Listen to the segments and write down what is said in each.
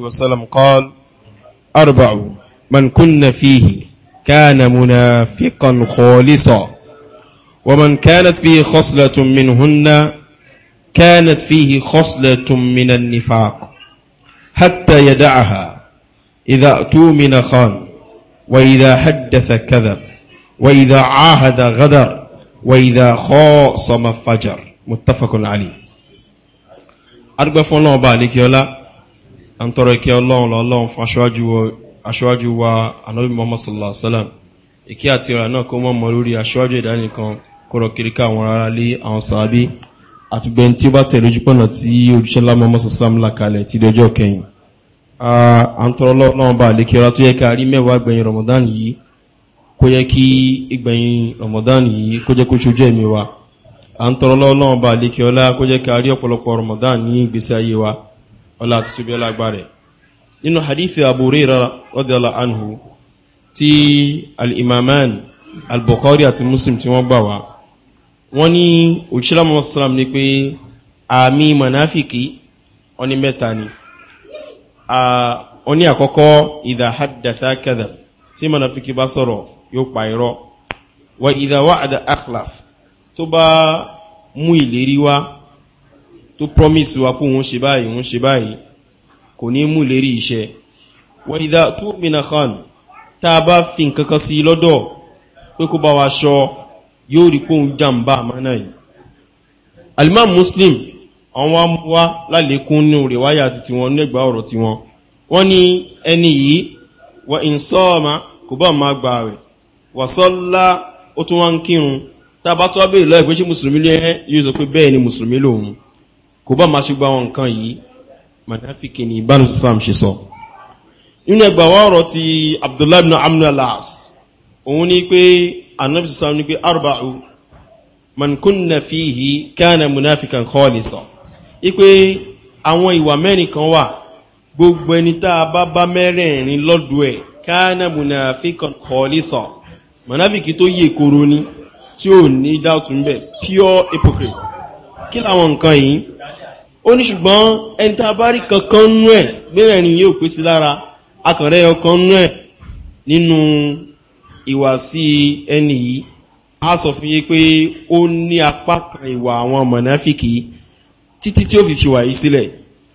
وسلم قال أربع من كن فيه كان منافقا خالصا ومن كانت فيه خصلة منهن كانت فيه خصلة من النفاق حتى يدعها إذا من خان وإذا حدث كذب وإذا عاهد غدر وإذا خاصم فجر متفق عليه أربع فلان بالك يلا a ń tọrọ ìkẹ́ ọlọ́run lọ́lọ́run fún aṣíwájú wa anábì muhammad sallallahu alaihi wasallam ìkẹ́ àti ọ̀rọ̀ náà kó mọ́ mọ́ lórí aṣíwájú ìdánìkan kọ́rọ̀ kìríkà àwọn ará lé àwọn sàábí àti gbẹ̀n tí ó bá tẹ̀lé ojú pọ̀nà tí òjíṣẹ́ lámọ́ mọ́ ramadan yìí kó yẹ kí ramadan yìí kó jẹ́ kó ṣojú ẹ̀mí wa a ń ramadan ní ìgbésí ayé ọlá tuntun bí ọlágbàrẹ̀ nínú hadithi Abu Hurairah radiyallahu anhu tí al-imaman al-Bukhari àti Muslim tí wọ́n gbà wá wọ́n ní òṣìṣẹ́lámù wasalam ní pé àmì manafiki wọ́n mẹ́ta ni wọ́n àkọ́kọ́ idha tí manafiki bá sọ̀rọ̀ yóò pa wa idha wa'ada akhlaf tó bá mú ìlérí wá tó promise wa kó wọ́n ṣe báyìí wọ́n ṣe báyìí kò ní mú lérí iṣẹ́ wọ́n ìdá tó mìnà khan tá a bá fi nǹkan kan sí i lọ́dọ̀ pé kó bá wa ṣọ yóò rí kóhun jàǹbá àmánà yìí alimam muslim àwọn wa mú wa lálékún nínú rèwáyà àti tiwọn nígbà ọ̀rọ̀ tiwọn wọ́n ní ẹni yìí wọ́n ìsọ́ọ̀mà kò bá máa gbà rẹ̀ wàsọ́lá ó tún wá ń kírun tá a bá tó wá béèrè lọ́ọ̀ pé ṣé mùsùlùmí lé yóò sọ pé bẹ́ẹ̀ ni mùsùlùmí lòun kò bá máa ṣùgbọ́n àwọn nǹkan yìí mùnáfíkì ni ìbánu sàm ṣe sọ nínú ẹgbà wa ọ̀rọ̀ ti abdullahi ibn amr òun ni pé anabi sàm ni pé arba'u man kunna fihi kana munafikan khalisa ipe àwọn ìwà mẹ́rin kan wà gbogbo ẹni tá a bá bá mẹ́rẹ̀ẹ̀rin lọ́dọ̀ ẹ̀ kana munafikan khalisa mùnáfíkì tó yè koro ni tí ò ní dáùtù ń bẹ̀ pure hypocrite kí làwọn nǹkan yìí ó ní ṣùgbọ́n ẹni tá a bá rí kankan nú ẹ̀ gbẹ́rẹ̀ ni yóò pèsè lára akọ̀rẹ́ ọkàn nú ẹ̀ nínú ìwàsí ẹni yìí a sọ fún yé pé ó ní apá kan ìwà àwọn mọ̀náfìkì títí tí ó fi fi wà yìí sílẹ̀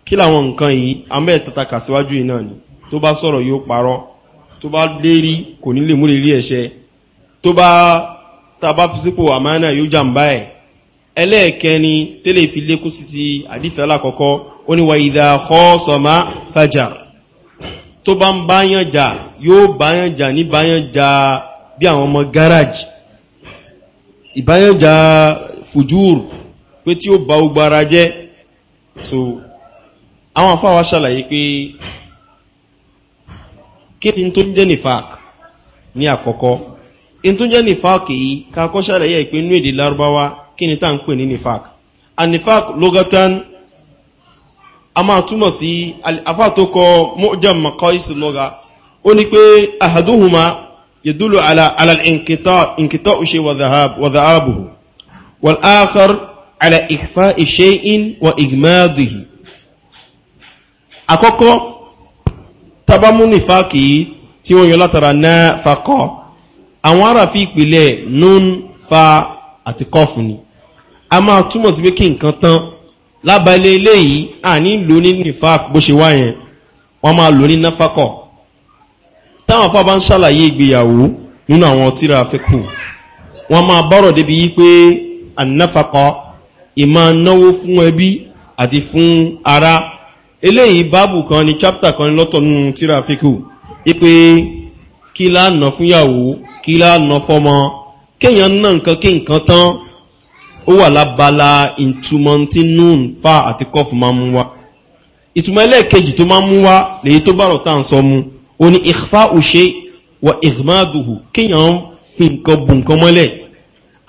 kí làwọn nǹkan yìí amẹ́ tàtàkà síwájú yìí náà ni tó bá sọ̀rọ̀ yóò parọ́ tó bá lérí kò ní lè múlẹ̀ rí ẹ̀ṣẹ̀ tó bá tá fi sípò àmánà yóò jàǹbá ẹ̀ ẹlẹ́ẹ̀kẹni tẹ́lẹ̀ fi lékún sí ti àdífẹ́ alákọ̀ọ́kọ́ ó ní wa ìdá khasama fajar tó bá ń báyàn jà yóò báyàn jà ní báyàn jà bí àwọn ọmọ gáràjì ìbáyàn jà fùjúr pé tí ó bá ogbó ara jẹ́ so àwọn afáwa ṣàlàyé pé kí ni tó ń jẹ́ nifak ní àkọ́kọ́ in tó ń jẹ́ nifak yìí kakọ́ ṣàlàyé ìpinnu èdè lárúbáwá kí ni tá à ń pè ní nifak anifak logatan a máa túmọ̀ sí afa tó kọ mọ́jà mọ́kọ́ ìsìn lọ́ga ó ní pé ahaduhuma yadulu ala ala nkita ushe wa dhahabuhu wal akhar ala ikhfa shay'in wa igmadihi àkọ́kọ́ tabamu nifak yìí tí wọ́n yọ látara náà fakọ́ àwọn ará fi ìpìlẹ̀ nun fa àti kọ́fù ni a máa túmọ̀ sí pé kí nǹkan tán lábàlẹ̀ eléyìí àní lò ní nifak bó ṣe wá yẹn wọ́n máa lò ní náfàkọ̀ táwọn afá bá ń ṣàlàyé ìgbéyàwó nínú àwọn tíra afẹ́kù wọ́n máa bọ́rọ̀ débi yí pé ànáfàkọ̀ ìmá náwó fún ẹbí àti fún ara eléyìí báàbù kan ni chápítà kan ní lọ́tọ̀ nínú tíra afẹ́kù ipe kí láà ná fúnyàwó kí láà ná fọmọ kéèyàn ná nǹkan kí nǹkan tán ó wà lábala ìtumọ̀ tí nun fa àti kọf máa mú wá ìtumọ̀ ẹlẹ́ẹ̀kejì tó máa mú wá lèyí tó bá rọ̀ tá à ń sọ mu ó ní ìfá òṣè wà ìgbàdùhù kéèyàn fi nǹkan bu nǹkan mọ́lẹ̀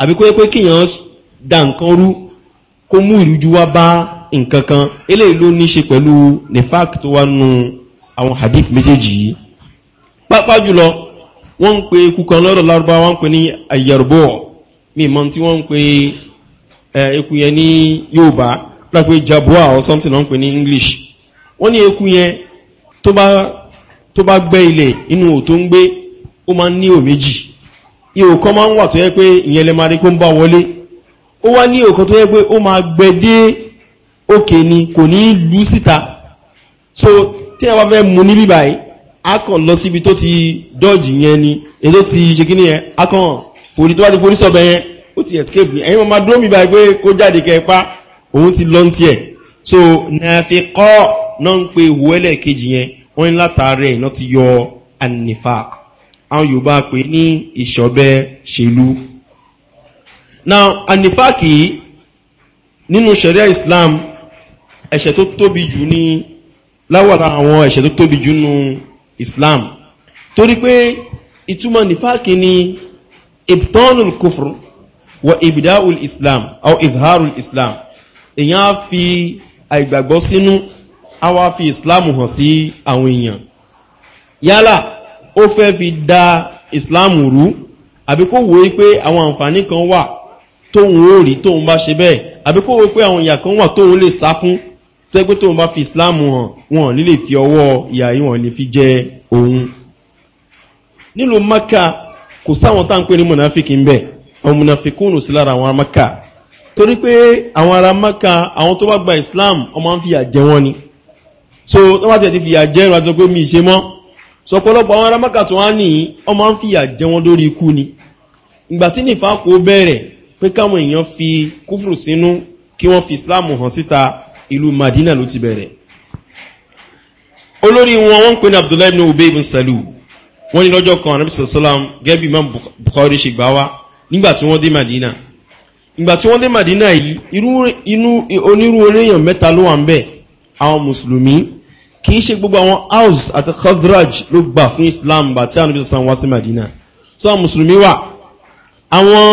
àbí kó yẹ pé da nǹkan rú kó mú ìrújú wá bá nǹkan kan eléyìí ló ní í ṣe pẹ̀lú nefak tó wá nu àwọn hadith méjèèjì yìí pápá jùlọ wọ́n ń pe ikú kan lọ́dọ̀ wọ́n ń pe ní ayẹ̀rùbọ̀ mi mọ́ tí wọ́n ń pe Eh, eku yẹn ní Yorùbá lápé jabua or something náà ń pè ní English wọ́n ní eku yẹn tó bá gbẹ́ ilẹ̀ inú ò tó ń gbé ó máa ń ní ò méjì ihò kan máa ń wà tó yẹ pé ìyẹn lè máa rí kó ń bá wọlé ó wá ní ihò kan tó yẹ pé ó máa gbẹ dé òkè ni kò ní lù síta so tí ẹ bá fẹ́ mu ní bíbá yìí a kàn lọ síbi tó ti dọ́ọ̀jì yẹn ni èdè ti ṣe kí ni yẹn a kàn forí tó bá ti forí sọ̀bẹ yẹn ó ti escape ni ẹ̀yin máa dúró mi báyìí pé kó jáde kẹpa òun ti lọ ti ẹ̀ so nàfi kọ́ náà ń pe ìwọ́lẹ̀ kejì yẹn wọ́n ń látàrí ẹ̀ ti yọ anifak àwọn yorùbá pè ní ìṣọ̀bẹ ṣèlú now anifak yìí nínú sẹ̀ríà islam ẹ̀ṣẹ̀ tó tóbi jù ní láwàrá àwọn ẹ̀ṣẹ̀ tó tóbi jù nù islam torí pé ìtumọ̀ nífàkì ni ibtanul kufr wa ibda'ul islam aw izharul islam èyàn á fi àìgbàgbọ́ sínú á wá fi islam hàn sí àwọn èèyàn yálà ó fẹ́ fi da islam rú àbí kó wòó pé àwọn àǹfààní kan wà tóun ó rí tóun bá ṣe bẹ́ẹ̀ àbí kó wòó pé àwọn ìyà kan wà tóun lè sá fún tó tóun bá fi islam hàn wọn nílè fi ọwọ́ ìyà yìí wọn lè fi jẹ òun nílùú maka kò sáwọn tá ní mọ̀nàfíkì ń bẹ́ẹ̀ àwọn munafikun sí lára àwọn amaka torí pé àwọn ará maka àwọn tó bá gba islam ọmọ ń fìyà jẹ wọn ni so tó bá ti fìyà jẹ ìrìn àti sọ pé mi ṣe mọ́ sọ pọ̀lọpọ̀ àwọn ará maka tó wá nìyí ọmọ ń fìyà jẹ wọn lórí ikú ni ìgbà tí nìfà kò bẹ̀rẹ̀ pé káwọn èèyàn fi kúfùrù sínú kí wọ́n fi islam hàn síta ìlú madina ló ti bẹ̀rẹ̀ olórí wọn wọ́n ń pè ní abdullahi ibn ubay ibn salu wọ́n ní lọ́jọ́ kan anabi sallallahu alayhi wa sallam gẹ́bí imam bukhari ṣe gbá wa nígbà tí wọ́n dé Madina ìgbà tí wọ́n dé Madina yìí inú onírúurú èèyàn mẹ́ta ló wà ń bẹ̀ àwọn mùsùlùmí kì í ṣe gbogbo àwọn Aws àti Khazraj ló gbà fún Islam bá tí àwọn ìbísọ̀sán wá sí Madina tó àwọn mùsùlùmí wà àwọn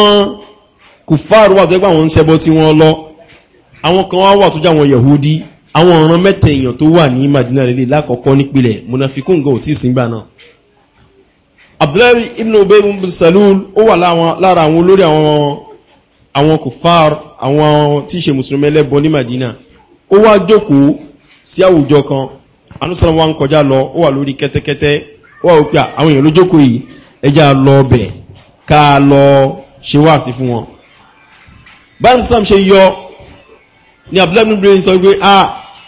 kùfáàrù wà tó yẹ pé àwọn ń ṣẹbọ tí wọ́n lọ àwọn kan wà tó jẹ́ àwọn Yahudi àwọn ọ̀ràn mẹ́tẹ̀ẹ̀yàn tó wà ní Madina lélẹ̀ lákọ̀ọ́kọ́ nípìnlẹ̀ mọ̀nàfikún gan ò tí ì síngbà náà abdullahi ibn ubay ibn salul ó wà lára àwọn olórí àwọn àwọn kòfàr àwọn tí í ṣe mùsùlùmí ẹlẹ́bọ ní madina ó wá jókòó sí àwùjọ kan anúsọ̀rọ̀ wa ń kọjá lọ ó wà lórí kẹ́tẹ́kẹ́tẹ́ ó wà wípé àwọn èèyàn ló jókòó yìí ẹjá lọ ọbẹ̀ ká lọ ṣe wáàsí fún wọn báyìí sàm ṣe yọ ní abdullahi ibn ubay sọ pé a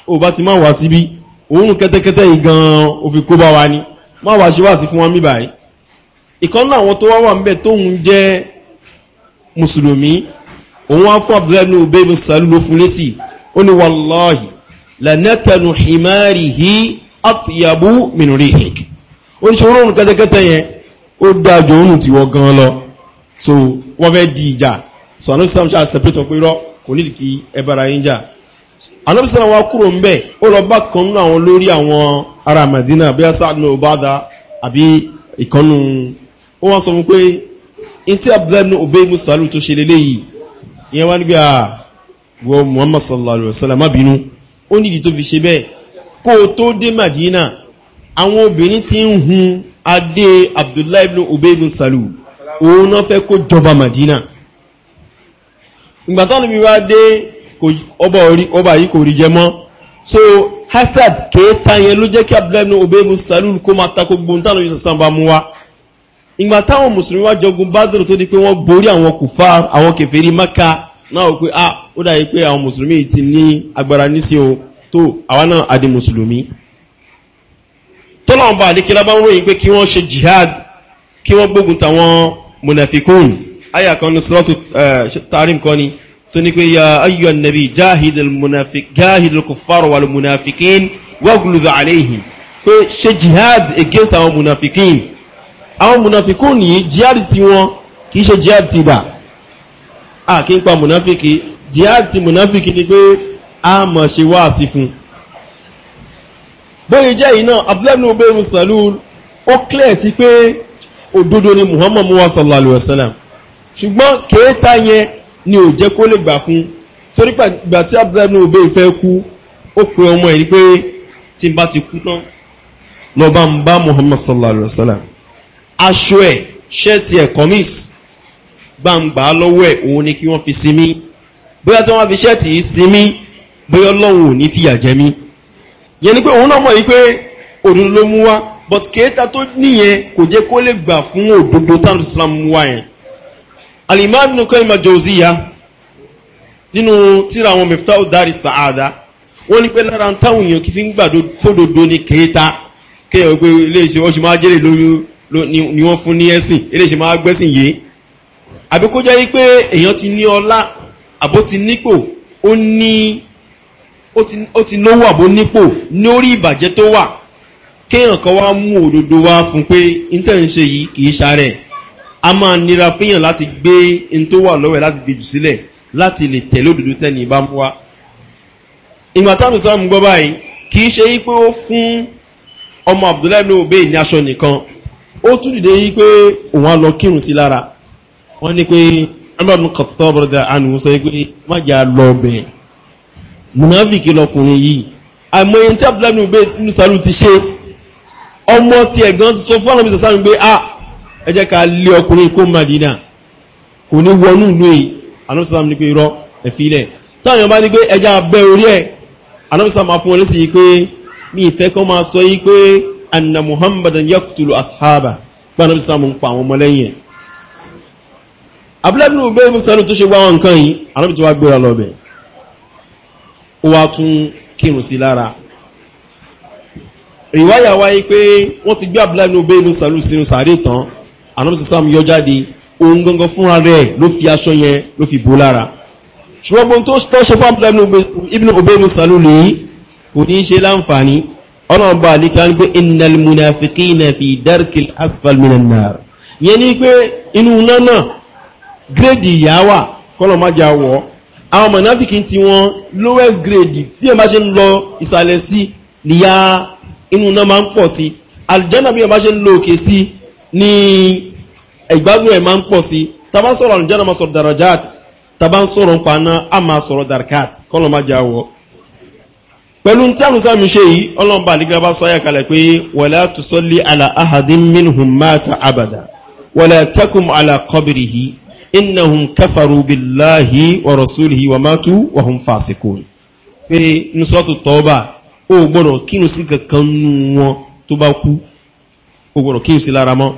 ò bá ti máa wá síbí òórùn kẹ́tẹ́kẹ́tẹ́ yìí gan-an ó kó bá wa ni máa wá ṣe wáàsí fún wọn mí báyìí ìkan náà àwọn tó wá wà níbẹ̀ tóun jẹ́ mùsùlùmí òun wá fún abdullahi ibn ubay ibn salul ló fún lésì ó ní wàláhì lànàtànù himarihi atyabu min rihik ó ní ṣòro òun yẹn ó dájú òun ti wọ́ gan lọ so wọ́n fẹ́ di ìjà so àná sísá ṣáà separate wọn pé irọ́ kò nídìí kí ẹ bára yín jà àná sísá wa kúrò ń ó lọ bá kan nínú àwọn lórí àwọn ará Madina bí a sáà ní ọba àbí ìkànnù ó wá sọ fún pé in tí abdullahi ibn Ubay ibn tó ṣe lélẹ́yìí ìyẹn wá níbi wọ Muhammad sallallahu alaihi wasallam má bínú ó nídi tó fi ṣe bẹ́ẹ̀ kó o tó dé Madina àwọn obìnrin ti ń hun adé abdullahi ibn Ubay ibn òun náà fẹ́ kó jọba Madina ìgbà táwọn obìnrin dé ọba yìí kò rí jẹ mọ́ so hasad kéétan yẹn ló jẹ́ kí abdullahi ibn Ubay ibn Salul kó máa ta gbogbo ohun táwọn sàn bá mú wá ìgbà táwọn mùsùlùmí wá jọgun bádùrù tó di pé wọ́n borí àwọn kùfà àwọn kèfèrí maka náà wò a ó dàbí pé àwọn mùsùlùmí ti ní agbára níṣẹ́ o tó àwa náà adi mùsùlùmí tọ́lọ́wọ́n bá àdékẹ́lá bá ń ròyìn pé kí wọ́n ṣe jihad kí wọ́n gbógun tàwọn munafikun aya kan ní sọ́tù tarim kan ni tó ní pé ya ayyọ̀ jahid jahidul kufar wal munafikin wagluza aleihim pé ṣe jihad against àwọn munafikin àwọn munafikun nìyí jihadi ti wọn kìí ṣe jihadi ti dà a kì í pa munafiki jihadi ti munafiki ni pé a mọ̀ ṣe wáàsí fún bóyí jẹ́ yìí náà abdullahi obìnrin salul ó clear sí pé òdodo ni muhammad muwa sallallahu alayhi wa sallam ṣùgbọ́n kéèta yẹn ni ò jẹ́ kó lè gbà fún torí gbà tí abdullahi obìnrin fẹ́ kú ó pe ọmọ ẹ̀ ni pé tí n bá ti kú tán lọ ń bá muhammad sallallahu alayhi wa sallam aṣọ ẹ̀ ṣẹ́ẹ̀tì ẹ̀ kọ́mís gbangba lọ́wọ́ ẹ̀ òun ni kí wọ́n fi sinmi bóyá tí wọ́n fi ṣẹ́ẹ̀tì yìí sinmi bóyá ọlọ́run ò ní fìyà jẹ yẹn ni pé òun náà mọ̀ yìí pé òdodo ló mú wá but kéèta tó níyẹn kò jẹ́ kó lè gbà fún òdodo táwọn islam mú wá yẹn alimami nìkan ìmọ̀ jòzíya nínú tíra àwọn mẹ́fìtá ọ̀dàrí sàáda wọ́n ní pé lára táwọn èèyàn kí fi ń gbàdo fódodo ni kéèta kéèyàn gbé ilé ọṣù máa jẹ́rè lórí ni wọ́n fún ní ẹ̀sìn eléṣe máa gbẹ́sìn yìí àbí kó jẹ́ pé èèyàn ti ní ọlá àbó ti nípò ó ní ó ti lówó àbó nípò ní orí ìbàjẹ́ tó wà kéèyàn kan wá mú òdodo wá fún pé intanet ṣe yìí kì í ṣàárẹ̀ a máa nira fẹ́yàn láti gbé in tó wà lọ́wọ́ láti gbé sílẹ̀ láti lè tẹ̀lé òdodo tẹ́ni ìbá mú wa ìgbà táwọn sáà mú gbọ́ báyìí kì í ṣe yí pé ó fún ọmọ Abdullahi ní obìnrin ní aṣọ nìkan ó tún dìde yí pé òun á lọ kírun sí lára wọ́n ní pé amadu kọ̀tọ́ bọ̀dọ̀ àánú sọ pé má jà lọ bẹ̀ mùnàfíkì lọkùnrin yìí àmọ́ ẹni tí abdullahi bin bẹ́ẹ̀ nínú sàlù ti ṣe ọmọ ti ẹ̀gán ti sọ fún àwọn ìsàsàmì pé ah ẹ jẹ́ ká lé ọkùnrin kó Madina kò ní wọnú ìlú yìí àwọn ìsàsàmì pé irọ́ ẹ̀fí lẹ̀ táwọn èèyàn ní pé ẹja abẹ́ orí ẹ̀ àwọn ìsàsàmì pé mi ìfẹ́ kan máa sọ yìí pé anna muhammadan yaqtulu ashaba gbọ́nà bí sáàmù ń pa àwọn ọmọlẹ́yìn abúlẹ́bìn ògbé ibi sẹ́nu tó ṣe gbá wọn nǹkan yìí anábì tó wá gbéra lọ́bẹ̀ ó wá tún kírun sí lára ìwáyà wáyé pé wọ́n ti gbé abúlẹ́bìn ògbé ibi sẹ́nu sínú sàárè tán anábì tó sáàmù yọ jáde ohun gangan fúnra rẹ̀ ló fi aṣọ yẹn ló fi bò lára ṣùgbọ́n tó ṣe fún abúlẹ́bìn ògbé ibi nìyí kò ní í ṣe láǹfààní ọlọ́run bá àlíkà ń gbé innal munafiqina fi darkil asfal minan nar yẹn ni pé inú náà gírèdì ìyá wà kọ́lọ̀ má jà wọ́ àwọn mọ̀náfíkì ti wọn lowest grade bí ẹ̀ bá ṣe ń lọ ìsàlẹ̀ sí níyà inú náà máa ń pọ̀ sí àlùjánnà bí ẹ̀ bá ṣe ń lọ òkè sí ní ìgbádùn ẹ̀ máa ń pọ̀ sí tàbá sọ̀rọ̀ àlùjánnà máa sọ̀rọ̀ darajat tàbá sọ̀rọ̀ ń paná á máa sọ̀rọ̀ darkat kọ́lọ̀ wọ́ pẹ̀lú tí àwọn sáàmì ṣe yìí ọlọ́mbà ní gbábá sọ ayàkalẹ̀ pé wala tusalli ala ahadin minhum mata abada wala takum ala qabrihi innahum kafaru billahi wa rasulihi wa matu wa hum fasikun pé nusratu tọ́ọ̀bà ó gbọ́dọ̀ kírun sí kankan nú wọn tó bá kú ó gbọ́dọ̀ kírun sí lára mọ́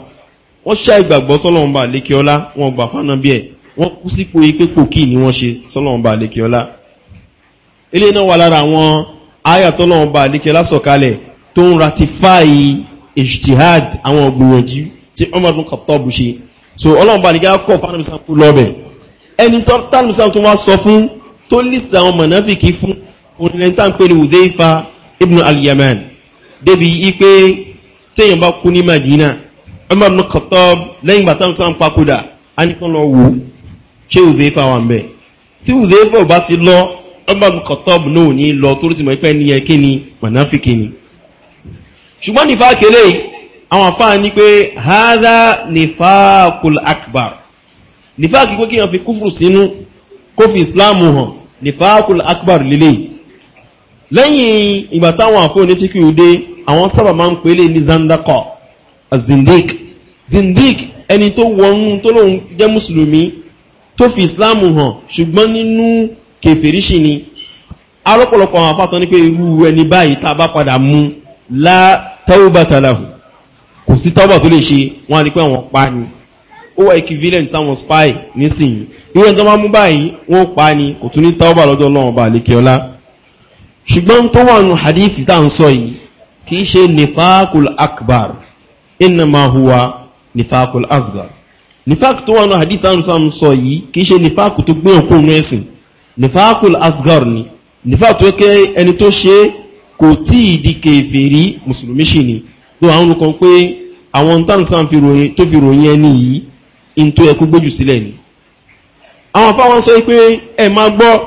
wọ́n ṣá ìgbàgbọ́ sọ́lọ́mbà lékeọ́lá wọn gbà bí ẹ̀ wọ́n kú sípò ipé pòkì ni wọ́n ṣe sọ́lọ́mbà ilé náà wà lára àwọn ayàtọ́ náà bá àdíkẹ́ lásọ̀kalẹ̀ tó ń ratifáì ijtihad àwọn ògbìyànjú tí Umar ibn ṣe so ọlọ́run bá àdíkẹ́ akọ̀ fánàmísà kú lọ́bẹ̀ ẹni tó tánàmísà tó wá sọ fún tó list àwọn mọ̀náfìkì fún onílẹ̀ntà ń ní Hudhayfa ibn al-Yaman débi ipe téèyàn bá kú ní Madina Umar ibn Khattab lẹ́yìn bàtà ń sàn pakúdà á ní lọ wò ṣé Hudhayfa wà ń bẹ̀ tí Hudhayfa ò bá ti lọ ọmọlù kọ̀tọ́ọ̀bù náà ní lọ torí ti mọ̀ pé ní ẹkí ni mọ̀náfíkì ni ṣùgbọ́n nífà kéré àwọn àfáà ní pé hadha nifaqul akbar nífà kíkó kí wọ́n fi kúfùrù sínú kó fi ìsìláàmù hàn nifaqul akbar lélẹ̀ lẹ́yìn ìgbà táwọn àfóò ní fíkì òde àwọn sábà máa ń pèlè ní zandakọ zindik zindik ẹni tó wọnú tó lóun jẹ́ mùsùlùmí tó fi ìsìláàmù hàn ṣùgbọ́n nínú kèfèrí sì ni arọ́pọ̀lọpọ̀ àwọn afátán ní pé irú ẹni báyìí tá a bá padà mú látọ́wọ́bàtàlàhù kò sí tọ́bà tó lè ṣe wọ́n ní pé àwọn pa ni ó wà equivalent sáwọn spy nísìnyí irú ẹni tó bá mú báyìí wọ́n pa ni kò tún ní tọ́bà lọ́dọ̀ ọlọ́run bá lékè ọlá ṣùgbọ́n tó wà nù hadith tá ń sọ yìí kì í ṣe nifakul akbar innama huwa nifakul asgar nifak tó wà nù hadith tá à ń sọ yìí kì í ṣe nifak tó gbé òkú nù nifakul asgar ni nifak tó kẹ́ ẹni tó ṣe kò tí ì di kèfèrí mùsùlùmí ṣì ni tó àwọn olùkọ́ pé àwọn táǹsán tó fi ròyìn ẹni yìí in tó yẹ kó gbójú sílẹ̀ ni àwọn afáwọn sọ pé ẹ máa gbọ́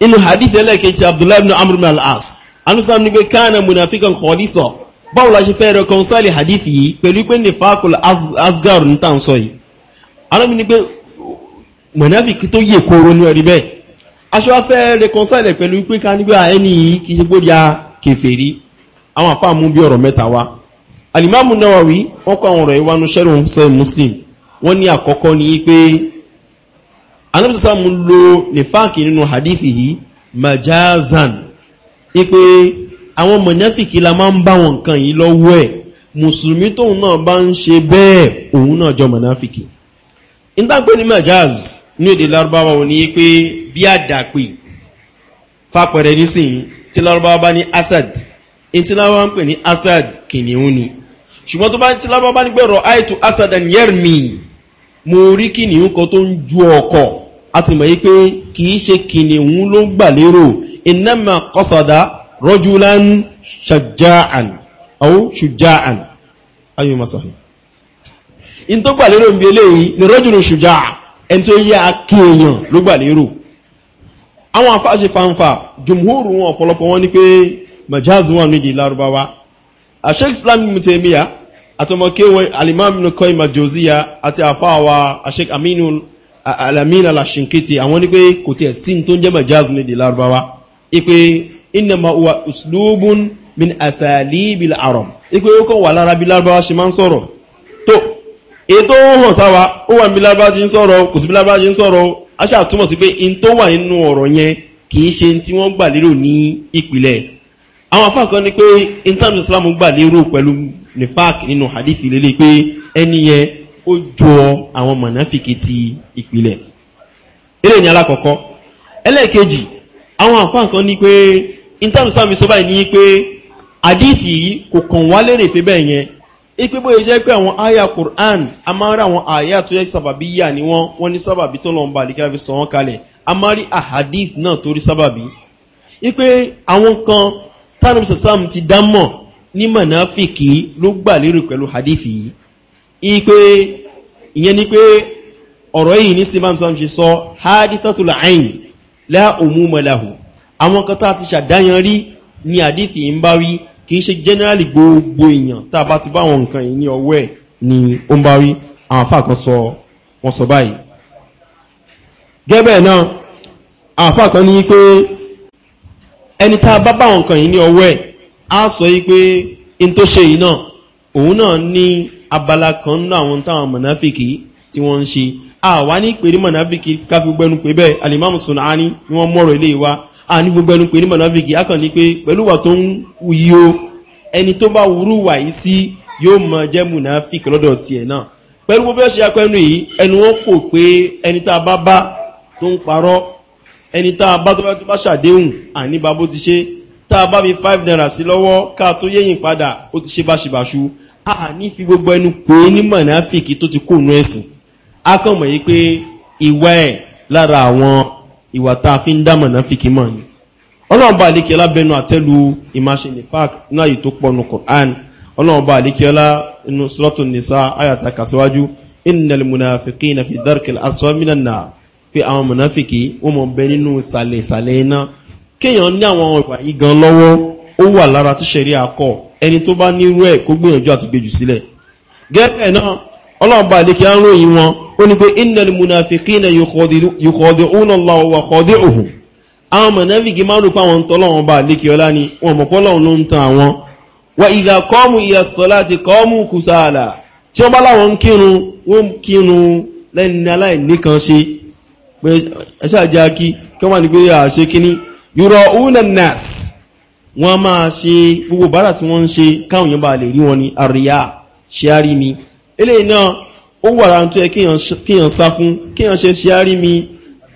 inú hadith ẹlẹ́kẹ̀ẹ́tì abdullahi ibn amr ibn al-as anusam ni pé káàna munafikan kọ́ọ́dísọ̀ báwo la ṣe fẹ́ reconcile hadith yìí pẹ̀lú pé nifakul asgar ní táǹsọ yìí alábi ni pé munafik tó yẹ kóró ní ẹ̀rí bẹ́ẹ̀ aṣọ́wá fẹ́ reconcile pẹ̀lú pé ká nígbà ah, ẹni yìí kìí ṣe gbóríyà kèfèrí àwọn àfáà bí ọ̀rọ̀ mẹ́ta wá alimamu Nawawi wọ́n kọ́ àwọn ọ̀rọ̀ ìwánu sẹ́rùn sẹ́ muslim wọ́n ní àkọ́kọ́ ni pé anabisasa mu lo nifaki nínú hadithi yìí majazan ipe àwọn mọ̀nẹ́fìkì la máa ń bá wọn nǹkan yìí lọ́wọ́ ẹ̀ mùsùlùmí tóun náà bá ń ṣe bẹ́ẹ̀ òun náà jọ mọ̀nẹ́fìkì majaz ní èdè lárúbáwá ò ní pé bí àdàpè fapẹ̀rẹ̀ nísìnyí tí lárúbáwá bá ní asad ní tí lárúbáwá ń pè ní asad kìnìún ni ṣùgbọ́n tó bá tí lárúbáwá bá ní gbẹ̀rọ àìtó asad and yermi mo rí kìnìún kan tó ń ju ọkọ̀ a ti mọ̀ yí pé kì í ṣe kìnìún ló ń gbà lérò ìnáma kọ́sàdá rọ́júlán ṣàjáàn àwọn ṣùjáàn ayé masáhìn in tó gbà lérò ń bí eléyìí ni rọ́júlù ṣùjáàn ẹni tó yẹ akí èèyàn ló gbà lérò àwọn afáṣe fanfa jùmúhùrù wọn ọ̀pọ̀lọpọ̀ wọn ni pé majaz wà nídìí lárúbáwá àṣẹ islam mutemiya àtọmọkéwọ alimaminu kọ́ ìmàjòzíya àti àfáàwà àṣẹ aminu alamin alashinkiti àwọn ni pé kò tiẹ̀ sí tó ń jẹ́ majaz nídìí lárúbáwá ipe innama huwa uslubun min asalibil arab ipe ó kàn wà lára bí lárúbáwá ṣe máa ń sọ̀rọ̀ ètò hàn sáwa ó wà níbi lábájí ń sọ̀rọ̀ kò sí lábájí ń sọ̀rọ̀ aṣáà túmọ̀ sí pé in tó wà nínú ọ̀rọ̀ yẹn kì í ṣe tí wọ́n gbà lérò ní ìpìlẹ̀ àwọn afá kan ní pé intanet islam gbà lérò pẹ̀lú nifak nínú hadithi lélẹ̀ pé ẹni yẹn ó jọ àwọn mọ̀náfìkì ti ìpìlẹ̀ eléyìí ni alákọ̀ọ́kọ́ ẹlẹ́ẹ̀kejì àwọn àfáà kan ní pé intanet islam sọ báyìí ní pé hadithi kò kàn wá ipe bóyá jẹ́ pé àwọn aya Qur'an a máa rí àwọn aya tó yẹ sábàbí yà ni wọ́n wọ́n ní sábàbí tó lọ́nba àdìkẹ́lá fi sọ wọ́n kalẹ̀ a máa rí ahadith náà torí sábàbí ipe àwọn kan tánà sàsàm ti dámọ̀ ní mọ̀nàfíkì ló gbà lérò pẹ̀lú hadith yìí ipe ìyẹn ni pé ọ̀rọ̀ yìí ní simam sam ṣe sọ hadithatul ayn la umuma lahu àwọn kan tá a ti ṣàdáyan rí ni hadith yìí ń bá wí kìí ṣe generally gbogbo èèyàn tá a bá ti bá àwọn nǹkan yìí ní ọwọ́ ẹ̀ ni ó ń bá rí àwọn àfáà kan sọ wọn sọ báyìí gẹ́bẹ̀ náà àfáà kan ní pé ẹni tá bá bá àwọn nǹkan yìí ní ọwọ́ ẹ̀ á sọ yìí pé in tó ṣe yìí náà òun náà ní abala kan nínú àwọn táwọn mọ̀náfìkì tí wọ́n ń ṣe àwa ní ìpèrí mọ̀náfìkì káfí gbẹnu pé bẹ́ẹ̀ alimamu sunani ni wọ́n mọ̀rọ̀ ilé wa a ní gbogbo ẹnu pé ní manaviki a kàn ní pé pẹ̀lú wà tó ń yí o ẹni tó bá wúrú wà yìí sí yóò mọ jẹ́ munafik lọ́dọ̀ tiẹ̀ náà pẹ̀lú gbogbo ẹ̀ṣẹ̀ akọ ẹnu yìí ẹnu wọn kò pé ẹni tá a bá bá tó ń parọ́ ẹni tá a bá tó bá ṣàdéhùn àní bá bó ti ṣe tá a bá fi five naira sí lọ́wọ́ ká tó yẹ̀yìn padà ó ti ṣe báṣubàṣu a ní fi gbogbo ẹnu pé ní manafik tó ti kóònù ìwà tá a fi ń dámọ̀ náà fi kí mọ̀ ni ọlọ́run bá àlékí ọlá bẹnu àtẹ́lu ìmáṣe nifak ní ààyè tó pọ̀ nù Qur'an ọlọ́run bá àlékí ọlá inú sọ́tò nìsa ayàtà kàṣíwájú innal munafiqina fi darkil aswa minan nar pé àwọn mùnàfìkì wọ́n mọ̀ bẹ nínú ìsàlẹ̀ ìsàlẹ̀ iná kéèyàn ní àwọn ìwà yìí gan lọ́wọ́ ó wà lára tí ṣẹ̀rí akọ ẹni tó bá nírú ẹ̀ kó gbìyànjú àti gbèjù sílẹ̀ gẹ́gẹ́ náà ọlọ́run bá àlékí ọlá ròyìn wọn ó ní pé innal munafiqina yukhadi'una Allah wa khadi'uhum àwọn mọ̀nàfíkì máa rò pé àwọn ń tọ́ lọ́wọ́n bá lékè ọlá ni wọn mọ̀ pọ́ lọ́wọ́n ló ń tan àwọn wa idha qamu ila salati qamu kusala tí wọ́n bá láwọn ń kírun wọ́n ń kírun lẹ́ni aláìníkan ṣe pé ẹṣẹ́ àjá kí kí wọ́n ní pé àṣẹ kíní yura'una nas wọ́n máa ṣe gbogbo bàrà tí wọ́n ń ṣe káwọn yẹn bá lè rí wọn ni àríyá ṣe á rí ni eléyìí náà ó wà lára tó yẹ kéèyàn sá fún kéèyàn ṣe ṣe árí mi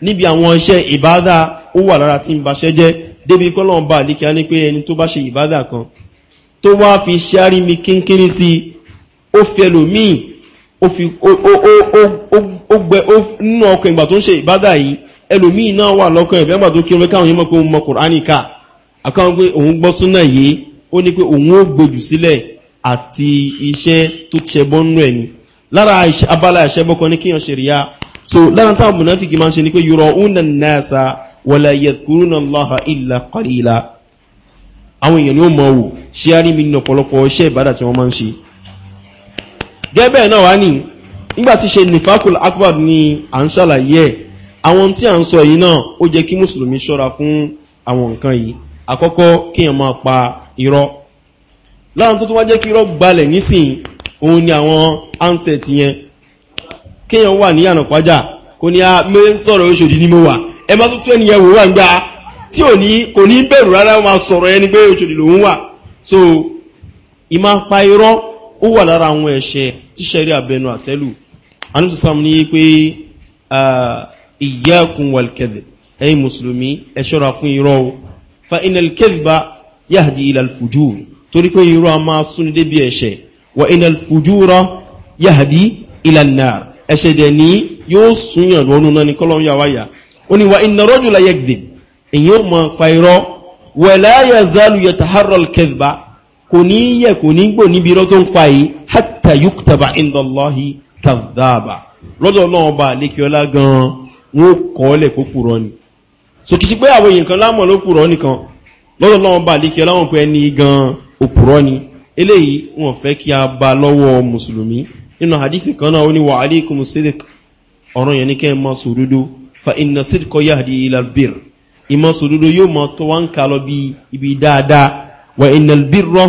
níbi àwọn iṣẹ́ ìbádà ó wà lára tí ń baṣẹ́ jẹ́ débi kọ́lọ́n bá àdíkẹ́ ní pé ẹni tó bá ṣe ìbádà kan tó wá fi ṣe árí mi kínkínní sí ó fi ẹlòmíì ó fi ó gbẹ ó nínú ọkọ̀ ìgbà tó ń ṣe ìbádà yìí ẹlòmíì náà wà lọ́kọ̀ ẹ̀fẹ́ gbà tó kírun káwọn yẹn mọ̀ pé òun mọ kùránì ká àkàwọn pé òun gbọ́ súnà yìí ó ní pé òun ó gbòjù sílẹ̀ àti iṣẹ́ tó ṣẹbọ́nú ẹ̀ ni lára abala ìṣẹ́bọ́kọ ní kíyàn ṣe ríyá so lára táwọn mùnáfíkì máa ń ṣe ní pé yọrọ unan nasa wala yadhkuruna allaha illa qalila àwọn èèyàn ni ó mọ̀ wò ṣe á rí mi ní ọ̀pọ̀lọpọ̀ iṣẹ́ ìbádà tí wọ́n máa ń ṣe gẹ́bẹ̀ náà wá ní nígbà tí ṣe nifakul akbar ni à ń ṣàlàyé àwọn tí à ń sọ yìí náà ó jẹ́ kí mùsùlùmí ṣọ́ra fún àwọn nǹkan yìí àkọ́kọ́ kíyàn máa pa irọ́ láwọn tó tó wá jẹ́ kí irọ́ gbalẹ̀ nísìnyí òun ni àwọn handset yẹn kéèyàn wà ní ànàpájà kò ní a mẹ́rin sọ̀rọ̀ Òṣòdì ni mo wà ẹ má tún tún ẹnìyẹn wò wà ń gbà tí ò ní kò ní bẹ̀rù rárá máa sọ̀rọ̀ ẹni pé Òṣòdì lòun wà so ìmá pa irọ́ ó wà lára àwọn ẹ̀ṣẹ̀ tíṣẹ̀rí abẹnu àtẹ́lù anúṣùsàm ní pé iyyakum wal kadhib ẹ̀yin mùsùlùmí ẹ ṣọ́ra fún irọ́ o fa inal kadhiba yahdi ila al fujur torí pé irọ́ a máa súnidé bí ẹ̀ṣẹ̀ wa inal fujura yahdi ila an-nar ẹ̀ṣẹ̀ dẹ̀ ní yóò súnyàn lọ́nu náà ní kọ́lọ́n yà wáyà ó ní wa inna rajula yakdhib èyí ó mọ pa irọ́ wa la yazalu yataharra al-kadhba kò ní yẹ kò ní gbò níbi pa yìí hatta yuktaba inda Allahi kadhaba lọ́dọ̀ náà bá lékiọlá gan-an wọn ó kọ́ ọ́ lẹ̀ kó kúrọ́ ni so kìí sí pé àwọn èèyàn kan lámọ̀ ló kúrọ́ nìkan lọ́dọ̀ náà bá lékiọlá wọn gan-an ni eléyìí wọn fẹ́ kí a bá lọ́wọ́ mùsùlùmí nínú hadithi kan náà ó ní wa alaikum sidik ọ̀rọ̀ yẹn ní kẹ́ máa sòdodo fa inna sidikọ yahdi ila bir ìmọ̀ sòdodo yóò máa tó wá ń kà lọ bí ibi dáadáa wa inna albirra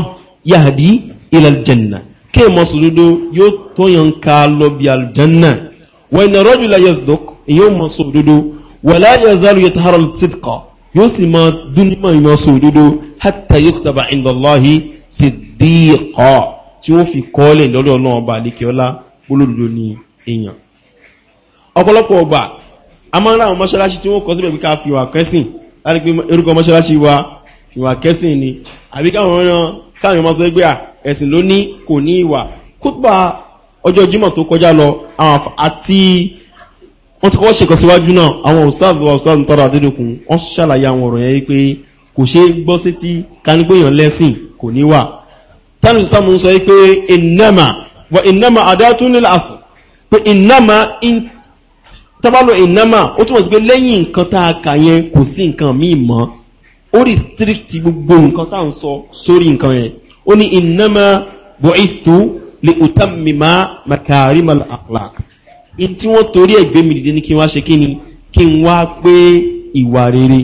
yahdi ila aljanna kẹ́ máa sòdodo yóò tó yàn kà lọ bí aljanna wa inna rajula yasduk èyí ó máa sòdodo wala yazalu yatahara sidqa yóò sì máa dún ní máa ìmọ̀ sòdodo hatta yuktaba indallahi sidq díkọ̀ tí wọ́n fi kọ́ọ̀lẹ̀ lọ́dọ̀ náà ọba àdékẹ́ọ́lá olódodo ni èèyàn ọ̀pọ̀lọpọ̀ ọgbà a máa ń ra àwọn mọ́ṣáláṣí tí wọ́n kọ́ síbẹ̀ pé ká fi wà kẹ́sìn láti pé orúkọ mọ́ṣáláṣí wa fi wà kẹ́sìn ni àbí káwọn ọ̀ràn káwọn ọmọ sọ pé ẹ̀sìn ló ní kò ní ìwà kútbà ọjọ́ jímọ̀ tó kọjá lọ àti wọ́n ti kọ́ ṣèkọ̀ síwájú náà àwọn ustaz wa ustaz ń tọ́ra àdédokùn wọ́n ṣàlàyé àwọn ọ̀rọ̀ yẹn pé kò ṣeé gbọ́ sétí ká ní pé èèyàn lẹ́sìn kò ní wà tánù sàmù sọ pé ìnáma wa ìnáma àdátún nílẹ̀ àsùn pé ìnáma tábàlọ̀ ìnáma ó túnmọ̀ sí pé lẹ́yìn nǹkan tá a kà yẹn kò sí nǹkan míì mọ́ ó restrict gbogbo nǹkan tá à ń sọ sórí nǹkan yẹn ó ní ìnáma bu'ithu li utammima makarimal akhlaq in tí wọ́n torí ẹ̀gbẹ́ mi dìde ní kí n wá ṣe kí ni kí n rere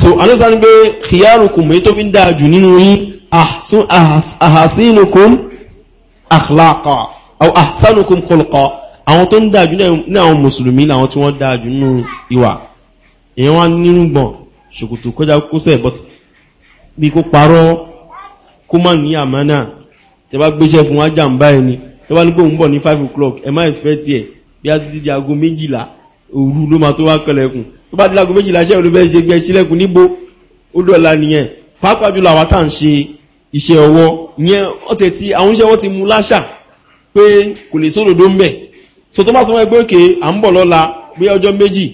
so anúsàn pé khiyarukum èyí tó fi ń dáa jù nínú ahasinukum akhlaqa aw ahsanukum khulqa àwọn tó ń dájú ní àwọn mùsùlùmí làwọn tí wọ́n dájú nínú ìwà èèyàn wá nínú gbọ̀n ṣòkòtò kọjá kóṣẹ̀ but bí kó parọ́ kó má ní àmánà tẹ bá gbéṣẹ́ fún wá jàǹbá ẹni tẹ ní pé bọ̀ ní five o'clock ẹ má expect ẹ bí a ti ti di aago méjìlá òru ló máa tó wá kọlẹ̀kùn tó bá di aago méjìlá ṣẹ́ olùbẹ́ ṣe gbẹ sílẹ̀kùn níbo ó dọ̀la nìyẹn pàápàá jùlọ tá à ń ṣe iṣẹ́ ọwọ́ ìyẹn ọ̀tẹ̀ tí àwọn iṣẹ́ ọwọ́ ti mú láṣà pé kò lè sódòdó ń bẹ̀ so tó bá sọ wọn pé òkè à ń bọ̀ lọ́la bí ọjọ́ méjì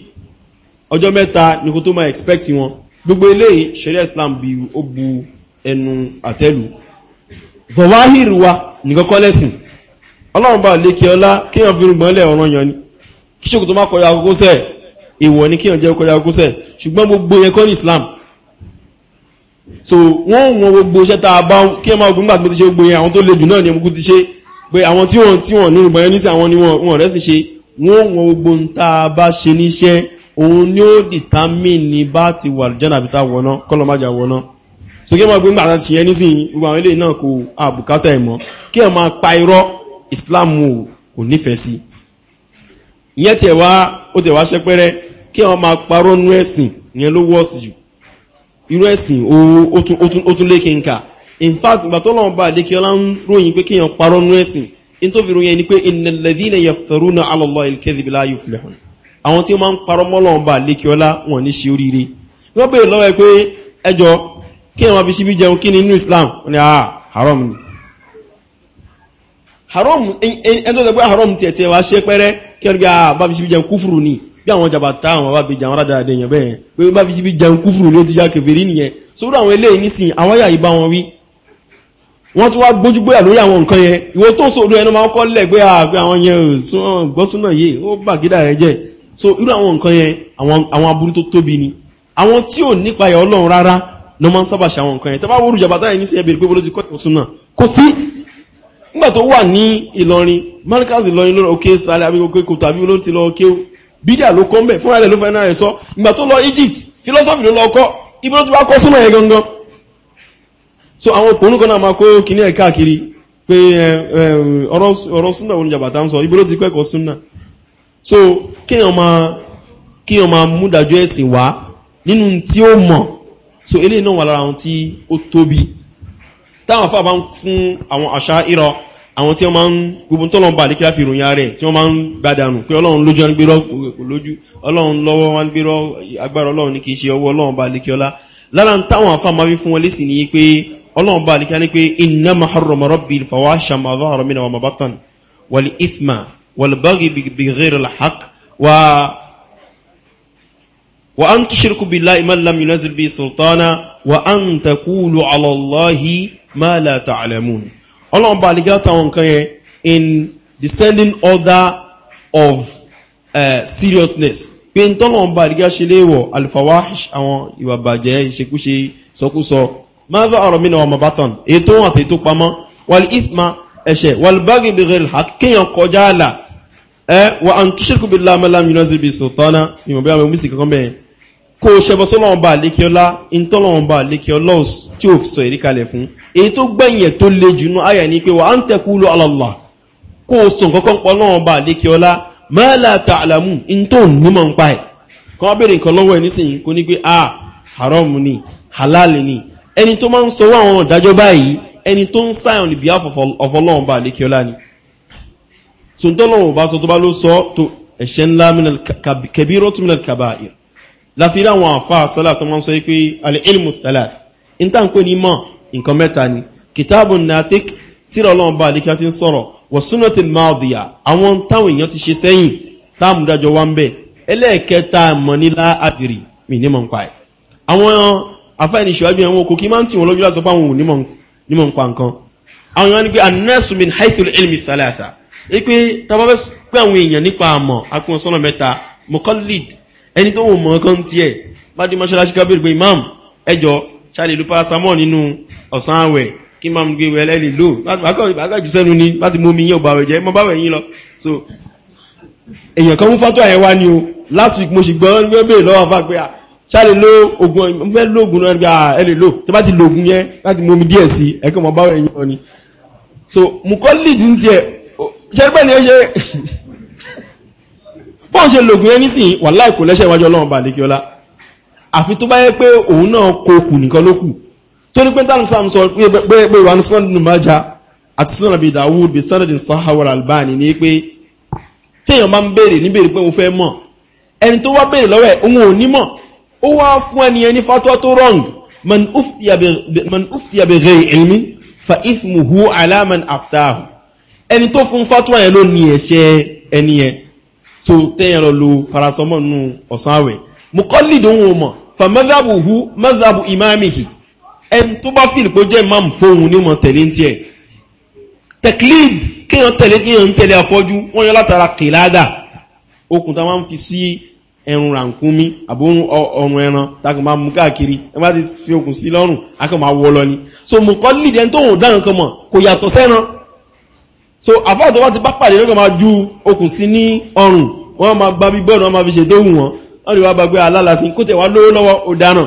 ọjọ́ mẹ́ta ni kò tó máa expect wọn gbogbo eléyìí sharia islam bí ó bu ẹnu àtẹ́lù vọ̀wáhìrì wa nìkan kọ́ lẹ́sìn ọlọ́run bá lékè ọlá kéèyàn fi rúgbọ́n lẹ̀ ọ̀ràn yan ni kí ṣòkòtò má kọjá àkókò sẹ́ẹ̀ èèwọ̀ ni kéèyàn jẹ́ kọjá àkókò ṣùgbọ́n gbogbo yẹn kọ́ ní islam so wọ́n wọn gbogbo iṣẹ́ tá a bá kí ẹ máa gbogbo àti mo ti ṣe gbogbo yẹn àwọn tó le jù náà ni mo ti ṣe pé àwọn tí wọ́n tí wọ́n nínú ìbọn nísìn àwọn ni wọ́n rẹ̀ sì ṣe wọ́n wọn gbogbo ń tá a bá ṣe níṣẹ́ òun ni ó dìtámìnì bá ti wà jẹ́ nàbí tá wọ̀nà kọ́lọ́ má jà wọ̀nà so kí ẹ máa gbogbo àti ṣìyẹn nísìn gbogbo àwọn eléyìí náà kò àbùkátà ẹ̀ mọ́ kí ẹ máa pa irọ́ Islam kò nífẹ̀ẹ́ sí ìyẹn tiẹ̀ irú ẹ̀sìn ó tún lékè ń kà in fact ìgbà tó lọ́wọ́ bá àdékè ń ròyìn pé kéèyàn parọ́ nú ẹ̀sìn in tó fi ròyìn ẹni pé innal ladhina yaftaruna ala Allahi al-kadhiba la yuflihun àwọn tí wọ́n máa ń parọ́ mọ́ lọ́wọ́ bá àdékè ọlá wọn ní ṣe oríire wọ́n béèrè lọ́wọ́ pé ẹjọ́ kéèyàn máa fi síbi jẹun kí ni inú Islam wọn ni ah haram ni haram ẹni tó sọ pé haram tiẹ̀ wá ṣe pẹ́rẹ́ kí wọ́n ah, fi síbi jẹun kúfùrù ni bí àwọn jàbàtà àwọn bá bí jàwọn rádáadé yẹn bẹ́ẹ̀ pé bá fi síbi jẹun kúfùrù ló ti já kèfèrí nìyẹn sórí àwọn eléyìí nísìn àwọn yà ìbá wọn wí wọ́n tún wá gbójúgbóyà lórí àwọn nǹkan yẹn ìwọ tó ń ẹnu máa kọ́ lẹ̀ pé àwọn yẹn sún gbọ́súnà yìí ó bà gídà rẹ jẹ́ so irú àwọn nǹkan yẹn àwọn aburú tó tóbi ni àwọn tí ò nípa ẹ̀ ọlọ́run rárá ló máa ń sábà ṣe àwọn nǹkan yẹn tẹ́ bá wọ́n olùjàbátá yẹn nísìnyẹ́ bèrè pé bọ́lá ti kọ́ ẹ̀kọ́ súnà kò sí nígbà tó wà ní Ìlọrin markaz Ìlọrin lórí òkè sálẹ̀ abẹ́kọ̀kọ̀ tàbí olóòtú lọ kéwù bídíà ló kọ́ mbẹ̀ fúnra rẹ̀ ló fẹ́ náà rẹ̀ sọ ìgbà tó lọ Egypt philosophy ló lọ kọ́ ibi ló ti wá kọ́ súnmọ́ yẹn gangan so àwọn òpónú kan náà máa kó kíní ẹ̀ káàkiri pé ọ̀rọ̀ súnà òun jàbàtà ń sọ ibi ló ti kẹ́kọ̀ọ́ súnà so kéèyàn máa kéèyàn máa mú dájọ́ ẹ̀sìn wá nínú tí ó mọ̀ so eléyìí náà wà lára àwọn tí ó tóbi táwọn afáàbá ń fún àwọn àṣà ìrọ̀ àwọn tí wọ́n máa ń gbogbo tọ́lọ̀ ń bà lékílá fi ìròyìn ààrẹ tí wọ́n máa ń gbádànù pé ọlọ́run lójú ń gbérọ́ lójú ọlọ́run lọ́wọ́ wọn ń gbérọ́ agbára ọlọ́run ní kìí ṣe ọwọ́ ọlọ́run bà lékíọlá lára ń táwọn afá máa fi fún wọn lésì ní pé ọlọ́run bà lékílá ní pé iná maharoma rọ́bì fàwa ṣàmàdọ́ àrọ́mìnà wà mabatan wàlí ọlọ́run bá àlejò àtàwọn nǹkan yẹn in descending order of uh, seriousness pé n tọ́lọ́run bá àlejò àṣẹ léèwọ̀ alifawahish àwọn ìwà bàjẹ́ ìṣekúṣe sọkúsọ mother ọ̀rọ̀ mi náà wà mọ̀bátàn ètò wọn àti ètò pamọ́ wàlí ifma ẹ̀ṣẹ̀ wàlí báàgì bẹ̀rẹ̀ hàk kéèyàn kọjá àlà ẹ wà á ń túṣe kú bí lámàlám yìí lọ́sí bí sọ̀tánà ìwọ̀n bí àwọn mísì kankan bẹ́ẹ̀ kó o ṣẹbọ sọ́lọ́run bá àlékè ọlá ń tọ́lọ́run bá àlékè ọlọ́ọ̀sì tí ò sọ ìríkalẹ̀ fún èyí tó gbẹ̀yìn tó le jù nú àyà ni pé wà á ń tẹ̀kú lọ alọ́lá kó o sùn kankan pọ̀ náà bá lékè ọlá mẹ́lá ta àlàmù ń tó nímọ̀ ń pa ẹ̀ kọ́ abẹ́rẹ́ nǹkan lọ́wọ́ ẹ̀ nísìnyí kó ní pé a haram ni halal ni ẹni tó máa ń sọ wọ́n àwọn ìdájọ́ báyìí ẹni tó ń sign on the behalf of ọlá ni nǹkan mẹ́ta ni kìtàbù natik tíra ọlọ́run bá àdékà ti ń sọ̀rọ̀ wọ̀ súnàtì máàdìyà àwọn táwọn èèyàn ti ṣe sẹ́yìn táàmù dájọ́ wá ń bẹ̀ ẹlẹ́ẹ̀kẹta mọ̀nílá àdìrì mi ní mọ̀ ń pa ẹ̀ àwọn afẹ́ni ìṣọ́jú ẹ̀wọ̀n kò kí máa ń tì wọ́n lójú láti sọ pé àwọn òun ní mọ̀ ń pa nǹkan àwọn èèyàn ni pé anẹ́sùn min haithul ilmi thalatha ẹ pé tábà fẹ́ pé àwọn èèyàn nípa àmọ̀ akun sọ́nà mẹ́ta mọ́kànlid ẹni tó wò mọ́ kan tiẹ̀ bá dé mọ́ṣáláṣí kábírì pé imam ẹjọ́ ṣáà lè nínú ọ̀sán àwẹ̀ kí máa ń gbé wẹ lẹ́lì lò bákàjù sẹ́nu ni láti mú mi yín ọ̀bàwẹ̀ jẹ́ mọ́ báwẹ̀ yín lọ so èèyàn kan ń fátó àyẹ̀wá ni o last week mo sì gbọ́ bẹ́ẹ̀ lọ́wọ́ fà pé à ṣáàlè lo oògùn fẹ́ lo oògùn náà níbi ẹ lò tó bá ti lo oògùn yẹn láti mú omi díẹ̀ sí ẹ mọ́ báwẹ̀ yín lọ ni so mo kọ́ lead ní tiẹ̀ ṣe pẹ́ ni ẹ ṣe bọ́n ṣe lògùn yẹn nísìnyí wàláì kò iwájú ọlọ́run bàlẹ́kíọ́lá àfi tó bá yẹ pé òun náà kó okùn nìkan ló kù torí pé táwọn sáà ń sọ pé pé wọn sọ nínú májà àti sọ nàbí dawud bí sanadin sahawar albani ni pé téèyàn máa ń béèrè ní béèrè pé òun fẹ́ mọ̀ ẹni tó wá béèrè lọ́wọ́ ẹ̀ òun ò ní mọ̀ ó wá fún ẹni ẹni fatwa tó wrong man uftiya bi ghayri ilmi fa ithmuhu ala man aftahu ẹni tó fún fatwa yẹn ló ní ẹ̀ṣẹ̀ ẹni yẹn tó téèyàn lọ lo paracetamol nù ọ̀sán àwẹ̀ mukọ́lì dòun ò mọ̀ fa madhabuhu madhabu imamihi ẹni tó bá fìlì kó jẹ́ imam fóun ní mọ̀ tẹ̀lé ń tiẹ̀ tẹ̀klid kéèyàn tẹ̀lé kéèyàn ń tẹ̀lé afọ́jú wọ́n yọ látara kìláàdà okùn tá a máa ń fi sí ẹrun rànkúnmí àbí ọrùn ẹran táàkì máa mú káàkiri ẹ bá ti fi okùn sí lọ́rùn akọ̀ máa wọ lọ ni so mùkọ́ lídìí ẹni tó ń dáhùn kan mọ̀ kò yàtọ̀ sẹ́ran so àfáà tó bá ti bá pàdé lọ́kàn máa ju okùn sí ní ọrùn wọ́n máa gbá bí bọ́ọ̀nù wọ́n máa fi ṣètò òun wọn wọ́n lè wá gbàgbé alálàsí kó tẹ̀ wá lówó lọ́wọ́ ọ̀daràn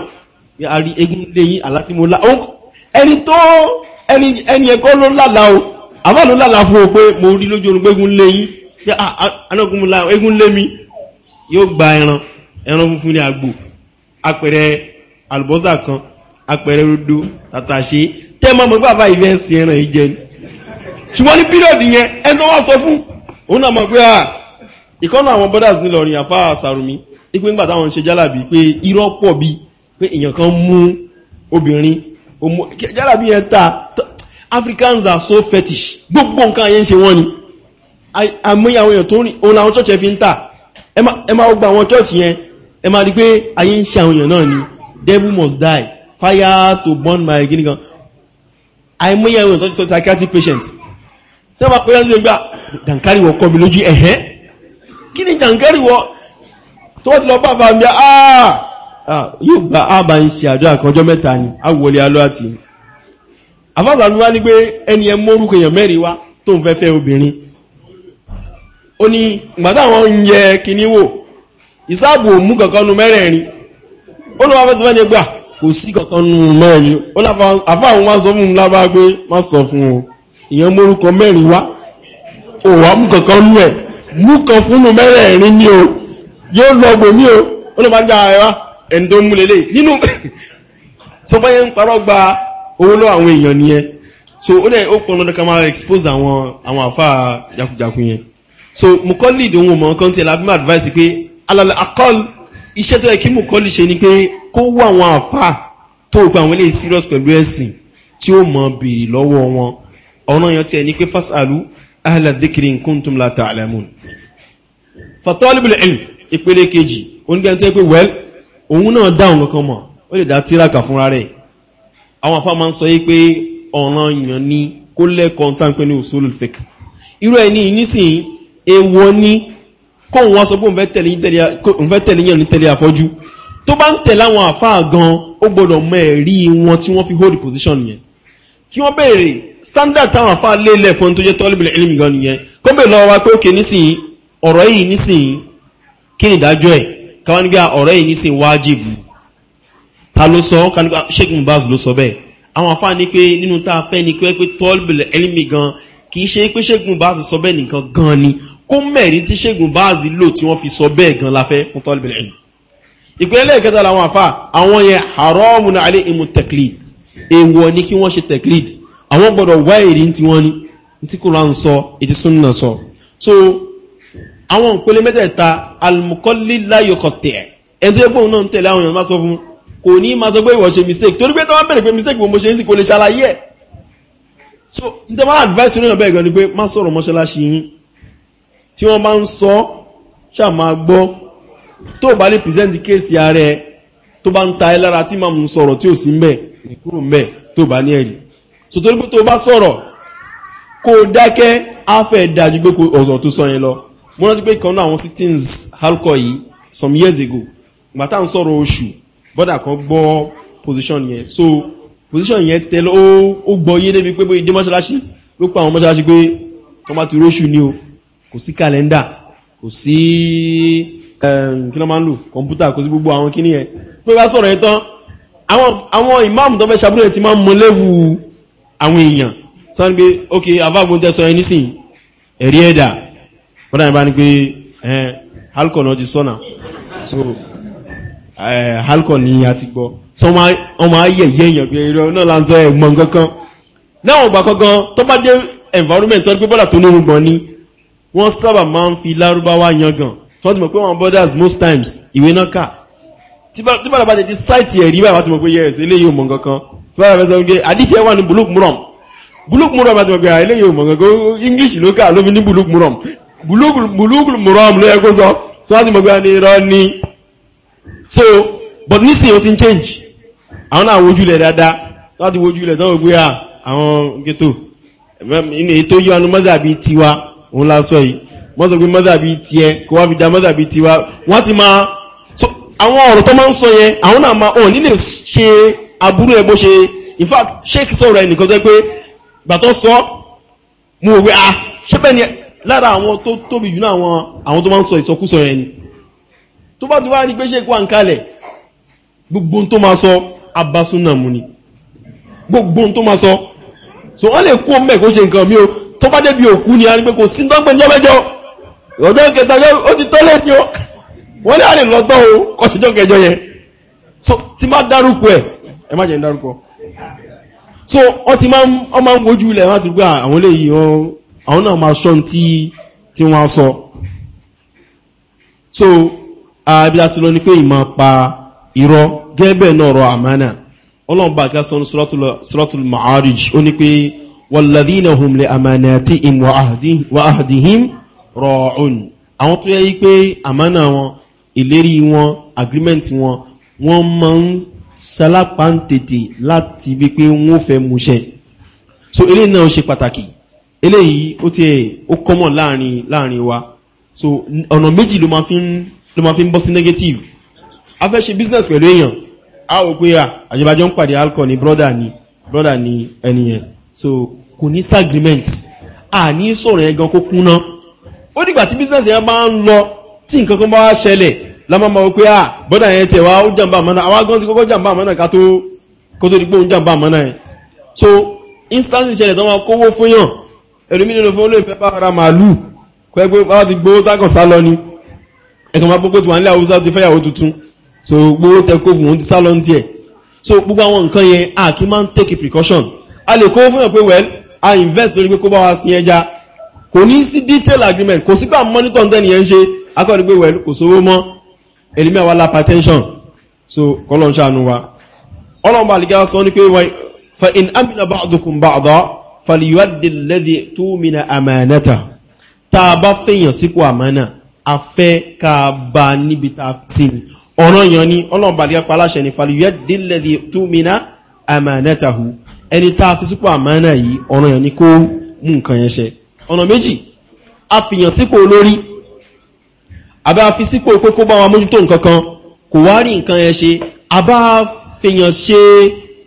àrí egun lé yín àlá tí mo lá ẹni tó ẹni ẹ̀kọ́ ló lálàá o àbá ló lálàá fún o pé mo rí lójú orun pé egun lé yín pé anágun ah, ah, la egun lé mi yóò gba ẹran ẹran funfun ní àgbò apẹ̀rẹ̀ àlùbọ́sà kan apẹ̀rẹ̀ rodo tàtàṣé tẹ́ mọ́ mọ́ bàbá ìfẹ́ sí ẹran yìí ni ṣùgbọ́n ní pírọ̀dì yẹn ẹni tó wá sọ fún òun náà mọ̀ pé à ah, ìkọ́nà àwọn bọ́dàs nílọrin àfáà sàrùmí ipe ńgbà táwọn pé irọ́ pọ̀ bíi pé èèyàn kan mú obìnrin yálà bí yẹn ta Africans are so fetish gbogbo nǹkan yẹn ń ṣe wọ́n ni àmúyẹ àwọn tó rìn òun làwọn church fi ń tà ẹ máa gba àwọn church yẹn ẹ máa rí pé ayé ń ṣe àwọn èèyàn náà ni devil must die fire to burn my guinea gan àìmúyẹ àwọn tó ti sọ psychiatric patient tẹ́ bá pẹ́ lọ́sí gbà dankari wọ kọ́ lójú ẹ̀hẹ́ kí ni dankari wọ tó ti lọ bá àfàmì àà ah, Ah, yóò bá àbá ń ṣe àdúrà àkànjọ́ mẹ́ta ni a wọlé alọ́ àti àfáàsánú wá ní pé ẹni ẹ mórúkọ èèyàn mẹ́rin wá tó ń fẹ́ fẹ́ obìnrin ó ní ìgbàtà wọn ń yẹ wò kankan nu mẹ́rẹ̀ẹ̀rin ó ló wá fẹ́ sọ fẹ́ ní gbà kò sí kankan nu mẹ́rin ó láfa àfáàwọn wá sọ fún un lábá pé má sọ fún un mẹ́rin wá kankan nu ẹ̀ mú kan fún un ni o yóò lọ gbòmí ẹni tó ń mú lélẹ̀ nínú so báyẹ̀ ń parọ́ gba owó lọ́wọ́ àwọn èèyàn nìyẹn so ó dẹ̀ ó pọn dandan ká máa expose àwọn àwọn àfa jakujaku yẹn so mo kọ́ lead ohun ọmọ kan tiẹ̀ láti máa advice pé alàlẹ́ akọ́l iṣẹ́ tó yẹ kí mo kọ́ lè ṣe ni pé kó wá àwọn àfa tó gba àwọn eléyìí serious pẹ̀lú ẹ̀sìn tí ó mọ béèrè lọ́wọ́ wọn ọ̀ràn yẹn tiẹ̀ ni pé fasalu ahla dhikri ìpele kejì onígbà pé well òun náà dá òun kankan mọ̀ ó lè dá tíraka fúnra rẹ̀ àwọn afá máa ń sọ yí ọ̀ràn yàn ni kó lẹ́kọ̀ọ́ tá ń pè ní usulul fiqh irú ẹni nísìnyí èèwọ̀ ni kóun wá sọ pé òun fẹ́ tẹ̀lé yàn ní tẹ̀lé àfọ́jú tó bá ń tẹ̀lé àwọn àfá gan ó gbọ́dọ̀ mọ ẹ̀rí wọn tí wọ́n fi hold position yẹn kí wọ́n béèrè standard táwọn àfá lélẹ̀ fún tó jẹ́ tọ́lébìlẹ̀ ẹlẹ́mì nìyẹn kó bèèrè lọ́wọ́ wa pé òkè nísìnyí ọ̀rọ̀ yìí nísìnyí kí ni ìdájọ́ ẹ̀ káwọn nígbà ah, ọ̀rọ̀ yìí nísìn wájìbù ta ló sọ kanígbà ah, sheikh mubaz ló sọ bẹ́ẹ̀ àwọn afáà ní pé nínú tá a fẹ́ ni pé pé tọ́lbìlì ẹlẹ́mì gan kì í ṣe pé sheikh mubaz sọ bẹ́ẹ̀ nìkan gan ni kó mẹ́rin tí sheikh mubaz lò tí wọ́n fi sọ bẹ́ẹ̀ gan la fẹ́ fún tọ́lbìlì ẹlẹ́mì ìpínlẹ̀ kẹta làwọn àfà àwọn yẹn haramu na alẹ́ imu teklid èwọ̀ ní kí wọ́n ṣe teklid àwọn gbọ́dọ̀ wá èrè tí wọ́n ní tí kò so àwọn ìpele mẹ́tẹ̀ẹ̀ta alùmùkọ́lì láyọ̀kọ̀tẹ̀ ẹni tó yẹ pé òun náà ń tẹ̀lé àwọn èèyàn sọ fún kò ní máa sọ pé ìwọ ṣe mistake torí pé tó wá bẹ̀rẹ̀ pé mistake mo ṣe ń sì kò lè ṣàlàyé ẹ̀ so n tẹ́ máa advice oníyàn bẹ́ẹ̀ gan ni pé má sọ̀rọ̀ mọ́ṣáláṣí yín tí wọ́n bá ń sọ ṣáà máa gbọ́ tó o bá lè present case ààrẹ tó bá ń ta ẹ lára tí màmú sọ̀rọ̀ tí ò sí mbẹ̀ ní mbẹ̀ tó bá ní ẹ̀rí so torí pé tó o bá sọ̀rọ̀ kó o dákẹ́ á fẹ́ dájú pé kò ọ̀sọ̀ tó sọ yẹn lọ mo rántí pé kan náà àwọn sittings halkọ yìí some years ago ìgbà tá à ń sọ̀rọ̀ oṣù bọ́dà kan gbọ́ position yẹn so position yẹn tẹ lọ ó gbọ́ yé débi pé bóyá dé mọ́ṣáláṣí ló pa àwọn mọ́ṣáláṣí pé wọ́n bá ti róṣù ni o kò sí kàlẹ́ndà kò sí ehm, kí ló máa ń lò kọ̀ǹpútà kò sí gbogbo àwọn kíní yẹn pé bá sọ̀rọ̀ yẹn tán àwọn ìmáàmù tó fẹ́ ṣàbúrò yẹn ti máa ń mọ léwu àwọn èèyàn sọ́n gbé ok avagbóntẹ́sọ ẹni sìn ẹ̀rí ẹ̀dà bọ́dá yẹn bá ní pé halkon náà sọ́nà so halkon ni a ti gbọ́ so ọmọ ayẹyẹ èèyàn bí irọ́ náà la ń sọ ẹ̀gbọ́n kankan náà ọgbà kankan tó bá dé environment tó ní pé bọ́dà tó nínú gbọ̀n ni wọ́n sábà máa ń fi lárúbáwá yangàn tó ti mọ̀ pé wọn borders most times ìwé náà kà tí bọ́dà bá ti sáìtì ẹ̀rí báyìí wá ti mọ̀ pé yẹ ẹ̀sẹ̀ eléyìí ò mọ̀ kankan tí bọ́dà fẹ́ sọ pé àdìfẹ́ wà ní buluk muram buluk muram àti mọ̀ pé ah, eléyìí ò kankan English ló kà ló ní buluk muram bulugul muram ló yẹ kó sọ tí wọ́n ti mọ̀ pé ẹni irọ́ ni so but nísìnyí o ti ń change àwọn náà wojú lẹ̀ dáadáa tí wọ́n ti wojú lẹ̀ tọ́wọ́ gbé àwọn ghetto inú èyí tó yí wọn mọ́tà bíi tiwa òun la sọ yìí mọ́tà bíi mọ́tà bíi tiẹ̀ kó wá fi da mọ́tà bíi tiwa wọ́n ti máa so àwọn ọ̀rọ̀ tó máa ń sọ yẹn àwọn náà máa ọ̀ nílé ṣe aburú ẹ̀ bó ṣe in fact sheik sọ̀rọ̀ ẹnìkan tó pé gbàtọ́ sọ mo wẹ̀ ah ṣé bẹ́ẹ̀ ni lára àwọn tó tóbi jù náà àwọn tó máa ń sọ ìsọkúsọ yẹn ni tó bá ti wá rí pé kó à ń kalẹ̀ gbogbo tó máa sọ abasúnà mú ni gbogbo tó máa sọ so wọ́n lè kó mẹ́ kó ṣe nǹkan mi o tó bá débi òkú ni a ní pé kò sí dọ́gbẹ́ jọ́mẹ́jọ́ ọjọ́ kẹta ó ti tọ́lẹ̀ ni ó wọ́n ní àlè lọ́tọ́ o kọ́ ṣẹjọ́ kẹjọ yẹn so ti máa dárúkọ ẹ̀ ẹ má jẹ́ ń dárúkọ so wọ́n ti máa ń wojú ilẹ̀ wọ́n ti gbé àwọn eléyìí wọn àwọn náà máa sọ tí wọ́n sọ so abílá ti lọ ní pé ìmọ̀ pa irọ́ gẹ́gẹ́ náà rọ àmánà ọlọ́run bá kẹ́ sọ́nù suratul ma'arij ó ní pé walladhina hum li amanatihim wa ahdihim ra'un àwọn tó yẹ yí pé àmánà wọn ìlérí wọn agreement wọn wọ́n máa ń salápá ń tètè láti wípé wọ́n fẹ́ múṣẹ so eré náà ṣe pàtàkì eléyìí ó ti ẹ̀ ó kọ́mọ̀ láàrin láàrin wa so ọ̀nà méjì ló máa fi ń ló bọ́ sí negative a fẹ́ ṣe business pẹ̀lú èèyàn a ò pé à àjẹbàjọ́ ń pàdé alcohol ni brother ni brother ni ẹni so kò ní sí agreement a ní sọ̀rọ̀ yẹn gan kó kúnná ó dìgbà tí business yẹn bá ń lọ tí nǹkan kan bá wá ṣẹlẹ̀ lámà máa wọ pé à brother yẹn tiẹ̀ wá ó jàǹbá àmọ́nà àwa gan ti kọ́kọ́ jàǹbá àmọ́nà ká tó kó tó di pé òun jàǹbá àmọ́nà yẹn so instance ìṣẹ̀lẹ̀ tó máa kówó fún yàn ẹlòmí nínú fún olóòfẹ́ bá ara màálù pẹ́pẹ́ bá ti gbówó tákọ̀ sá lọ ni ẹ̀kọ́ máa gbogbo ti wà nílẹ̀ haúsá ti fẹ́yàwó tuntun so gbówó tẹ́kó fún wọn ti sá lọ ní tiẹ̀ so gbogbo àwọn nǹkan yẹn a kì í máa ń take precaution a lè kó fún yàn pé well a invest lórí pé kó bá wa sin ẹja kò ní sí detail agreement kò sígbà monitor ntẹ́ni yẹn ń ṣe akọ́ni pé well kò sówó mọ́ ẹlòmí àwa la hypertension so kọ́lọ́ ń ṣàánú wa ọlọ́run bá àlìkẹ́ wa sọ ní pé fa in amina ba'dukum ba'da fàlìyọ́dì lẹ́dí tó mìnà àmànẹ́ta tá a bá fèèyàn sípò àmànà a fẹ́ ká bá níbi tá a sí ni ọ̀ràn yàn ni ọlọ́ọ̀bàlì apá aláṣẹ ni fàlìyọ́dì lẹ́dí tó mìnà àmànẹ́ta hù ẹni tá a fi sípò àmànà yìí ọ̀ràn yàn ni kó mú nǹkan yẹn ṣe ọ̀nà méjì a fìyàn sípò olórí àbá a fi sípò kókó bá wa mójútó nǹkan kan kò wá rí nǹkan yẹn ṣe àbá fèèyàn ṣe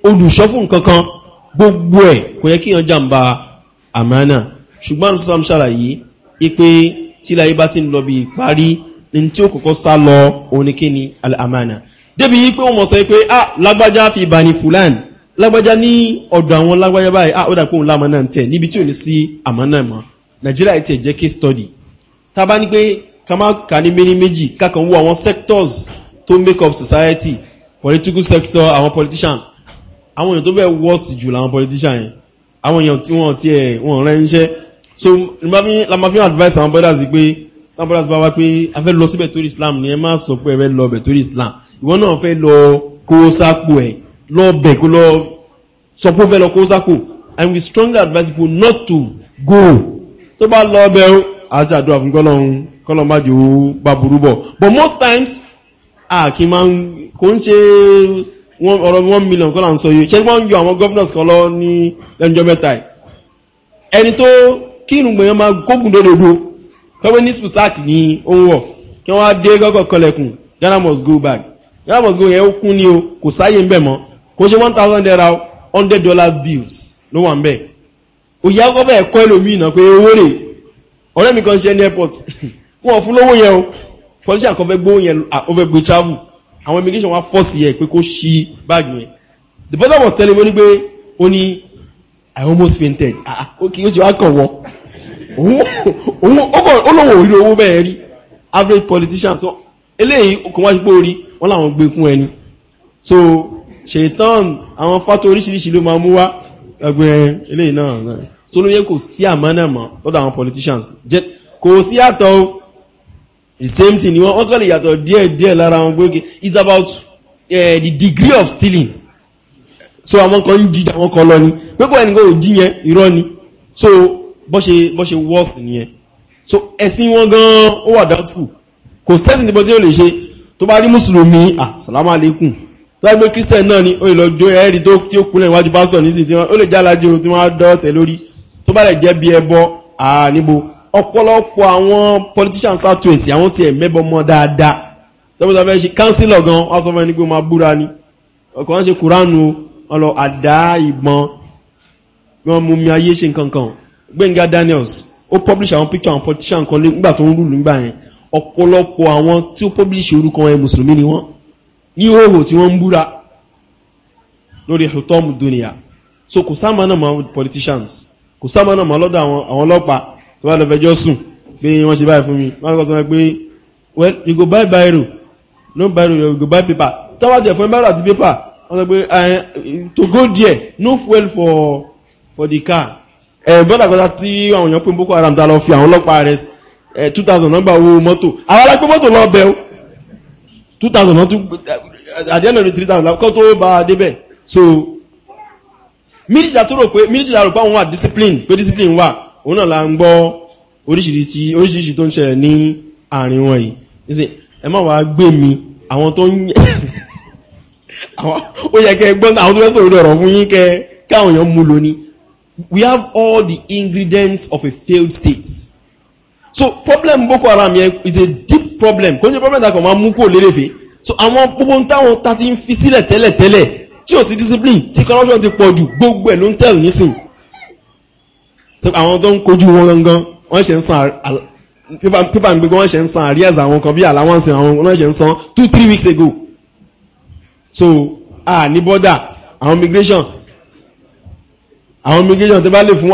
olùṣọ́ fún nǹkan kan gbogbo ẹ̀ kò yẹ kí yàn jàǹbá àmánà ṣùgbọ́n sam ṣàlàyé ipe tí láyé bá ti ń lọ bí parí ní tí ó kọ́kọ́ sá lọ oníkíni àmánà débi yí pé wọ́n mọ̀ sọ pé ah lágbájá fi ìbàní fúlàn lágbájá ní ọ̀dọ̀ àwọn lágbájá báyìí ah ó dà pé òun lámánà ń tẹ̀ níbi tí ò ní sí àmánà mọ́ nàìjíríà ti jẹ́ case study tá a bá ní pé ká má kà ní méní méjì ká wo àwọn sectors tó make up society political sector àwọn politicians àwọn èèyàn tó fẹ́ wọ́ọ̀sì jù làwọn politician yẹn àwọn èèyàn tí wọ́n ti ẹ̀ wọ́n rẹ̀ ń ṣẹ́ so la ma fi advice àwọn brothers pé àwọn brothers bá wá pé a fẹ́ lọ síbẹ̀ torí Islam ni ẹ má sọ pé ẹ fẹ́ lọ bẹ̀ torí Islam ìwọ náà fẹ́ lọ kó sápò ẹ̀ lọ bẹ̀ kó lọ sọ pé ó fẹ́ lọ kó sápò and we strongly advise people not to go tó bá lọ bẹ̀ ó àti àdúrà fún kọ́lọ́hún kọ́lọ́hún bá jò ó bá burú bọ̀ but most times ah, kì í máa kò ń ṣe ọ̀rọ̀ one million kọ́lá ń sọ yìí ṣé wọ́n ń yọ àwọn governors kan lọ ní ẹnjọ́ mẹ́ta ẹ̀ ẹni tó kí irun gbẹ̀yàn máa gógùn lódodo pẹ́pẹ́ ní spusak ní ohun wọ̀ kí wọ́n á dé gọ́gọ́ kọlẹ̀kùn Ghana must go back Ghana must go yẹn ó kún ní o kò sáyé ń bẹ̀ mọ́ kò ṣe one thousand naira hundred dollar bills ló wà ń bẹ̀ òye akọ́ bẹ́ẹ̀ kọ́ ẹlòmíì náà pé owó rè ọ̀rẹ́ mi kan ṣe ní airport wọn ò fún lówó yẹn o politician kan fẹ́ gbówó yẹn ó travel àwọn immigration wá fọ́ọ̀sì ẹ̀ pé kó ṣí báàgì yẹn the brother was telling me ó ní pé ó ní i almost fainted ah, ah kí ó sì wá kàn wọ òun ó lóun ò rí owó bẹ́ẹ̀ rí average politician so eléyìí kò wá sí pé orí wọn làwọn gbé fún ẹni so ṣètàn àwọn fátó oríṣiríṣi ló máa mú wá ẹgbẹ́ eléyìí náà tó ló yẹ kò sí àmánà mọ́ lọ́dọ̀ àwọn politicians kò sí àtọ̀ the same thing ni wọ́n wọ́n kàn lè yàtọ̀ díẹ̀ díẹ̀ lára wọn gbé it's about uh, the degree of stealing so àwọn kan ń jíjà wọn kan lọ ni pépọ̀ ẹnìkan ò jí yẹn irọ́ ni so bọ́ṣe bọ́ṣe worth nìyẹn so ẹ̀sìn wọn gan ó wà doubtful kò sẹ́sìn níbo tí ó lè ṣe tó bá rí mùsùlùmí ah salamu alaikum tó bá gbé christian náà ni ó lè lọ jó ẹ̀rí tó tí ó kúnlẹ̀ níwájú pásítọ̀ nísìnyí tí wọ́n ó lè jálájú tí wọ́n á dọ́ tẹ̀ lórí tó bá lè jẹ́ bí ẹbọ ah níbo ọ̀pọ̀lọpọ̀ àwọn politicians àtúwèsì àwọn tiẹ̀ mẹ́bọ mọ́ dáadáa tọ́pọ̀tọ́ fẹ́ ṣe kánsílọ̀ gan wọ́n sọ fún ẹni pé máa búra ni ọkọ̀ wọ́n ṣe kùránù wọ́n lọ àdá ìbọn wọ́n mú mi ayé ṣe nǹkan kan Gbẹ́ngà Daniels ó publish àwọn picture àwọn politician kan nígbà tó ń rúlù nígbà yẹn ọ̀pọ̀lọpọ̀ àwọn tí ó publish orúkọ ẹ̀ mùsùlùmí ni wọ́n ní òhò tí wọ́n ń búra lórí hutom dunia so kò sáà máa náà mọ́ politicians kò sáà máa náà mọ́ lọ́dọ̀ àwọn ọlọ́pàá wà lọ fẹjọ́ sùn pé wọ́n ṣe báyìí fún mi wọ́n kọ́ sọ pé well you go buy biro no biro you go buy paper tọ́wọ́ tẹ̀ fún biro àti paper wọ́n sọ pé eh, to go there no fuel for for the car ẹ̀ bọ́dà kọ́ta tí àwọn èèyàn pé boko haram ta lọ fi àwọn ọlọ́pàá rẹ̀ ẹ̀ eh, two thousand nọ́mbà owó mọ́tò àwọn alápẹ́ mọ́tò lọ bẹ̀ o two thousand náà tún àdéhùn eh, ní three thousand kọ́ tó bá a débẹ̀ so mínísítà tó rò pé mínísítà rò pé àwọn wà discipline pé discipline wà òun náà la ń gbọ́ oríṣiríṣi tó ń ṣẹlẹ̀ ní àárín wọn yìí nísìn ẹ má gbé mi àwọn tó ń ó yẹ kẹ gbọ́n àwọn tó fẹ́ sọ̀rọ̀ ọ̀rọ̀ fún yín kẹ káwọn èèyàn mú lò we have all the ingredients of a failed state so problem Boko Haram yẹn is a deep problem kò ní problem ta kò máa mú kó lérèfé so àwọn gbogbo táwọn ta ti ń fi sílẹ̀ tẹ́lẹ̀ tẹ́lẹ̀ tí ò sí discipline tí corruption ti pọ̀ jù gbogbo ẹ̀ ló ń tẹ̀lé nísìn àwọn tó ń kojú wọn gangan wọ́n ṣe ń san pípa ń gbégbé wọ́n ṣe ń san àríyàzà àwọn kan bí àláwọ̀nsì àwọn wọ́n ṣe ń san two three weeks ago so a ní bọ́dà àwọn migration àwọn migration tó bá lè fún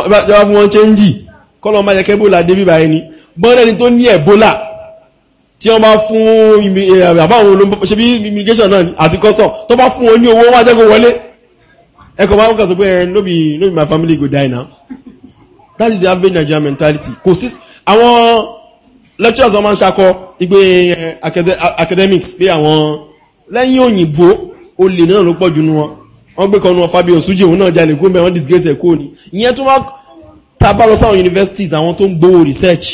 wọn chẹ́ńjì kọ́lọ́ máa yẹ kẹ́ bóòlà dé bíbá ẹni bọ́dà ni tó ní ẹ̀bólà tí wọ́n bá fún àbáwọn olóńgbò ṣe bí immigration náà àti custom tó bá fún wọn ní owó wájẹ́ kó wọlé ẹkọ̀ bá wọ́n kà sọ pé ẹ̀ nobody my family go die now that is the average Nigerian mentality kò sí àwọn lecturers wọn máa ń ṣakọ igbe eh, academics pé àwọn lẹ́yìn òyìnbó olè náà ló pọ̀ jù nù wọn wọ́n gbé kọ́nu Fabio Suji òun náà jalè gómìnà wọ́n disgrace ẹ̀kọ́ ni ìyẹn tó máa tábà lọ sáwọn universities àwọn tó ń gbowó research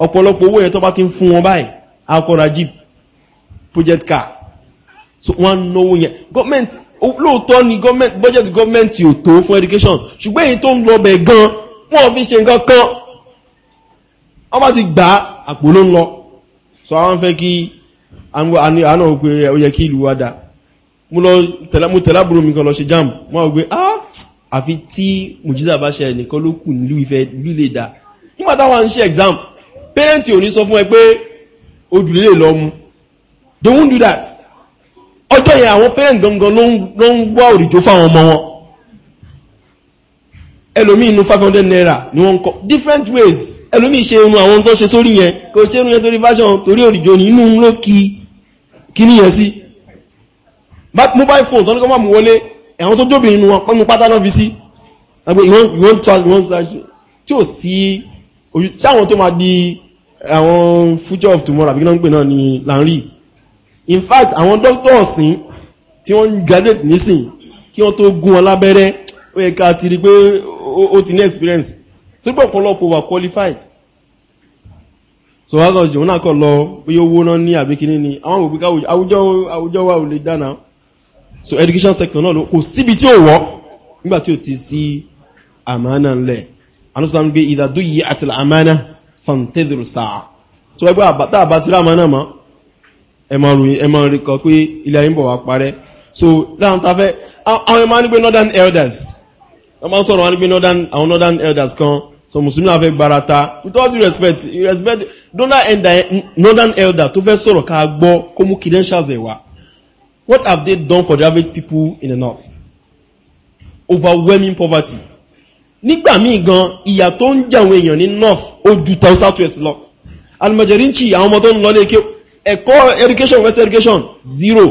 ọ̀pọ̀lọpọ̀ owó yẹn tó bá ti ń fún wọn báyìí akọ́ra jeep project car so wọ́n náwó yẹn gọ́ọ̀mẹ̀ntì lóòótọ́ ni budget gọ́ọ̀mẹ̀ntì ò tó fún education ṣùgbọ́n èyí tó ń lọ bẹ̀ gan-an wọ́n fi ṣe nǹkan kan wọ́n bá ti gbà àpò ló ń lọ so àwọn fẹ́ kí àánà ògbé ó yẹ kí ìlú wá dá mo tẹ̀lábùrú mi kan lọ ṣe jam wọ́n gbé ah àfi tí mùjíza bá ṣe ẹnìkan ló kù nílùú ìfẹ́ lílé dá nígbà táwọn ń ṣe exam parent ò ní sọ fún ẹ pé ojúlé lè lọ mu they won't do that ọjọ́ yẹn àwọn parent gangan ló ń wá òrìjó fáwọn ọmọ wọn ẹlòmí inú 500 naira ni wọ́n ń kọ́ different ways ẹlòmí ṣe irun àwọn tó ṣe sórí yẹn kò ṣe irun yẹn torí fashion torí òrìjò ní inú ló kí kíní yẹn sí mobile phone tó ní kọ́ máa mú wọlé ẹ̀wọ̀n tó jóbi nínú wọn pẹ́nu pátá náà fi sí ẹgbẹ́ ìwọ́n ìwọ́n charge ìwọ́n charge tí ò sí ojú tí àwọn tó máa di àwọn future of tomorrow àbí kí náà ń pè náà ni là ń rí in fact àwọn doctors tí wọ́n ń graduate nísìn kí wọ́n tó gún wọn lábẹ́rẹ́ ó yẹ ká ti rí pé o ti ní experience tó gbọ́ ọ̀pọ̀lọpọ̀ wà qualified so wá sọ jùlọ náà kọ̀ lọ bí owó náà ní àbíkíní ni àwọn òbí ká àwùjọ àwùjọ wa ò lè so education sector náà kò síbi tí ò wọ́ nígbà tí ò ti sí àmàna ńlẹ̀ anúsàn gbé ìdàdú yìí àti àmàna fàǹtẹ́dùrù sáà tó ẹgbẹ́ àbátá àbátírà àmàna mọ́ ẹmọ rí kọ pé ayé ń bọ̀ wá so láwọn tafẹ́ àwọn northern elders wọ́n máa ń sọ̀rọ̀ wọn ní pé àwọn northern elders kan so mùsùlùmí náà fẹ́ gbára ta with all due respect you respect donald elder northern elder tó fẹ́ sọ̀rọ̀ ká gbọ́ kó mú credentials ẹ̀ wá what have they done for the average people in the north overwhelming poverty nígbà míì gan ìyà tó ń jẹ àwọn èèyàn ní north ó ju town south west lọ alimajerinchi àwọn ọmọ tó ń lọ léèké ẹ̀kọ́ education west education zero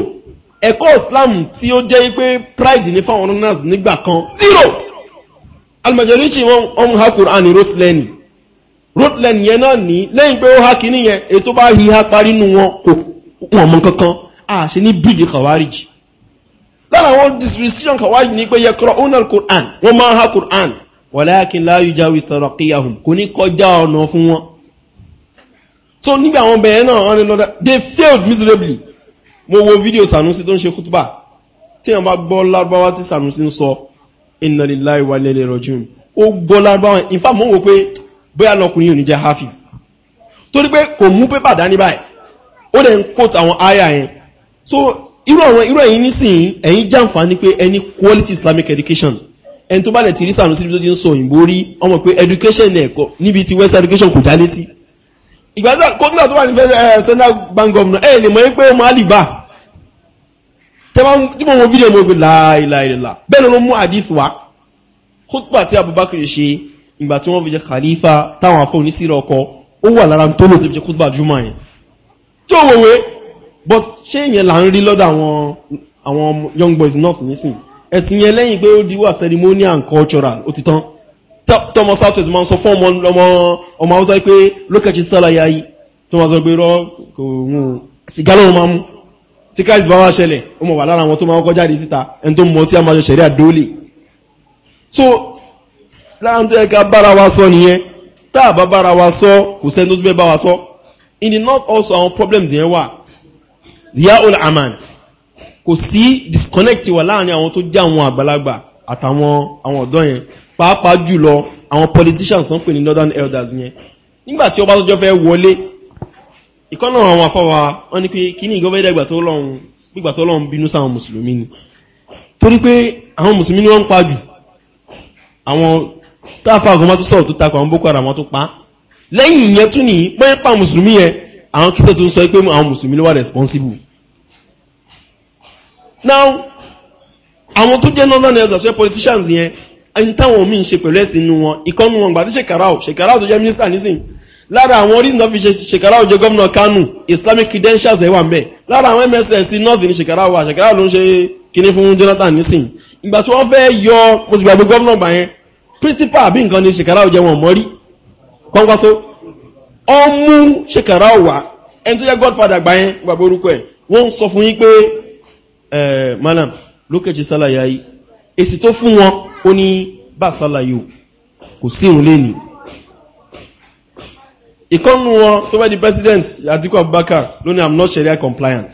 ẹ̀kọ́ islam tí ó jẹ́ pé pride ní fáwọn northerners nígbà kan zero almajoriti wọn ọmọ ha Kùránì rotleni rotleni yẹn náà ní lẹ́yìn pé ó ha kìíní yẹn ètò bá hi ha parí nù wọn kò wọn mọ kankan a ṣe ní bídì kàwárìjì lára àwọn disposition kàwárìjì ni pé yẹ kúrọ onal Kùránì wọn máa ha Kùránì walakin la yujawiz taraqiyahum kò ní kọjá ọ̀nà fún wọn so nígbà àwọn bẹ̀rẹ̀ náà wọn ni lọ́dọ̀ they failed miserably mo wo fídíò Sànúsí tó ń ṣe kútúbà tí wọn bá gbọ́ lárúbáwá tí Sànúsí ń sọ inna lillahi wa lẹ́lẹ̀ rọ̀jùn ó gbọ́ lárúbáwọn in fact mọ́ wò pé bóyá lọkùnrin ò ní jẹ́ hafi torí pé kò mú pépà dání báyìí ó lè ń kóòtù àwọn àyà yẹn so irú àwọn irú ẹ̀yin nísìnyí ẹ̀yin jàǹfààní quality islamic education ẹni tó bá lè ti rí sànú síbi ọmọ pé education ẹ̀kọ́ níbi ti west education kò já létí ìgbà tó wà ní federal eh, bank governor ẹ̀ tí mo wo fídíò mo gbé láìláìlá bẹ́ẹ̀ ló mú hadith wá khutba tí Abubakar ṣe ìgbà tí wọ́n fi jẹ khalifa táwọn afọ́ onísìrò ọkọ ó wà lára tó lò tó fi jẹ khutba jùmọ̀ yẹn but ṣé ìyẹn là ń rí young boys north nísìn ẹ̀sìn yẹn lẹ́yìn pé ceremonial cultural ó ti tán tọmọ south west máa ń sọ fún ọmọ ọmọ ọmọ haúsá pé lókàtí sìgá lọ́wọ́ máa mú tí káìsì bá wá ṣẹlẹ̀ ó mọ̀ wà lára àwọn tó máa kọjá di síta ẹni tó mọ̀ tí a máa ṣe ṣẹ̀rí àdóòlè so láàrín tó yẹ ká bára wa sọ nìyẹn tá a bá bára wa sọ kò sẹ́ni tó tún fẹ́ bá wa sọ in the north also àwọn problems yẹn wà ria ol aman kò sí disconnect wà láàrín àwọn tó jẹ́ àwọn àgbàlagbà àtàwọn àwọn ọ̀dọ́ yẹn pàápàá jùlọ àwọn politicians tó pè ní northern elders yẹn nígbà tí Ọbásanjọ́ fẹ́ wọlé ìkọ́nà àwọn afọ́wà wọ́n ní pé kí ní ìgọ́bẹ̀dẹ̀ gbígbà tó lọ́run bínú sáwọn mùsùlùmí ni torí pé àwọn mùsùlùmí ni wọ́n pa jù àwọn táàfà àgọ́mọ́ tó sọ̀rọ̀ tó takọ̀ àwọn boko haram tó pa lẹ́yìn ìyẹn tún ní pẹ́ pa yẹn àwọn kìsẹ̀ tó sọ pé àwọn mùsùlùmí ló wà responsible now àwọn tó jẹ́ northern health affairs politicians yẹn ẹni táwọn míì ń ṣe pẹ̀lú ẹ̀sìn inú wọn ìkọ́nù wọn gbà tí lára àwọn orí ìnáfi ṣèkárà òjò gómìnà kánù islamic credentials ẹ̀ wà ń bẹ̀ lára àwọn mss north ní ṣèkárà wà ṣèkárà ló ń ṣe kíní fún jonathan nísìn ìgbà tí wọ́n fẹ́ yọ mo ti gómìnà gbà yẹn principal àbí nǹkan ni ṣèkárà òjò wọn mọ́rí pọ́npọ́só ọ mú ṣèkárà wà ẹni tó jẹ́ godfather gbà yẹn gbàgbé orúkọ ẹ̀ wọ́n ń sọ fún yín pé madam lókèjì sálàyà yìí èsì tó fún wọn ó ní bá sálàyò kò sí ìrùn lénìí ìkọ́nù wọn tó fẹ́ di president Atiku Abubakar ló ní i'm not sharia compliant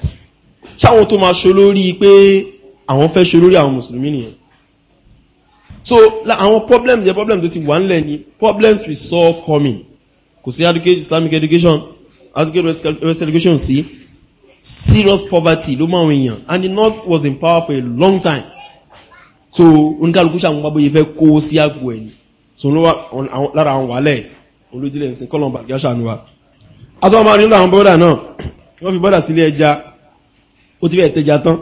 ṣáwọn tó máa ṣo lórí pé àwọn fẹ́ ṣo lórí àwọn mùsùlùmí nìyẹn so àwọn problems yẹ problems tó ti wà nílẹ̀ ni problems we saw coming kò sí Islamic education education west education sí serious poverty ló máa ń èèyàn and the north was in power for a long time so oníkàlùkù ṣàwọn bábọ̀ yìí fẹ́ kó sí àgbo ẹ̀ ni so lára àwọn wàhálẹ̀ yìí olójúlé ẹ̀sìn kọ́lọ̀mbà gáṣàánúwà àtọ́ ọmọ àrínlẹ̀ àwọn bọ́dà náà wọ́n fi bọ́dà sílé ẹja ó ti fẹ́ tẹja tán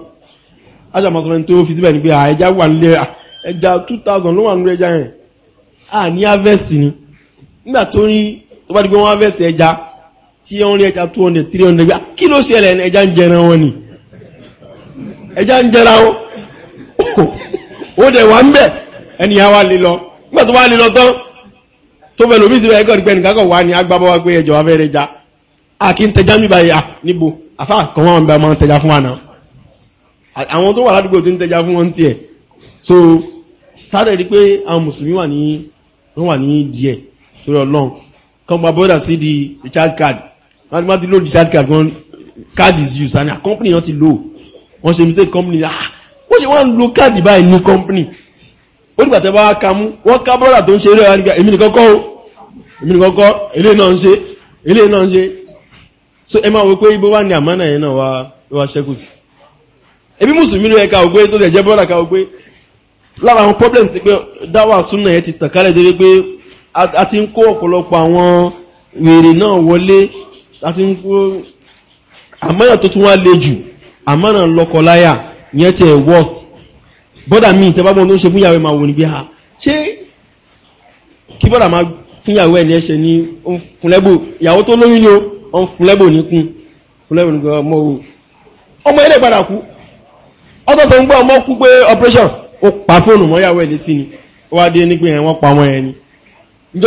aṣàmọ̀sọ̀rọ̀ tó fi síbẹ̀ ní pé ẹja wà nílé ẹja 2000 ló wà nílé ẹja a ní ni nígbà tó tó bá di pé wọ́n ẹja tí wọ́n rí ẹja 200 300 kí ló ṣẹlẹ̀ ẹja ń wọn ni ẹja ń jẹra wọn ó dẹ̀ wà ń bẹ̀ lọ nígbà tó lọ tán tó bẹ̀ lómi sí ẹ̀kọ́ ìpẹ́ nìkan kọ̀ wá ní agbábọ́ wa pé ẹjọ́ wa fẹ́rẹ̀ já a kì í tẹja mi báyìí à níbo àfa kan wọn bẹ ọmọ tẹja fún wa náà àwọn tó wà ládùúgbò tó ń tẹja fún wọn tiẹ̀ so tádẹ̀ rí pé àwọn mùsùlùmí wà ní wọ́n wà ní díẹ̀ lórí ọlọ́run kan gba bọ́dà sí di recharge card wọ́n ti lò recharge card kan card is used and ah, company wọn ti lò wọ́n ṣe mi sẹ́ company ah wọ́n ṣe wọ́n lo card báyìí ní company ó dìgbà tẹ́ bá wá kamú wọ́n ká bọ́dà tó ń ṣe eré wa nígbà èmi nìkan o èmi nìkan ilé náà ń ṣe ilé náà ń ṣe so ẹ máa wọ pé ibo wà ní àmánà yẹn náà wá wá ṣẹ́kù sí ebi mùsùlùmí ló yẹ ká ògbé tó tẹ̀ jẹ́ bọ́dà ká ògbé lára àwọn problem ti pé dáwà súnà yẹn ti tàn kálẹ̀ débi pé a ti ń kó ọ̀pọ̀lọpọ̀ àwọn wèrè náà wọlé a ti ń kó àmánà tó tún wá le jù àmánà lọ́kọláya yẹn ti ẹ̀ worst bọ́dà mi tẹ́bàgbọ́n tó ń ṣe fúnyàwó ẹ̀ máa wò ní ha ah, ṣé kí bọ́dà máa fúnyàwó ẹ̀ ní ẹ̀ṣẹ̀ ní fúnlẹ́bò ìyàwó tó lóyún ni o ń fúnlẹ́bò níkun fúnlẹ́bò níkun ọmọ o ọmọ ilé padà kú ọtọ́ ń gbọ́ ọmọ kú pé operation ó pa fóònù mọ́yàwó ẹ̀ létí ni ó wá dé wọ́n pa ni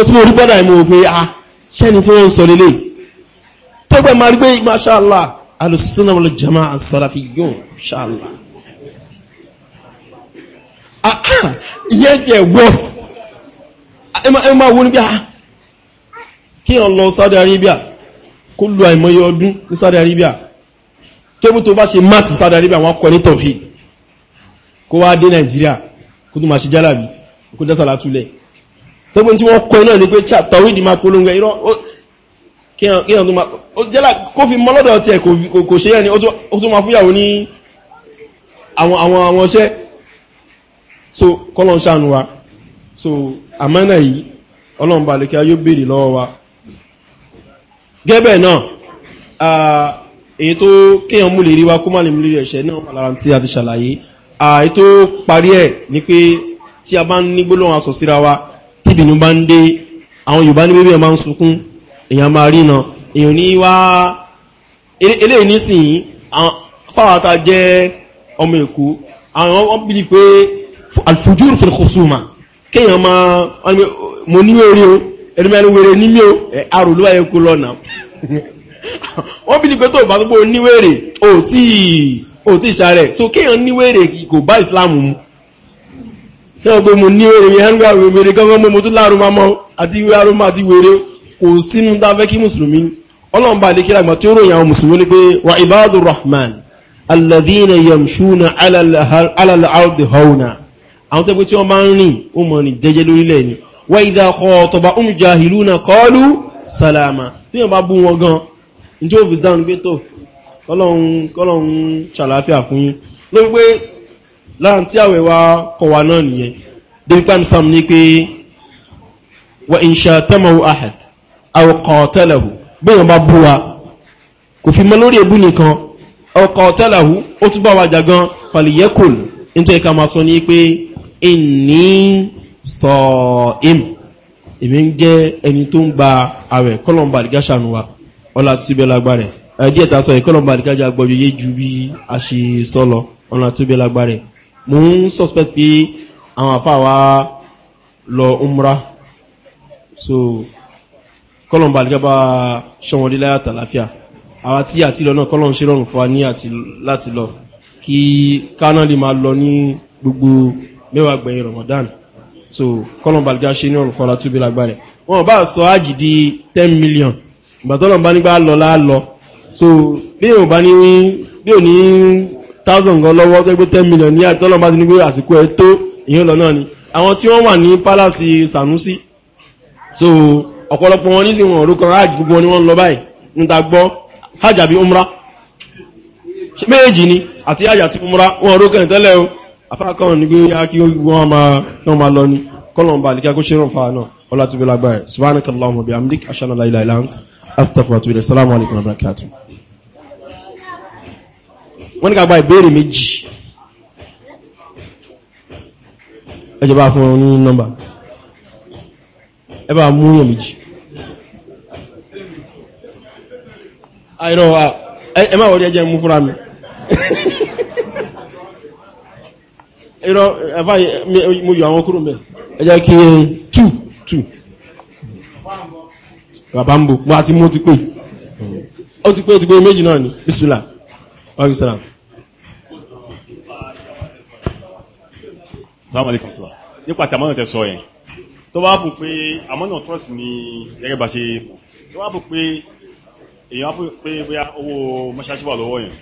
tí mo rí bọ́dà mo wò pé ah, ṣẹ́ni ìyẹn jẹ́ worst ẹ máa wo ní bí i ah. kí ọ lọ Saudi Arabia kó lo àìmọye ọdún ní Saudi Arabia kébù tó bá ṣe math Saudi Arabia wọn kọ ní tawhid kó wá dé Nàìjíríà kó tó máa ṣe jálàbí kó dásàlá túlẹ̀ tẹ́gbọ́n tí wọ́n kọ iná ní pé tawhid máa polongo irọ́ kí ọ tó máa ó jẹ́là kó fi mọ́ lọ́dọ̀ tiẹ̀ kò ṣe yẹn ni ó tó máa fúyàwó ní àwọn ọṣẹ́ so kọ́lọ́n ṣàánú wa so amana yìí ọlọ́run bá lèkẹ́ yóò béèrè lọ́wọ́ wa gẹ́bẹ̀ náà èyí tó kéèyàn mú lè rí wa kó má lè mú lè ẹ̀ṣẹ̀ náà wà lára tí a ti ṣàlàyé èyí tó parí ẹ̀ ni pé tí a bá ń ní gbólóhùn aṣọ síra wa tí ìbínú bá ń dé àwọn yorùbá ní bébí ẹ̀ máa ń sunkún èèyàn máa rí náà èèyàn ní wá eléyìí nísìnyí fáwọn ata jẹ́ ọmọ èkó àwọn wọn bìlì pé alfujúrù fún ìkòsùnmà kéèyàn máa mo ní wèrè o ẹni mẹ́rin wèrè ní mí o àrò ló wáyé kó lọ́nà wọ́n bí ní pé tó bá gbogbo níwèrè ò tí ò tí ìṣàrẹ̀ so kéèyàn níwèrè kò bá ìsìláàmù mu náà pé mo níwèrè yẹn ń gbà wèrè gángan mo mo tún láàrú máa mọ àti ìwé àrú máa ti wèrè kò sínú tá a fẹ́ kí mùsùlùmí ọlọ́run bá lè kíra àgbà tí ó ròyìn àwọn mùsùlùmí ni pé wa ibadur rahman alladhina yamshuna ala al-ardi hawna àwọn tẹ́gbẹ́ tí wọ́n bá ń rìn ó mọ̀ ní jẹ́jẹ́ lórílẹ̀ ni wa idha khatabahum jahiluna qalu salama tí wọ́n bá bú wọn gan ní tí ó fi dáhùn pé tó kọ́lọ̀hún ṣàlàáfíà fún wa kọ̀ wá náà nìyẹn david pan sam ní wa in shatamahu ahad aw qatalahu bí wọ́n bá bú wa kò fi mọ́ lórí èbú nìkan aw qatalahu ó túbọ̀ wájà gan falyakul nítorí ká máa sọ ní pé ìní sọ̀ọ́ìm èmi ń jẹ́ ẹni tó ń gba àwẹ̀ kọ́lọ̀mbà àdìgá ṣàánú wa ọlá ti síbẹ̀ lágbára ẹ̀ díẹ̀ ta sọ ìkọ́lọ̀mbà àdìgá jà gbọ́jọ yé ju bí a ṣe sọ lọ ọlá ti síbẹ̀ lágbára ẹ̀ mo ń suspect pé àwọn àfa lọ umra so kọ́lọ̀mbà àdìgá bá ṣọ́wọ́n dé láyà tàlàfíà àwa tí àti lọ náà kọ́lọ̀n ṣe rọrùn fún wa ní láti lọ kí kánà lè máa lọ ní gbogbo mẹ́wàá gbẹ̀yìn Ramadan so kọ́lọ̀ balùwẹ̀ ṣe ní ọ̀rùn fọ́nra tó bí lágbára wọn bá sọ ájì di ten million ìgbàtọ́lọ̀ bá nígbà lọ láàlọ so bí ò bá ní bí ò ní thousand gan lọ́wọ́ tó gbé ten million ní àtọ́lọ̀ bá ti ní pé àsìkò ẹ tó ìyẹn lọ náà ni àwọn tí wọ́n wà ní palace Sanusi so ọ̀pọ̀lọpọ̀ wọn nísìnyí wọn orúkọ ájì gbogbo wọn ni wọ́n lọ báyìí ń ta gbọ́ ájàbí umra méjì ni àti ájà ti umra wọn orúkọ ìtẹ́lẹ̀ o afákan ní gbé yá kí wọ́n máa lọ ní kọ́lọ̀n bá alìkẹ́ kó ṣe rán fàánà ọlá tó bí lágbàáyẹ̀ subhanakallahumma bihamdik ashhadu an la ilaha illa ant astaghfiruka wa atubu ilayk assalamu alaikum wa barakatuh wọ́n ní ká gba ìbéèrè méjì ẹjọba fún ọ ní nọ́mbà ẹbá mú yàn méjì àìrọ̀ uh, ẹ máa irọ́ ẹ̀fà mo yọ àwọn kúrò mẹ́ ẹ jẹ́ kí n tù tù bàbá ń bò mo àti mo ti pè ó ti pé ó ti pé méjì náà ni bismillah wa alaykum salaam. salaam tó wa nípa tí àmọ́nà tẹ sọ yẹn tó bá bù pé àmọ́nà trust ni gẹ́gẹ́ bá ṣe tó bá bù pé èèyàn á pé bóyá owó mọ́ṣáṣí wà lọ́wọ́ yẹn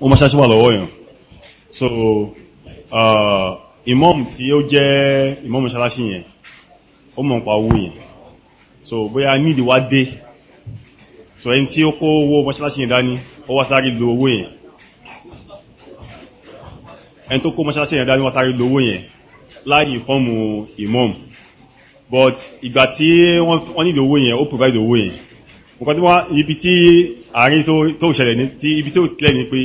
owó mọ́ṣáṣí wà lọ́wọ́ yẹn so Uh, imọ́mù tí ó jẹ́ imọ́mù ṣaláṣí yẹn ó mọ̀ pa owó yẹn so bóyá nídi wá dé so ẹni tí ó kó owó mọ́ṣáláṣí yẹn dání ó wá sáré lo owó yẹn ẹni tó kó mọ́ṣáláṣí yẹn dání wá sáré lo owó yẹn láàyè fọ́ọ̀mù imọ́mù but ìgbà tí wọ́n nílò owó yẹn ó provide owó yẹn nǹkan tí wọ́n ibi tí àárín tó ṣẹlẹ̀ ní ibi tó clear ni pé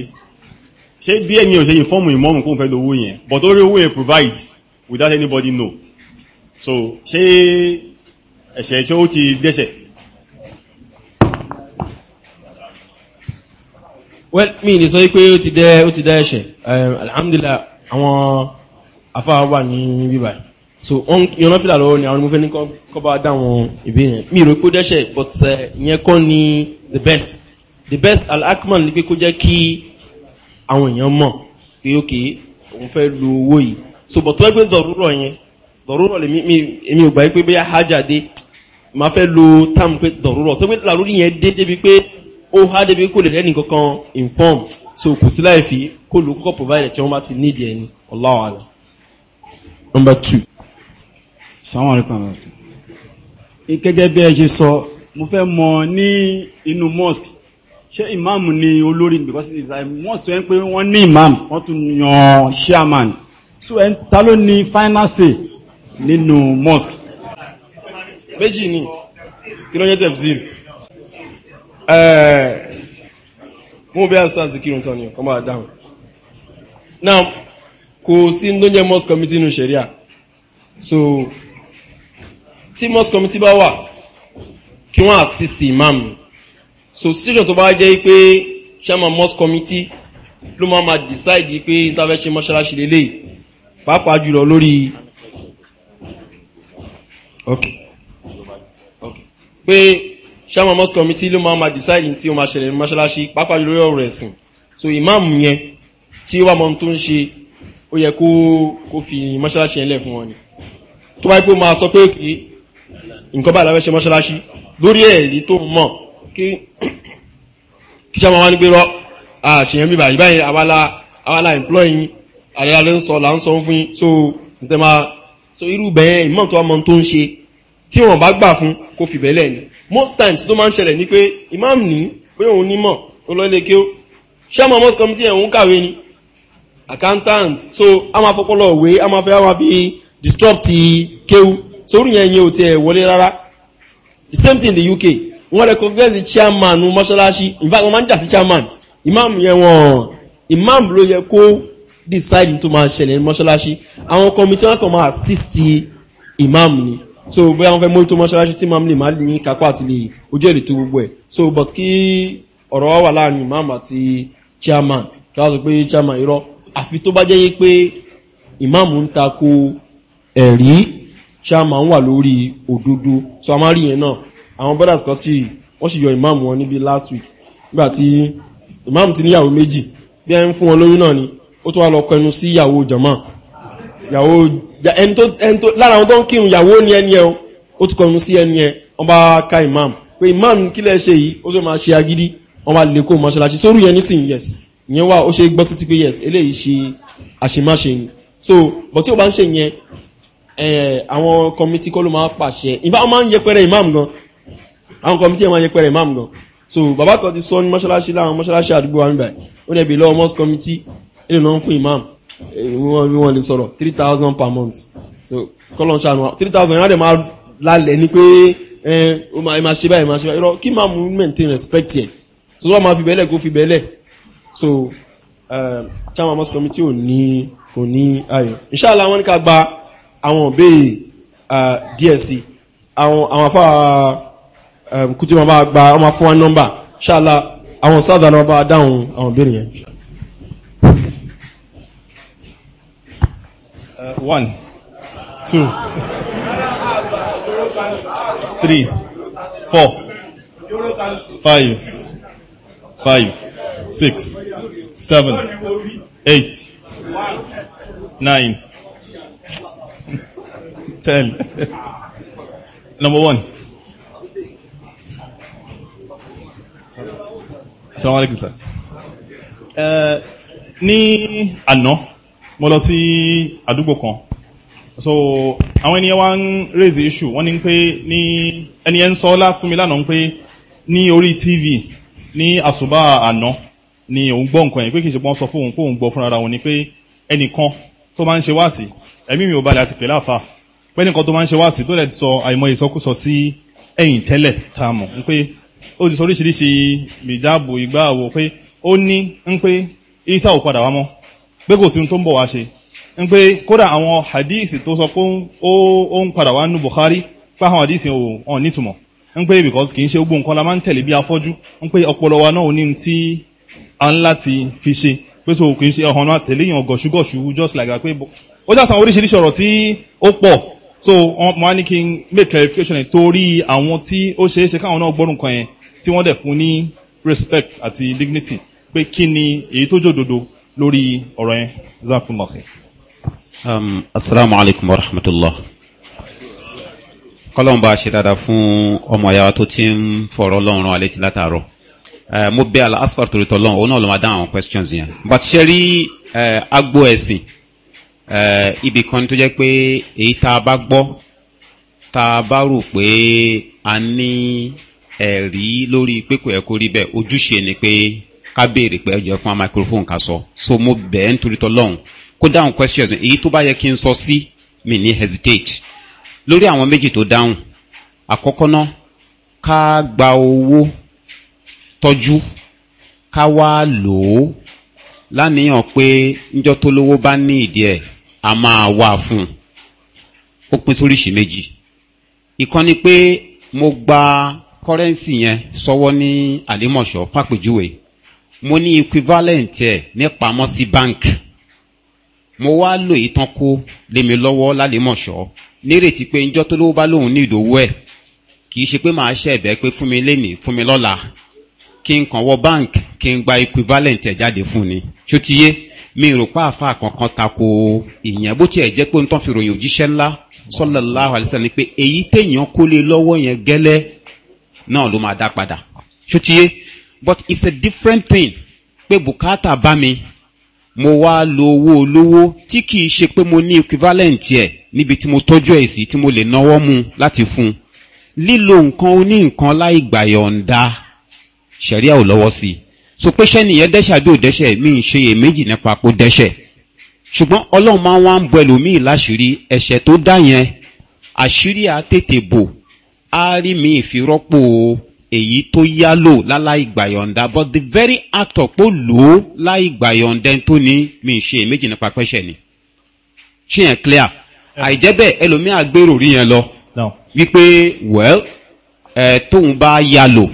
ṣé bí ẹni ò ṣe inform ìmọ̀mù kó fẹ́ lówó yẹn but ó rí owó yẹn provide without anybody know so ṣé ẹ̀ṣẹ̀ tí ó ti dẹ́ṣẹ̀. well mi ni sọ pé ó ti dẹ́ ó ti dẹ́ ẹ̀ṣẹ̀ um, alhamdulillah àwọn afáwà wà ní bíbá so wọn yọ̀nà fìlà lọ́wọ́ ni àwọn ọmọ fẹ́ ní kọ́ bá dáwọn ìbéèrè mi rò pé ó dẹ́ṣẹ̀ but uh, ìyẹn kọ́ ni the best the best alakman ni pé kó jẹ́ kí àwọn èèyàn mọ̀ pé ókè òun fẹ́ lo owó yìí so bọ̀ tó ẹgbẹ́ dọ̀rúrọ̀ yẹn dọ̀rúrọ̀ lèmi èmi ò gbà pé bóyá hájà dé máa fẹ́ lo tam pé dọ̀rúrọ̀ tó pé làrúrí yẹn dé débi pé ó há débi kò lè rẹ́ nìkankan inform so kò sí láì fi kó lo kókó provider tí wọ́n bá ti need ẹ̀ ni Allahu number two. sàwọn àríkàn rẹ̀ gẹ́gẹ́ bí ẹ ṣe sọ mo fẹ́ mọ ní inú mosque ṣé imam ni olórí because it is a must wẹ́n pé wọ́n ní imam wọ́n tún yan chairman so ẹ̀ ta ló ní final say nínú mosque. méjì ni kí ló yẹ tẹ̀síìrì mo bí àṣà àti kírun tán ni ọkọ̀ máa dáhùn now kò sí ní lóúnjẹ mosque committee nù sẹ̀ríà so tí mosque committee bá wà kí wọ́n assist imam so decision tó bá jẹ́ pé chairman mosque committee ló máa máa decide pé intervention mọ́ṣáláṣí lélẹ̀ pàápàá jùlọ lórí pé chairman mosque committee ló máa máa decide tí ó máa ṣẹlẹ̀ mọ́ṣáláṣí pàápàá jùlọ lórí ọ̀rọ̀ ẹ̀sìn so imam yẹn tí ó wà mọ́ tó ń ṣe ó yẹ kó kó fi mọ́ṣáláṣí yẹn lẹ̀ fún wọn ni tó bá yẹ kó máa sọ pé nǹkan bá ìlànà ṣe mọ́ṣáláṣí lórí ẹ̀rí tó mọ̀ kí kí wá ní pé àṣeyàn bíbá yìí báyìí àwàlà àwàlà employ yín ń sọ là ń sọ fún yín so ǹtẹ́ máa so irú bẹ́ẹ̀ ìmọ̀ tó ọmọ tó ń ṣe tí wọ́n bá gbà fún kó fìbẹ́ lẹ̀ ni most times tó máa ń ṣẹlẹ̀ ni pé imam ní pé òun nímọ̀ ó lọ lé kí ó ṣẹ́mọ̀ mosque committee ẹ̀hún kàwé ni accountant so a máa fọpọlọ òwe a máa fẹ́ a máa fi disrupt kéwu sórí yẹn yẹn ò tiẹ̀ wọlé rárá the same thing in the UK wọ́n recognize chairman mọ́ṣáláṣí in fact wọ́n máa ń jà sí chairman imam yẹn wọ́n imam ló yẹ kó decide tó máa ṣẹlẹ̀ mọ́ṣáláṣí àwọn committee wọn kàn máa assist imam ni so bóyá wọn fẹ́ mójútó mọ́ṣáláṣí tí imam lè má lè kápá àti lè ojú èlé tó gbogbo ẹ̀ so but kí ọ̀rọ̀ wa wà láàrin imam àti chairman kí wọ́n sọ pé chairman irọ́ àfi tó bá jẹ́ yé pé imam ń tako ẹ̀rí chairman wà lórí òdodo so a máa rí yẹn náà àwọn brothers kan tí wọ́n sì yọ imam wọn níbi last week nígbà imam ti níyàwó méjì bí ẹni fún wọn lóyún náà ni ó tó wá lọ kẹnu sí ìyàwó jama ìyàwó lára àwọn tó ń kírun ìyàwó ni ẹni ẹ ó tó kẹnu sí ẹni ẹ wọ́n bá ka imam pé imam kílẹ̀ ṣe yìí ó tó máa ṣe agídí wọ́n bá lè kó mọ́ṣáláṣí sórí yẹn nísìnyí yes ìyẹn wà ó ṣe gbọ́ sí ti pé yes eléyìí ṣe àṣemáṣe ni so but tí o bá ń ṣe yẹn eh, àwọn committee kọ́ ló máa pàṣẹ ìbá wọn máa ń yẹpẹrẹ imam gan àwọn kọmití ẹ̀ máa yẹ pẹ̀rẹ̀ imam gan so bàbá kan ti sọ ní mọ́ṣáláṣí láwọn mọ́ṣáláṣí àdúgbò wa níbàá ó dẹ̀ bí lọ́wọ́ mosque committee èlò náà ń fún imam wọ́n wọ́n lè sọ̀rọ̀ three thousand per month so kọ́lọ́n ṣàánú wa three thousand yẹn á dẹ̀ máa lálẹ̀ ni pé ẹ ó máa ṣe báyìí máa ṣe báyìí irọ́ kí máa maintain respect yẹn so tó bá máa fi bẹ́lẹ̀ kó fi bẹ́lẹ̀ so chairman mosque committee ò ní kò ní ayọ̀ inshallah wọ́n ní ká gba àwọn òbéè díẹ̀ sí àwọn àwọn kútí wọn bá gba ọmọ fún wọn nọ́mbà ṣáàlá àwọn sáàdà náà bá dáhùn àwọn ìbéèrè yẹn. Uh, one two three four five five six seven eight nine ten number one. Assalamu alaikum sir. Uh, ní àná mo lọ sí àdúgbò kan so àwọn ènìyàn wá ń raise issue wọ́n ní pé ní ẹni ẹ ń sọ ọlá fún mi lánàá pé ní orí tv ní àsùbà àná ni òun gbọ́ nǹkan yẹn pé kì í ṣe pọ́n sọ fún òun pé òun gbọ́ fúnra òun ni pé ẹnìkan tó máa ń ṣe wáàsí ẹ̀mí mi ò balẹ̀ àti pè láàfà pé ẹnìkan tó máa ń ṣe wáàsí tó lẹ̀ sọ àìmọye ìsọkúsọ sí ẹ̀yìn tẹ́lẹ̀ tá a mọ̀ pé ó ti soríṣiríṣi ìjáàbò ìgbà àwò pé ó ní ń pé isa ò padà wá mọ́ pé kò sí tó ń bọ̀ wá ṣe ń pé kódà àwọn hadithi tó sọ pé ó ń padà wá nú Bukhari pé àwọn hadithi ò nítumọ̀ ń pé because kì í ṣe gbogbo nǹkan la máa ń tẹ̀lé bí afọ́jú ń pé ọpọlọ wa náà ní tí a ń láti fi ṣe pé so kì í ṣe ọ̀hún náà tẹ̀lé yàn gọ̀ṣúgọ̀ṣú just like that pé ó ṣàṣàn oríṣiríṣi ọ̀rọ̀ tí ó pọ̀ so mo á kí n make clarification torí àwọn tí ó ṣeé ṣe káwọn náà gbọ́rùn kan yẹn tí wọ́n dẹ̀ fún ní respect àti dignity pé kí ni èyí tó jòdodo lórí ọ̀rọ̀ yẹn zakumah. Um, asalaamu alaykum wa rahmatulah. kọ́lọ́n bá a ṣe dáadáa fún ọmọ ìyá tó ti ń fọ̀rọ̀ lọ́rùn alẹ́ ti látàárọ̀. mo bẹ aláṣpàr torí tọ́ lọ́rùn òun náà ló máa dá àwọn questions yẹn. but ṣe rí agbo ẹ̀sìn ibì kan tó jẹ́ pé èyí tá a bá gbọ́ tá a bá rò pé a ní ẹ̀rí lórí pé kò yẹ kó rí bẹ́ẹ̀ ojúṣe ni pé ká béèrè pé ẹjọ́ fún wa microphone ká sọ so mo bẹ̀ẹ́ nítorí tọ́lọ́hún kó dáhùn questions èyí tó bá yẹ kí n sọ sí mi ní hesitate lórí àwọn méjì tó dáhùn àkọ́kọ́ náà ká gba owó tọ́jú ká wá lò ó láníyàn pé níjọ́ tó lówó bá ní ìdí ẹ̀ a máa wá fún un ó pín sóríṣìí méjì ìkan pé mo gba kọ́rẹ́ǹsì yẹn sọ́wọ́ ní àlímọ̀ṣọ́ fàpèjúwe mo ní equivalent ẹ̀ ní sí bank mo wá lò yìí tán kó lémi lọ́wọ́ lálímọ̀ṣọ́ nírètí pé njọ́ tó lówó bá lòun ní ìdòwú ẹ̀ kì í ṣe pé màá ṣe ẹ̀bẹ̀ pé fún mi lénìí fún mi lọ́la kí n kàn wọ bank kí n gba equivalent ẹ̀ jáde fún ni ṣó ti yé mi rò pa àfa kankan tako ìyẹn bó tiẹ̀ jẹ́ pé n tán fi ròyìn òjíṣẹ́ ńlá sọ́lá aláhùn àlẹ́sàn ni pé èyí téèyàn kó lọ́wọ́ yẹn gẹ́lẹ́ náà ló máa dá padà ṣùtìyé but it's a different thing pé bùkátà bá mi mo wá lo owó olówó tí kìí ṣe pé mo ní equivalent ẹ̀ níbi tí mo tọ́jú ẹ̀ sí tí mo lè náwó mu láti fún un lílo nǹkan oní nǹkan láì gbàyọ̀ǹda ṣẹ̀ríà ò lọ́wọ́ sí i so pé ṣẹ́ nìyẹn dẹ́ṣẹ̀ àbí ò dẹ́ṣẹ̀ mi ń ṣe èméjì nípa pé ó dẹ́ṣẹ̀ ṣùgbọ́n ọlọ́run máa ń wá ń bọ ẹlòmíì láṣìírí ẹ̀ṣẹ̀ tó dá yẹn àṣírí àtètè bò á rí mi ìfirọ́pò èyí tó yálò láláì gbàyọ̀ǹda but the very act ọ̀pọ̀ lò ó láì gbàyọ̀ǹda tó ní mi ń ṣe èméjì nípa pẹ́ṣẹ̀ ni ṣé yẹn clear àìjẹ́ bẹ́ẹ̀ ẹlòmíà gbèrò rí yẹn lọ wípé well ẹ̀ tóun bá yálò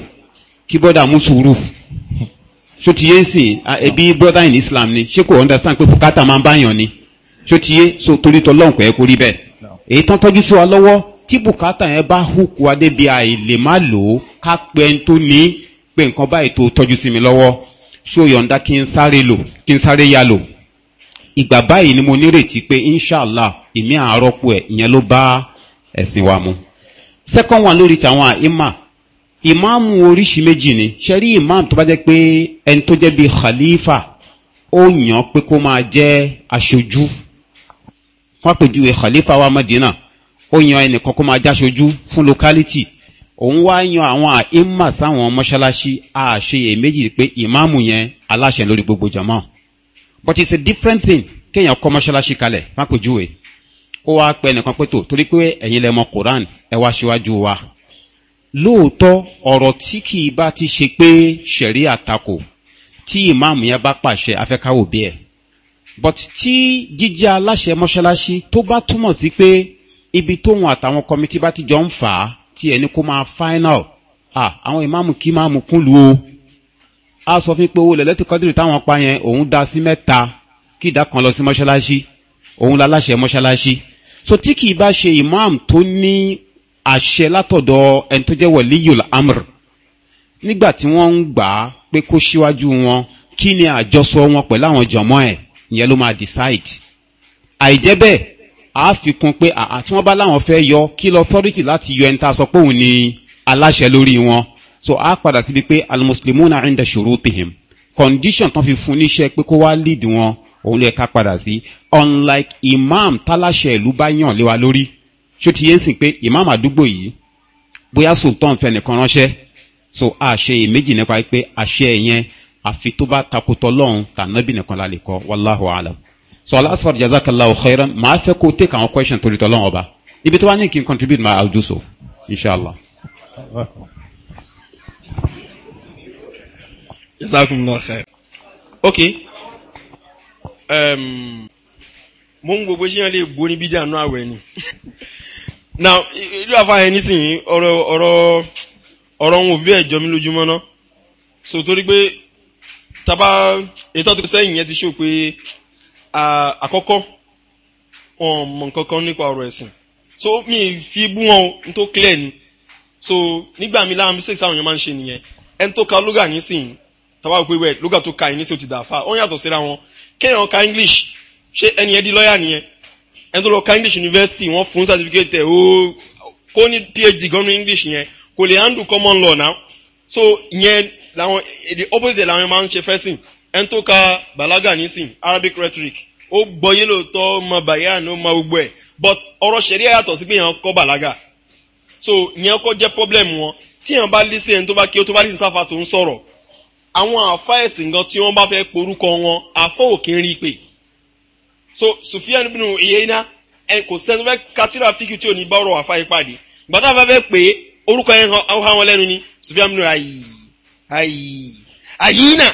kí bọ́dà mú sùúrù ṣó ti yé ń sìn ẹbí brother in islam ni ṣé kò understand pé bùkátà máa ń báyàn ni ṣó ti yé so torí tọ́lọ́ǹkọ̀ ẹ̀ kó bẹ́ẹ̀ èyí tán tọ́jú sí wa lọ́wọ́ tí bùkátà yẹn bá hùkù wa débi àìlè má lò ó ká pe ẹni tó ní pé nǹkan báyìí tó tọ́jú sí mi lọ́wọ́ ṣó yọ̀ǹda kí n sáré lò kí n sáré ya lò ìgbà báyìí ni mo nírètí pé inshàlá ìmí àárọ̀pọ̀ ẹ̀ ìyẹn ló bá ẹ̀sìn wa mu. second one lórí tàwọn àìmà ìmáàmù oríṣi méjì ni ṣe ìmáàmù tó bá jẹ́ pé ẹni tó jẹ́ bíi khalifa ó yàn pé kó máa jẹ́ aṣojú wọ́n pèjúwe khalifa wa madina ó yan ẹnìkan kó máa jáṣojú fún locality òun wá yan àwọn àìmà sáwọn mọ́ṣáláṣí àṣeyèméjì pé ìmáàmù yẹn aláṣẹ lórí gbogbo jọmọ́ but it's a different thing kéèyàn kọ́ mọ́ṣáláṣí kalẹ̀ fápèjúwe ó wá pẹ́ nìkan pé tó torí pé ẹ̀yin lẹ mọ quran ẹ wá síwájú wa lóòótọ́ ọ̀rọ̀ tí kì í bá ti ṣe pé ṣẹ̀rí àtakò tí ìmáàmù yẹn bá pàṣẹ afẹ́káwò bí ẹ̀ but tí jíjẹ́ aláṣẹ mọ́ṣáláṣí tó bá túmọ̀ sí pé ibi tóun àtàwọn kọmitì bá ti jọ ń fà á tí ẹni kó máa final ah àwọn ìmáàmù kí máàmù kúnlu o a sọ fún pé owó lẹ́lẹ́tì kọ́dìrì táwọn pa yẹn òun da sí mẹ́ta kí ìdá kan lọ sí mọ́ṣáláṣí òun la mọ́ṣáláṣí so tí kì í bá ṣe ìmáàmù tó ní àṣẹ látọ̀dọ̀ ẹni tó jẹ́ wọ̀líyùl amr nígbà tí wọ́n ń gbà á pé kó síwájú wọn kí ni àjọsọ wọn pẹ̀lú àwọn jọ̀mọ́ ẹ̀ ìyẹn ló máa decide àìjẹ́ bẹ́ẹ̀ a fi kún pé àà tí wọ́n bá láwọn fẹ́ yọ kí lọ authority láti yọ ẹni tá a sọ pé òun ni aláṣẹ lórí wọn so a padà síbi pé almuslimuna inda shurutihim condition tán fi fún níṣẹ́ pé kó wá lead wọn òun lè ká padà sí unlike imam táláṣẹ ìlú bá yàn lé wa lórí ṣó ti yé sìn pé imam àdúgbò yìí bóyá sultan fẹ́ nìkan ránṣẹ́ so a ṣe èméjì nípa pé àṣẹ yẹn àfi tó bá takotọ lọ́hùn tànàbì nìkan la lè wàláhùn àlàm so alasfar jazakallahu khairan màá fẹ́ kó take àwọn question torí tọ́lọ́wọ́n ọba ibi tó bá ní kí n contribute ma i'll so inshallah. jazakumullahu khair. ok mo ń gbogbo ṣéyàn lè borí bídí àánú àwẹ̀ ni now ìlú àfààyè nísìnyí ọ̀rọ̀ ọ̀rọ̀ ọ̀rọ̀ òun ò fi bẹ́ẹ̀ jọ mí lójúmọ́ náà so torí pé taba ètò àti sẹ́yìn yẹn ti ṣó pé àkọ́kọ́ wọn mọ̀ nǹkan kan nípa ọ̀rọ̀ ẹ̀sìn so mi fi bú wọn o n tó clear ni so nígbà mi láwọn mistakes àwọn èèyàn máa ń ṣe nìyẹn ẹni tó ka lóga nísìnyí tàbá pé wẹ́ẹ̀ lóga tó ka yìí nísìnyí ó ti dà fa ó yàtọ̀ síra wọn kéèyàn ka english ṣé ẹni yẹn di lọ́ọ̀yà nìyẹn ẹni tó lọ ka english university wọ́n fún certificate ẹ̀ ó kó ní phd gan ní english yẹn kò lè handle common law now so ìyẹn làwọn the opposite làwọn máa ń ṣe fẹ́sìn ẹni tó ka balaga nísìn arabic rhetoric ó gbọ́yé lóòótọ́ ó mọ bayan ó mọ gbogbo ẹ̀ but ọ̀rọ̀ ṣẹ̀rí yàtọ̀ sí pé yẹn kọ́ balaga so yẹn kọ́ jẹ́ problem wọn tí yẹn bá lísìn ẹni tó bá kí ó tó bá lísìn sáfà tó ń sọ̀rọ̀ àwọn àfa ẹ̀sìn gan tí wọ́n bá fẹ́ porúkọ wọn àfọ òkè ń rí pé so Sufyan ibn Uyayna ẹ kò sẹ́ni tó fẹ́ katira fíkì tí ò ní bá ọ̀rọ̀ àfa yìí pàdé gbàtà fẹ́ fẹ́ pé orúkọ yẹn hàn wọn lẹ́nu ni Sufyan ibn ayi ayi ayi náà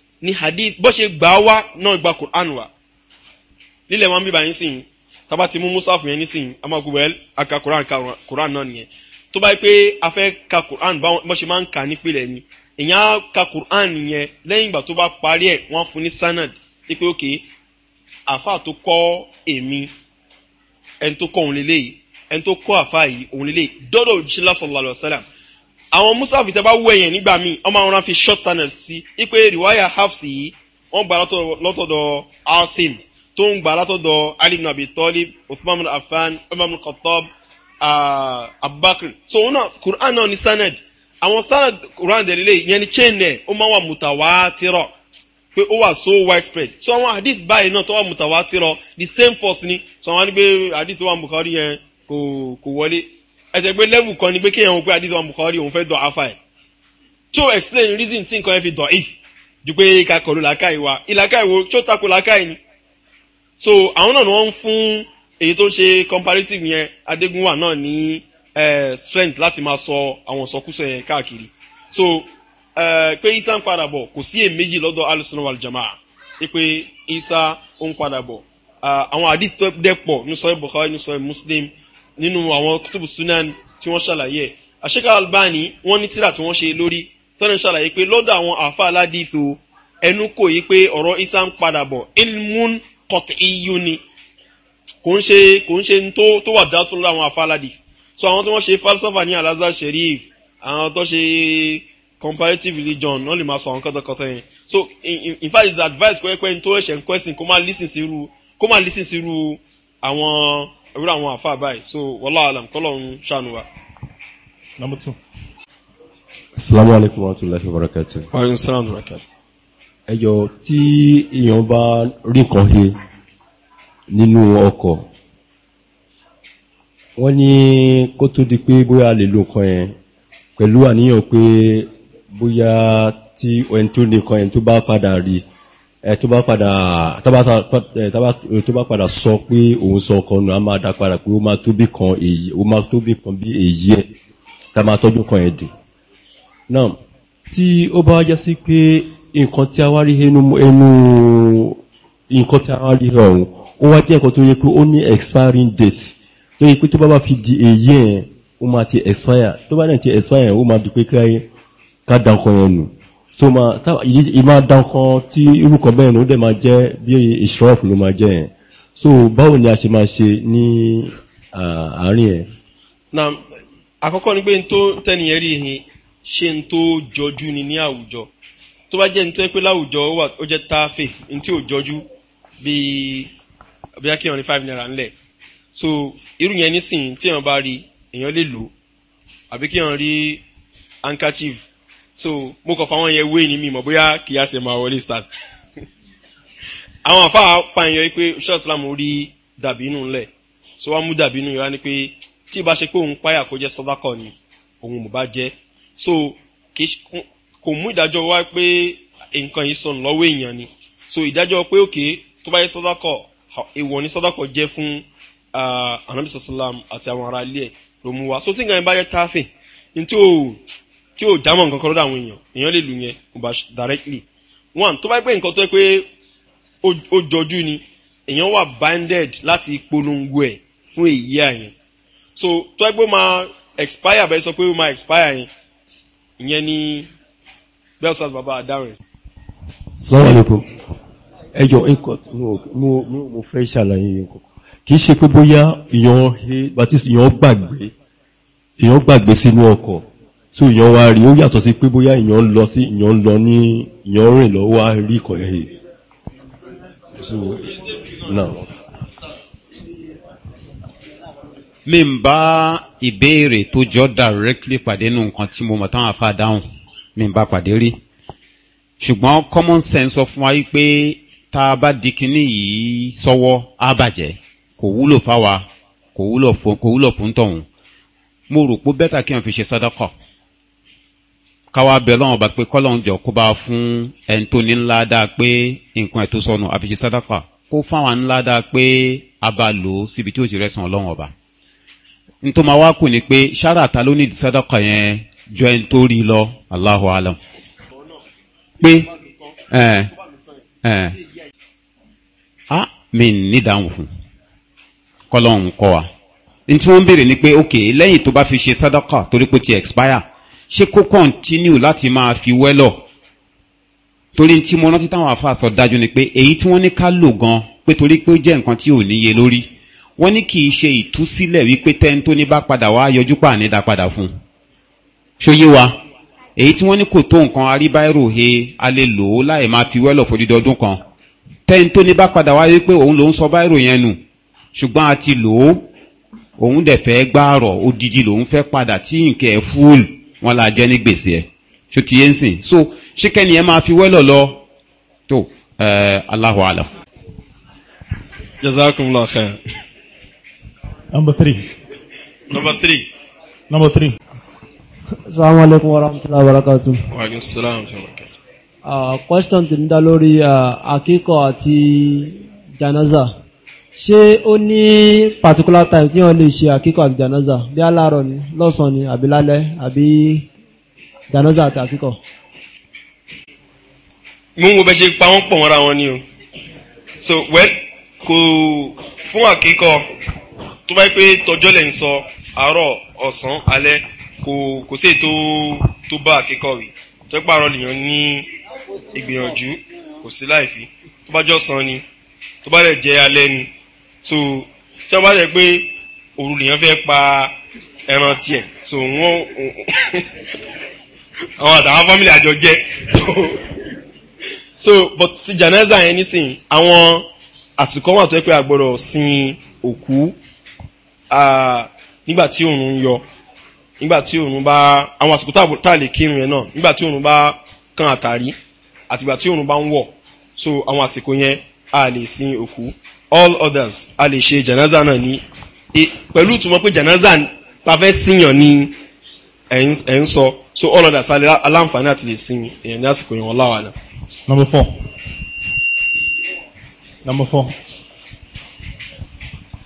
ni hadith bó ṣe gbà á wá náà gba Quran wa nílẹ̀ wọn bíbá yín sìn tábà ti mú musafu yẹn nísìn amagbọ̀wẹ́ aka Quran ka Quran náà nìyẹn tó bá yẹ pé a fẹ́ ka Quran bó ṣe máa ń kà nípìnlẹ̀ ni èyàn á ka Quran yẹn lẹ́yìn ìgbà tó bá parí ẹ̀ wọ́n á fún ní sanad pé ok àfa tó kọ́ èmi ẹni tó kọ́ òun lélẹ́yìí ẹni tó kọ́ àfa yìí òun lélẹ́yìí dọ́dọ̀ òjíṣẹ́ sallallahu alaihi wasallam àwọn musa fi tẹ́ bá wú ẹ̀yẹ̀ nígbà míì ọmọ àwọn ọ̀ràn fi short channel sí i pé riwaya hafsi yìí wọ́n gbà látọ̀dọ̀ asim tó ń gbà látọ̀dọ̀ alim nabi tọ́lib uthman afan umar khattab abubakar so wọn náà quran náà ní sanad àwọn sanad quran dẹ̀ lélẹ̀ yẹn ni chain ẹ̀ ó máa wà mutawatirọ̀ pé ó wà so widespread so àwọn hadith báyìí náà tó wà mutawatirọ̀ the same force ni so àwọn àdìgbé hadith wà mukari yẹn kò wọlé ẹsẹ̀ pé level kan ni pé kéèyàn wò pé adis wa Bukhari òun fẹ́ dọ̀ afa ẹ̀ tí explain reason tí nǹkan ẹ fi dọ̀ if ju pé ká kọlu làákàyè wa ìlàkàyè wo tí ó làákàyè ni so àwọn náà ni wọ́n ń fún èyí tó ń ṣe comparative yẹn Adégúnwà náà ní strength láti máa sọ àwọn sọkúsọ yẹn káàkiri so pé Isa ń padà bọ̀ kò sí èméjì lọ́dọ̀ alusunna wal jamaa pé Isa ń padà bọ̀ àwọn àdìtọ́ dẹ́pọ̀ ní sọ Bukhari Muslim nínú àwọn kutubu sunan tí wọ́n ṣàlàyé ẹ̀ àṣekà albani wọ́n ní tíra tí wọ́n ṣe lórí tọ́ni ṣàlàyé pé lọ́dọ̀ àwọn àfa aládìfo ẹnu kò yí pé ọ̀rọ̀ isa ń padà bọ̀ ilmun kot iyu ni kò ń ṣe kò ń ṣe tó wà dátú lọ́dọ̀ àwọn àfa aládìf so àwọn tí wọ́n ṣe falsafa ní alhaza sherif àwọn tó ṣe comparative religion wọ́n lè máa sọ àwọn kọ́tọ́kọ́tọ́ yẹn so in, in, in fact it's advice pé pé n tó ẹ̀ṣẹ̀ ń question kó má lis ten sí ewúrẹ́ àwọn àfa báyìí so wallahu alam kọ́lọ́run ṣàánú wa. number two. asalaamu alaykum wa rahmatulahi wa barakatu. wa alaykum salaam wa barakatu. ẹ jọ tí èèyàn bá rí nǹkan he nínú ọkọ̀ wọ́n ní kó tó di pé bóyá a lè lo nǹkan yẹn pẹ̀lú àníyàn pé bóyá tí ẹni tó ní nǹkan yẹn tó bá padà rí i tó bá padà eh, eh, tó bá padà sọ pé òun sọ ọkọ nù á máa dá padà pé ó máa tó bí kan èyí ó máa tó bí kan bí èyí ẹ ká máa tọ́jú kan ẹ̀dì náà tí ó bá jẹ́ sí pé nǹkan tí a wá rí ẹnu nǹkan tí a wá rí ọ̀hún ó wá jẹ́ nǹkan tó yẹ pé ó ní expiring date tó yẹ pé tó bá bá fi di èyí ẹ̀ ó máa ti expire tó bá náà ti expire ó máa di pé ká dá nǹkan yẹn nù tó ma ìmá dánkọ tí irúkọ bẹ́ẹ̀ ló dẹ̀ máa jẹ́ bí israf ló máa jẹ́ yẹn so báwo ni a ṣe máa ṣe ní àárín ẹ̀. na àkọ́kọ́ ni pé n tó tẹ́niyẹn rí hin ṣe n tó jọjú ni ní àwùjọ tó bá jẹ́ n tó yẹ pé láwùjọ ó jẹ́ táfè n tí ò jọjú bíi bíi akíyan ní five naira ńlẹ̀ so irú yẹn nísìnyí tí èèyàn bá rí èèyàn lè lò àbí kíyan rí handkerchief so mo kàn fáwọn yẹn wéyìn mi mọ̀ bóyá kì í á ṣe máa wọlé start àwọn àfa fàyàn pé ṣé islam rí dàbínú ńlẹ̀ so wọ́n mú dàbínú yẹn wá ní pé tí ìbá ṣe pé òun páyà kó jẹ́ sọ́dákọ̀ ni òun ò bá jẹ́ so kò mú ìdájọ́ wá pé nǹkan yìí sọnù lọ́wọ́ èèyàn ni so ìdájọ́ pé òkè tó bá yẹ sọ́dákọ̀ èèwọ̀ ni sọ́dákọ̀ jẹ́ fún anamisa salam àti àwọn ará ilé ẹ̀ ló mú wa so tí nǹkan yẹn bá yẹ táàfin ní tí ò jámọ́ nǹkan kan lọ́dọ̀ àwọn èèyàn èèyàn lè lù yẹn directly one tó bá pẹ́ nǹkan tó yẹ pé ó jọjú ni èèyàn wà binded láti polongo ẹ̀ fún èyí àyẹn so tó yẹ pé ó máa expire bẹ́ẹ̀ sọ pé ó máa expire yẹn ìyẹn ni bẹ́ẹ̀ sọ bàbá adárin. salaamaleykum ẹjọ nǹkan mo fẹ́ ṣàlàyé nǹkan kì í ṣe pé bóyá èèyàn gbàgbé èèyàn gbàgbé sínú ọkọ̀ so èèyàn wá rí ó yàtọ̀ sí pé bóyá èèyàn ń lọ sí èèyàn ń lọ ní èèyàn rìn lọ wá rí kọ̀ ẹ̀ mi ń bá ìbéèrè tó jọ directly pàdé nù nǹkan tí mo mọ̀ táwọn afá dáhùn mi ń bá pàdé rí ṣùgbọ́n common sense sọ fún wa pé tá a bá di kinní yìí sọ́wọ́ á bàjẹ́ kò wúlò fáwa kò wúlò fún tọ̀hún mo rò pé bẹ́tà kí n fi ṣe sọ́dọ́kọ̀ káwa bẹ lọ́wọ́n bá pé kọ́lọ́n jọ kó bá fún ẹni tó ní ńlá dáa pé nǹkan ẹ̀ tó sọnù àfiṣe sádàkà kó fáwọn ńlá dáa pé a bá lò ó síbi tí ó ti rẹ̀sán ọlọ́wọ́n ọba. nítorí máa wá kù pé sára ta ló ní ìdí sádàkà yẹn jọ ẹni tó rí lọ aláhu alam. pé ẹ ẹ a mi ní ìdáhùn fún kọ́lọ́n kọ́ wa. ní ń béèrè ni pé ok lẹ́yìn tó bá fi ṣe sádàkà torí pé ti expire ṣé kó kọ́ntínú láti máa fi wẹ́lọ̀ torí tí mo rántí táwọn àfa sọ dájú ni pé èyí tí wọ́n ní ká lò gan pé torí pé ó jẹ́ nǹkan tí ò níye lórí wọ́n ní kì í ṣe ìtúsílẹ̀ wípé tẹ́ni bá padà wá yọjú pàní dá padà fún un ṣóyé wa èyí tí wọ́n ní kò tó nǹkan aríbáírò he a lè lò ó láì máa fi wẹ́lọ̀ fòdìdí ọdún kan tẹ́ni tó ní bá padà wá wípé òun lòún sọ báírò yẹn nù ṣùgbọ́n a ti lò ó òun dẹ̀ fẹ́ gbààrọ̀ odidi lòún fẹ́ padà tí nǹkẹ́ fúùlù wọ́n la jẹ́ ní gbèsè ẹ̀ ṣó ti yé ń sìn so ṣé kẹ́ni ẹ máa fi wẹ́lọ̀ lọ tó Allahu alam. jazakumullah khair. number three. number three. number three. assalamu alaikum wa rahmatullahi wa barakatuh. wa alaikum salaam wa rahmatullahi. Uh, question tèmi dá lórí uh, akíkọ̀ àti janaza ṣé ó ní particular time tí wọ́n lè ṣe àkíkọ̀ àti jànáza bí aláàrọ̀ ni lọ́sàn ni àbí lálẹ́ àbí jànáza àti àkíkọ̀. mú wo bẹ ṣe pa wọn pọ̀ mọ́ra wọn ni o so well kò fún àkíkọ̀ tó bá yẹ pé tọjọ́ lẹ̀ ń sọ àárọ̀ ọ̀sán alẹ́ kò kò sí ètò tó bá àkíkọ̀ rí tó pààrọ̀ lèèyàn ní ìgbìyànjú kò sí láì fi tó bá jọ san ni tó bá lè jẹ́ alẹ́ ni so tí wọ́n bá sẹ pé òru lèèyàn fẹ́ pa ẹran tiẹ̀ so wọ́n àwọn àtàwọn fámìlì àjọ jẹ so so but ti janaza yẹn nísìnyí àwọn àsìkò wà tó yẹ pé a gbọ́dọ̀ sin òkú nígbà tí òòrùn ń yọ nígbà tí òòrùn bá àwọn àsìkò tá a lè kírun yẹn náà nígbà tí òòrùn bá kan àtàrí àtìgbà tí òòrùn bá ń wọ̀ so àwọn àsìkò yẹn a lè sin òkú all others a lè ṣe janaza náà ní pẹ̀lú ìtumọ̀ pé janaza ta fẹ́ síyàn ní ẹ̀ ń sọ so all others aláǹfààní àti lè sin èèyàn ní àsìkò ìwọ̀n láwà náà. number four number four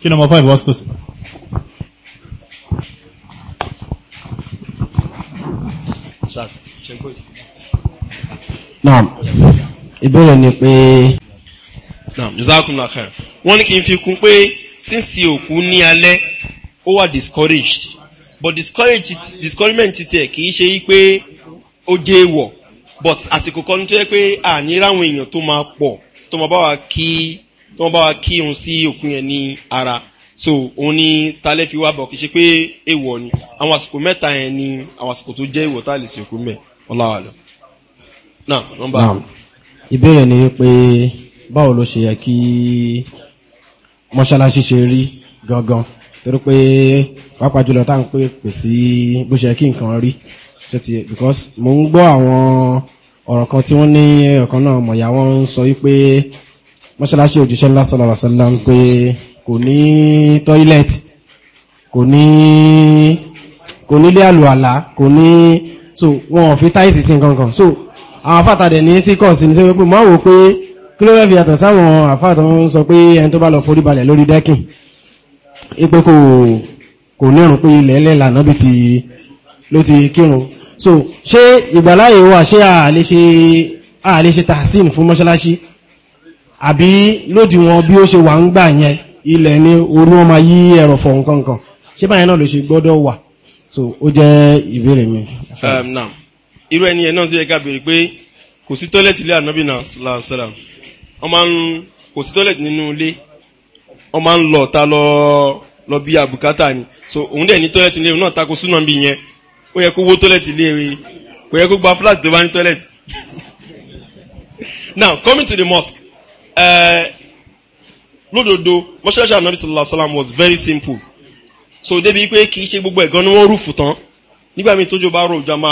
kí number five wá sí Naam, ìbéèrè ni pé. Naam, jazakumullah khair wọ́n ní kí n fi kún pé sínsìn òkú ní alẹ́ ó wà discouraged but discouragement tiẹ̀ kì í ṣe yí pé ó jẹ́ èèwọ̀ but àsìkò kan tó yẹ pé àní ráwọn èèyàn tó máa pọ̀ tó máa bá wa kí tó máa bá wa kí òun sí òkú yẹn ní ara so òun ni talẹ́ fi wá bọ̀ kì í ṣe pé èèwọ̀ ni àwọn àsìkò mẹ́ta yẹn ni àwọn àsìkò tó jẹ́ èèwọ̀ tá a lè ṣe òkú mẹ́ ọláwà náà nọmba. ìbéèrè ni pé báwo ló ṣe yẹ kí mọ́ṣáláṣí ṣe rí gangan torí pé pàápàá jùlọ tá à ń pè pè sí bó ṣe kí nǹkan rí ṣe ti because mo ń gbọ́ àwọn ọ̀rọ̀ kan tí wọ́n ní ọ̀kan náà mọ̀yà wọ́n ń sọ wípé mọ́ṣáláṣí òjíṣẹ́ ńlá sallallahu alaihi wasallam pé kò ní tọ́ílẹ̀tì kò ní kò nílé àlùàlá kò ní so wọn ò fi táìsì sí nǹkan kan so àwọn afátàdẹ̀ ní fíkọ̀ sí ní sẹ́wọ́n pé máa wò pé kí ló fẹ́ fi yàtọ̀ sáwọn àfáà tó ń sọ pé ẹni tó bá lọ forí balẹ̀ lórí dẹ́kìn ipé kò kò nírun pé ilẹ̀ ẹlẹ́là náà bí ti ló ti kírun so ṣé ìgbàláyè wà ṣé a lè ṣe tahsin fún mọ́ṣáláṣí àbí lódì wọn bí ó ṣe wà ń gbà yẹn ilẹ̀ ní orí wọn máa yí ẹ̀rọ fọ̀ nǹkan kan ṣé báyẹn náà ló ṣe gbọ́dọ̀ wà so ó jẹ́ ìbéèrè mi. irú ẹni yẹn náà sì yẹ ká béèrè pé kò sí tọ́lẹ̀tì ilé ànábì náà sallallahu wọ́n máa ń kò sí toilet nínú ilé wọ́n máa ń lọ ta lọ lọ bí àbùkátà ni so òun dẹ̀ ní toilet ilé náà tako súnà bí yẹn ó yẹ kó wó toilet ilé rẹ̀ kò yẹ kó gba flat tó bá ní toilet. now coming to the mosque uh, lódodo mọ́ṣáláṣí anabi sallallahu alayhi wa sallam was very simple so débi pé kì í ṣe gbogbo ẹ̀gán ni wọ́n rúfù tán nígbà míì tójó bá rò ìjọba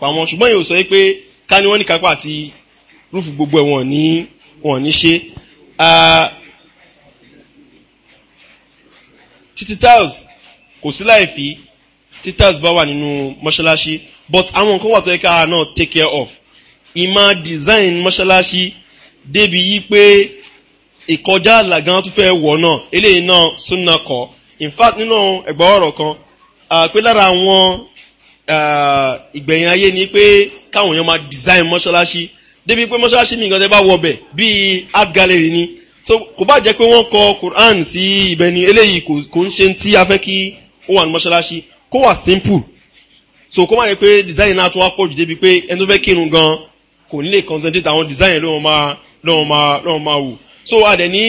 pa wọn ṣùgbọ́n yóò sọ pé ká ní wọ́n ní kápá àti rúfù gbogbo ẹ̀wọ̀n ní wọn ní ṣe títí tiles kò sí láì fi tí tiles bá wà nínú mọ́ṣáláṣí but àwọn nǹkan wà tó yẹ ká náà take care of ìmọ̀ design mọ́ṣáláṣí débi yí pé ìkọjá làgán tó fẹ́ wọ̀ náà eléyìí náà súnà kọ́ in fact nínú ẹ̀gbọ́n ọ̀rọ̀ kan pé lára àwọn ìgbẹ̀yìn ayé ni pé káwọn èèyàn máa design mọ́ṣáláṣí débi pé mọ́ṣáláṣí mi nǹkan tẹ́ bá wọ ọbẹ̀ bíi art gallery ni so kò bá jẹ́ pé wọ́n kọ Quran sí ibẹ̀ ni eléyìí kò ń ṣe tí a fẹ́ kí ó wà ní mọ́ṣáláṣí kó wà simple so kó má yẹ pé design náà tún wá pọ̀jù débi pé ẹni tó fẹ́ kírun gan kò ní lè concentrate àwọn design lóun máa lóun máa lóun máa wù so adẹ̀ ní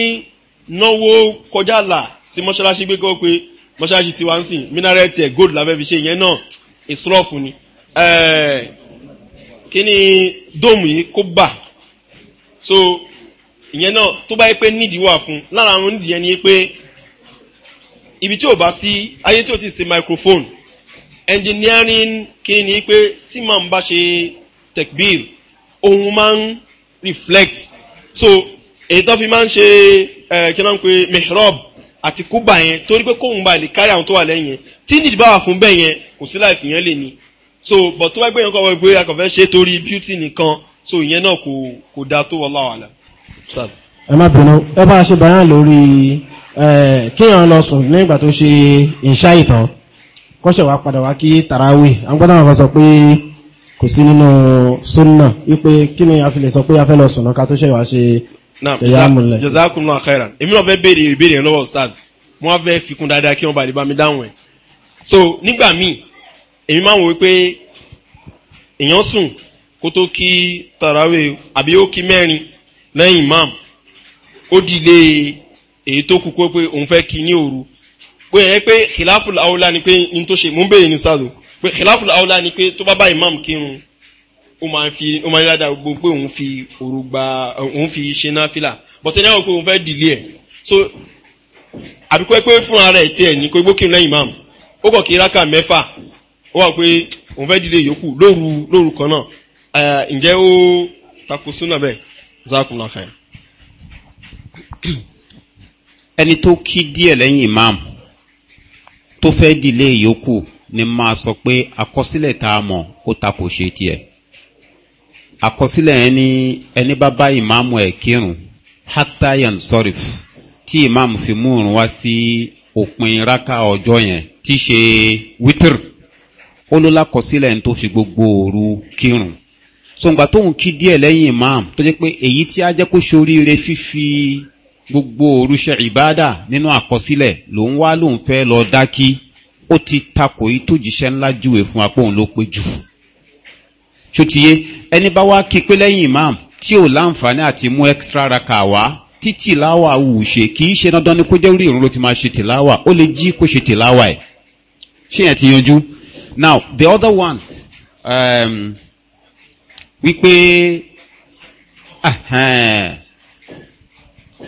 náwó kọjá là sí mọ́ṣáláṣí gbé kọ́ pé mọ́ṣáláṣí tiwa ń sìn minaret ẹ̀ gold la fẹ́ fi ṣe ìyẹn náà ìṣúrọ̀fù ni kíní dóòmù yìí kó bà so ìyẹn náà tó bá yẹ pé nídìí wà fún lára àwọn nídìí yẹn ni pé ibi tí ò bá sí ayé tí ò ti ṣe microphone engineering kíní ni pé tí màá ń bá ṣe tekbir ohun máa ń reflect so èyí tó fi máa ń ṣe kí náà ń pè mihrab àti kúbà yẹn torí pé kóhun bá lè kárí àwọn tó wà lẹ́yìn yẹn tí nídìí bá wà fún bẹ́ẹ̀ yẹn kò sí láì fìyẹn lè ní so but tó bá gbé yẹn kọ́ wọ́n pé a kò ṣe torí beauty nìkan so ìyẹn náà kò kò da tó wallahu alam. ẹ má bínú ẹ bá a ṣe bàyàn lórí kéèyàn lọ sùn nígbà tó ṣe ìṣá ìtàn kọ́ṣẹ̀ wa padà wá kí tàràwì àgbọ́dọ̀ àwọn kan sọ pé kò sí nínú sunna wípé kí ni a fi lè sọ pé a fẹ́ lọ sùn náà ká tó ṣe wá ṣe ẹ̀yà múlẹ̀. jazakumullahu khairan èmi náà fẹ́ béèrè ìbéèrè yẹn lọ́wọ́ ustad wọ́n fẹ́ fikún dáadáa kí wọ́n bá lè bá mi dáhùn ẹ̀ so nígbà míì èmi máa ń wò wípé èèyàn sùn kó tó kí tàràwé àbí ó kí mẹ́rin lẹ́yìn imam ó dìde èyí tó kù kó pé òun fẹ́ kí ní òru pé ẹ pé khilaful aula ni pé ní tó ṣe mú bèrè ní sáàdù pé khilaful aula ni pé tó bá bá imam kírun ó máa fi ó máa dáadáa gbogbo pé òun fi òru gba òun fi ṣe náfìlà but ẹni àwọn pé òun fẹ́ dìlé ẹ̀ so àbíkọ́ pé fúnra rẹ̀ tiẹ̀ ní kó gbókìrún lẹ́yìn imam ó kọ̀ kí rákà mẹ́fà ó wà pé òun fẹ́ dìde yòókù lóru lóru kan náà ǹjẹ́ ó tako súnà bẹ́ẹ̀ zákun náà kàn. ẹni tó kí díẹ̀ lẹ́yìn imam tó fẹ́ dìde yòókù ni máa sọ pé àkọsílẹ̀ tá a mọ̀ ó tako ṣe tiẹ̀ àkọsílẹ̀ ẹni ẹni bá bá ìmáàmù ẹ̀ kírun hata yan sorif tí ìmáàmù fi mú òrùn wá sí òpin raka ọjọ́ yẹn tí ṣe wítírì ó ló lákọsílẹ̀ ní tó fi gbogbo òru kírun sọ̀ǹgbà tóun kí díẹ̀ lẹ́yìn imam tó jẹ́ pé èyí tí a jẹ́ kó ṣoríire fífi gbogbo òru ṣe ìbáàdà nínú àkọsílẹ̀ lòun wá lòun fẹ́ lọ dákí ó ti takò yìí ńlá júwe fún apóhùn ló pé jù ṣòtìyé ẹni bá wá kí pé lẹ́yìn imam tí ò láǹfààní àti mú extra raka wá tí tìláwà wù ṣe kì í ṣe dandan ni kó jẹ́ orí ìrún ló ti máa ṣe tìláwà ó lè jí kó ṣe tìláwà ẹ̀ ṣé yẹn ti yanjú now the other one um, wípé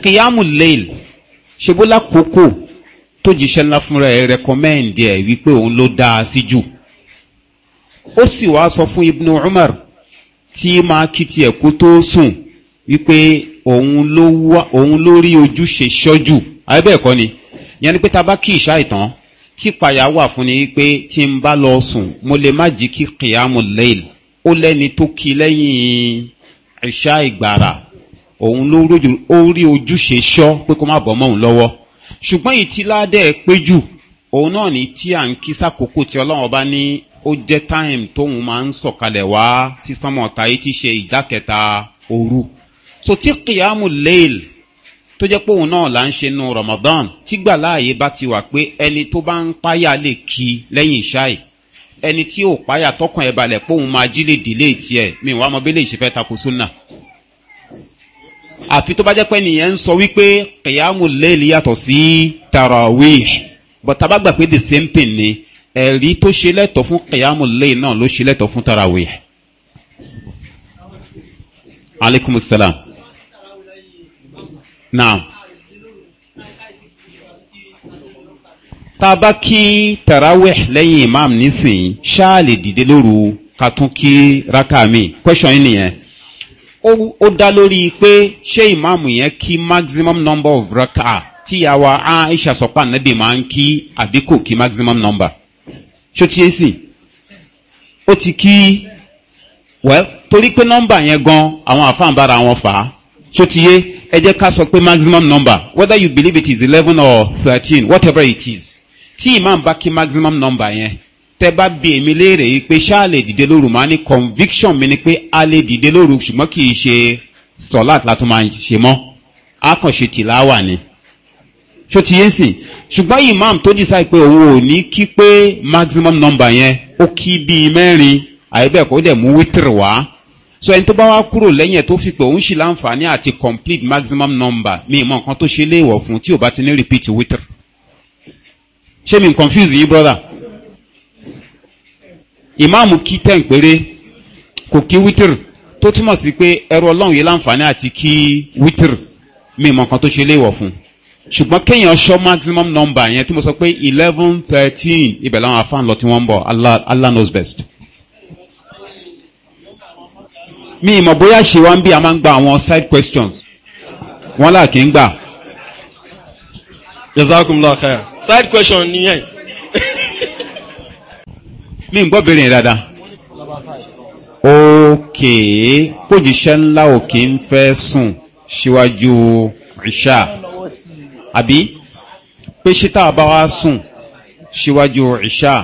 kìyàmù leil ṣebó koko tó jíṣẹ́ ńlá fúnra ẹ̀ rẹkọmẹ́ǹdì ẹ̀ wípé òun ló dáa sí jù ó sì wá sọ fún ibn umar tí máa kí tiẹ̀ kó tó sùn wípé òun ló rí ojúṣe ṣọ́jú àbẹ́ẹ̀kọ́ ni yẹn ni pé ta bá kí ìṣá ìtàn típayà wà fún ni pé tí n bá lọ sùn mo lè má jí kí kìyàmù lẹ́yìn ó lẹ́ni tó kí lẹ́yìn ìṣá ìgbàrà òun ló rí ojúṣe ṣọ́ pé kó má bọ́ mọ́ òun lọ́wọ́ ṣùgbọ́n ìtìládẹ́ pé jù òun náà ní tí à ń kí sákòókò tí ọlọ́run bá ní ó jẹ́ táìmù tóun máa ń sọ̀kalẹ̀ wá sísánmọ̀ta yìí ti ṣe ìdá òru so tí kìyàmù lẹ́yìn tó jẹ́ pé òun náà là ń ṣe nu Ramadan tígbà láàyè bá ti wà pé ẹni tó bá ń páyà lè kí lẹ́yìn ìṣáì ẹni tí ò páyà tọkàn ẹ̀ balẹ̀ pé òun máa jí lè dìlé tiẹ̀ mi wàá mọ bẹ́lẹ̀ ìṣẹ́fẹ́ tako sunna. àfi tó bá jẹ́ pé nìyẹn ń sọ wípé kìyàmù lẹ́ẹ̀lì yàtọ̀ sí tarawih but bá gbà pé the same thing ni ẹ̀rí tó ṣe lẹ́tọ̀ fún kìyàmù lẹ́yìn náà ló ṣe lẹ́tọ̀ fún tarawih. aleykum salaam naam tabaki a bá lẹ́yìn imam nisin ṣáà lè dìde lóru ká tún kí raka mi question yìí nìyẹn ó dá lórí pé ṣé ìmáàmù yẹn kí maximum number of raka tíyàwó aisha sọpá nàdè máa ń kí àbí kò kí maximum number ṣó tiẹ̀ sì ó ti kí well torí pé nọ́mbà yẹn gan àwọn àfáàǹbára wọn fà á ṣó ti yé ẹ jẹ́ ká sọ pé maximum number whether you believe it is eleven or thirteen whatever it is tí imam bá kí maximum number yẹn tẹ bá bi èmi léèrè yìí pé ṣáà lè dìde lóru màá ní conviction mi ni pé a lè dìde lóru ṣùgbọ́n kì í ṣe sọ̀láàtì látún máa ṣe mọ́ a kàn ṣe tìláwà ni ṣó ti sìn ṣùgbọ́n imam tó decide pé òun ò ní kí pé maximum number yẹn ó kí bíi mẹ́rin àyẹ́bẹ̀kọ́ ó dẹ̀ mú wítìrì wá so ẹni tó bá wá kúrò lẹ́yìn ẹ̀ tó fi pé òun ṣì láǹfààní àti complete maximum number mi mọ nǹkan tó ṣe léèwọ̀ fún tí ò bá ti ní repeat witr ṣé mi confuse yín brother ìmáàmù kí ten péré kò kí witr tó túmọ̀ sí pé ẹrú ọlọ́run yìí láǹfààní àti kí witr mi mọ nǹkan tó ṣe léèwọ̀ fún ṣùgbọ́n kéèyàn ṣọ́ maximum number yẹn tí mo sọ pé eleven thirteen ibẹ̀ làwọn afáàn lọ tí wọ́n ń bọ̀ allah allah knows best mi ìmọ̀ bóyá ṣe wá ń bí a máa ń gba àwọn side questions wọ́n là kí ń gbà. jazakumullah khair side question nìyẹn. mi ń gbọ́ bèrè yẹn dáadáa. òkè kójíṣẹ́ ńlá òkè ń fẹ́ sùn síwájú ìṣá àbí pé ṣé tá a bá wá sùn síwájú ìṣá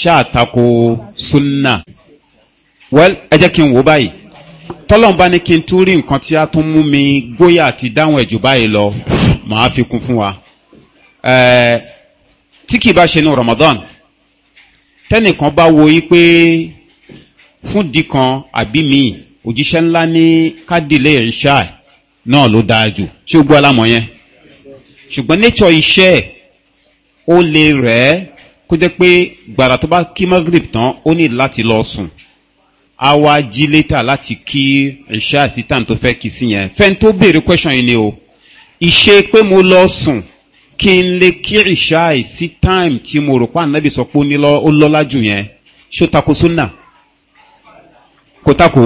ṣáà tako sunna well ẹ jẹ́ kí n wò báyìí tọ́lọ́n bá ní kí n tún rí nǹkan tí a tún mú mi gbóyà àti dáhùn ẹ̀jù báyìí lọ màá fi kún fún wa tí kì í bá ṣe ní Ramadan tẹ́nìkan bá wo yí pé fún di kan àbí mi òjíṣẹ́ ńlá ní kádìlẹ̀ ìṣá náà ló dáa jù ṣé o gbọ́ alámọ̀ yẹn ṣùgbọ́n nature iṣẹ́ ó lè rẹ̀ ẹ́ kó jẹ́ pé gbàrà tó bá kí Maghrib tán ó ní láti lọ sùn a wá jí létà láti kí ìṣá àti tàn tó fẹ́ kí sí yẹn fẹ́ni tó béèrè question yìí ni o ìṣe pé mo lọ sùn kí n lè kí ìṣá àìsí time tí mo rò pa ànábì sọ pé ó lọ́lá jù yẹn ṣó tako sunna kò tako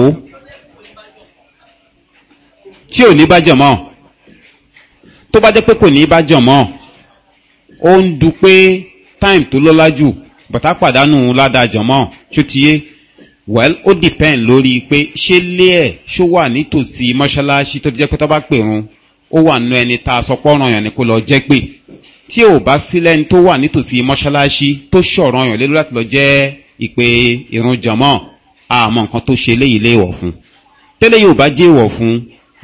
tí ò ní bá jẹ̀ mọ́ tó bá jẹ́ pé kò ní bá jẹ̀ mọ́ ó ń du pé time tó lọ́lá jù bàtà pàdánù ládàá jẹ̀ mọ́ ṣó ti yé well ó depend lórí pé ṣé lé ẹ̀ ṣó wà nítòsí mọ́ṣáláṣí tó jẹ́ pé tó bá pè run ó wà nínú ẹni tá a sọ pé ọ̀ràn yàn ni kó lọ jẹ́ pé tí ò bá sílẹ̀ ní tó wà nítòsí mọ́ṣáláṣí tó ṣọ̀ràn yàn lé lórí láti lọ jẹ́ ìpè irun jọ̀mọ́ àmọ́ nǹkan tó ṣe léyìí léèwọ̀ fún tẹ́lẹ̀ yóò bá jẹ́ ìwọ̀ fún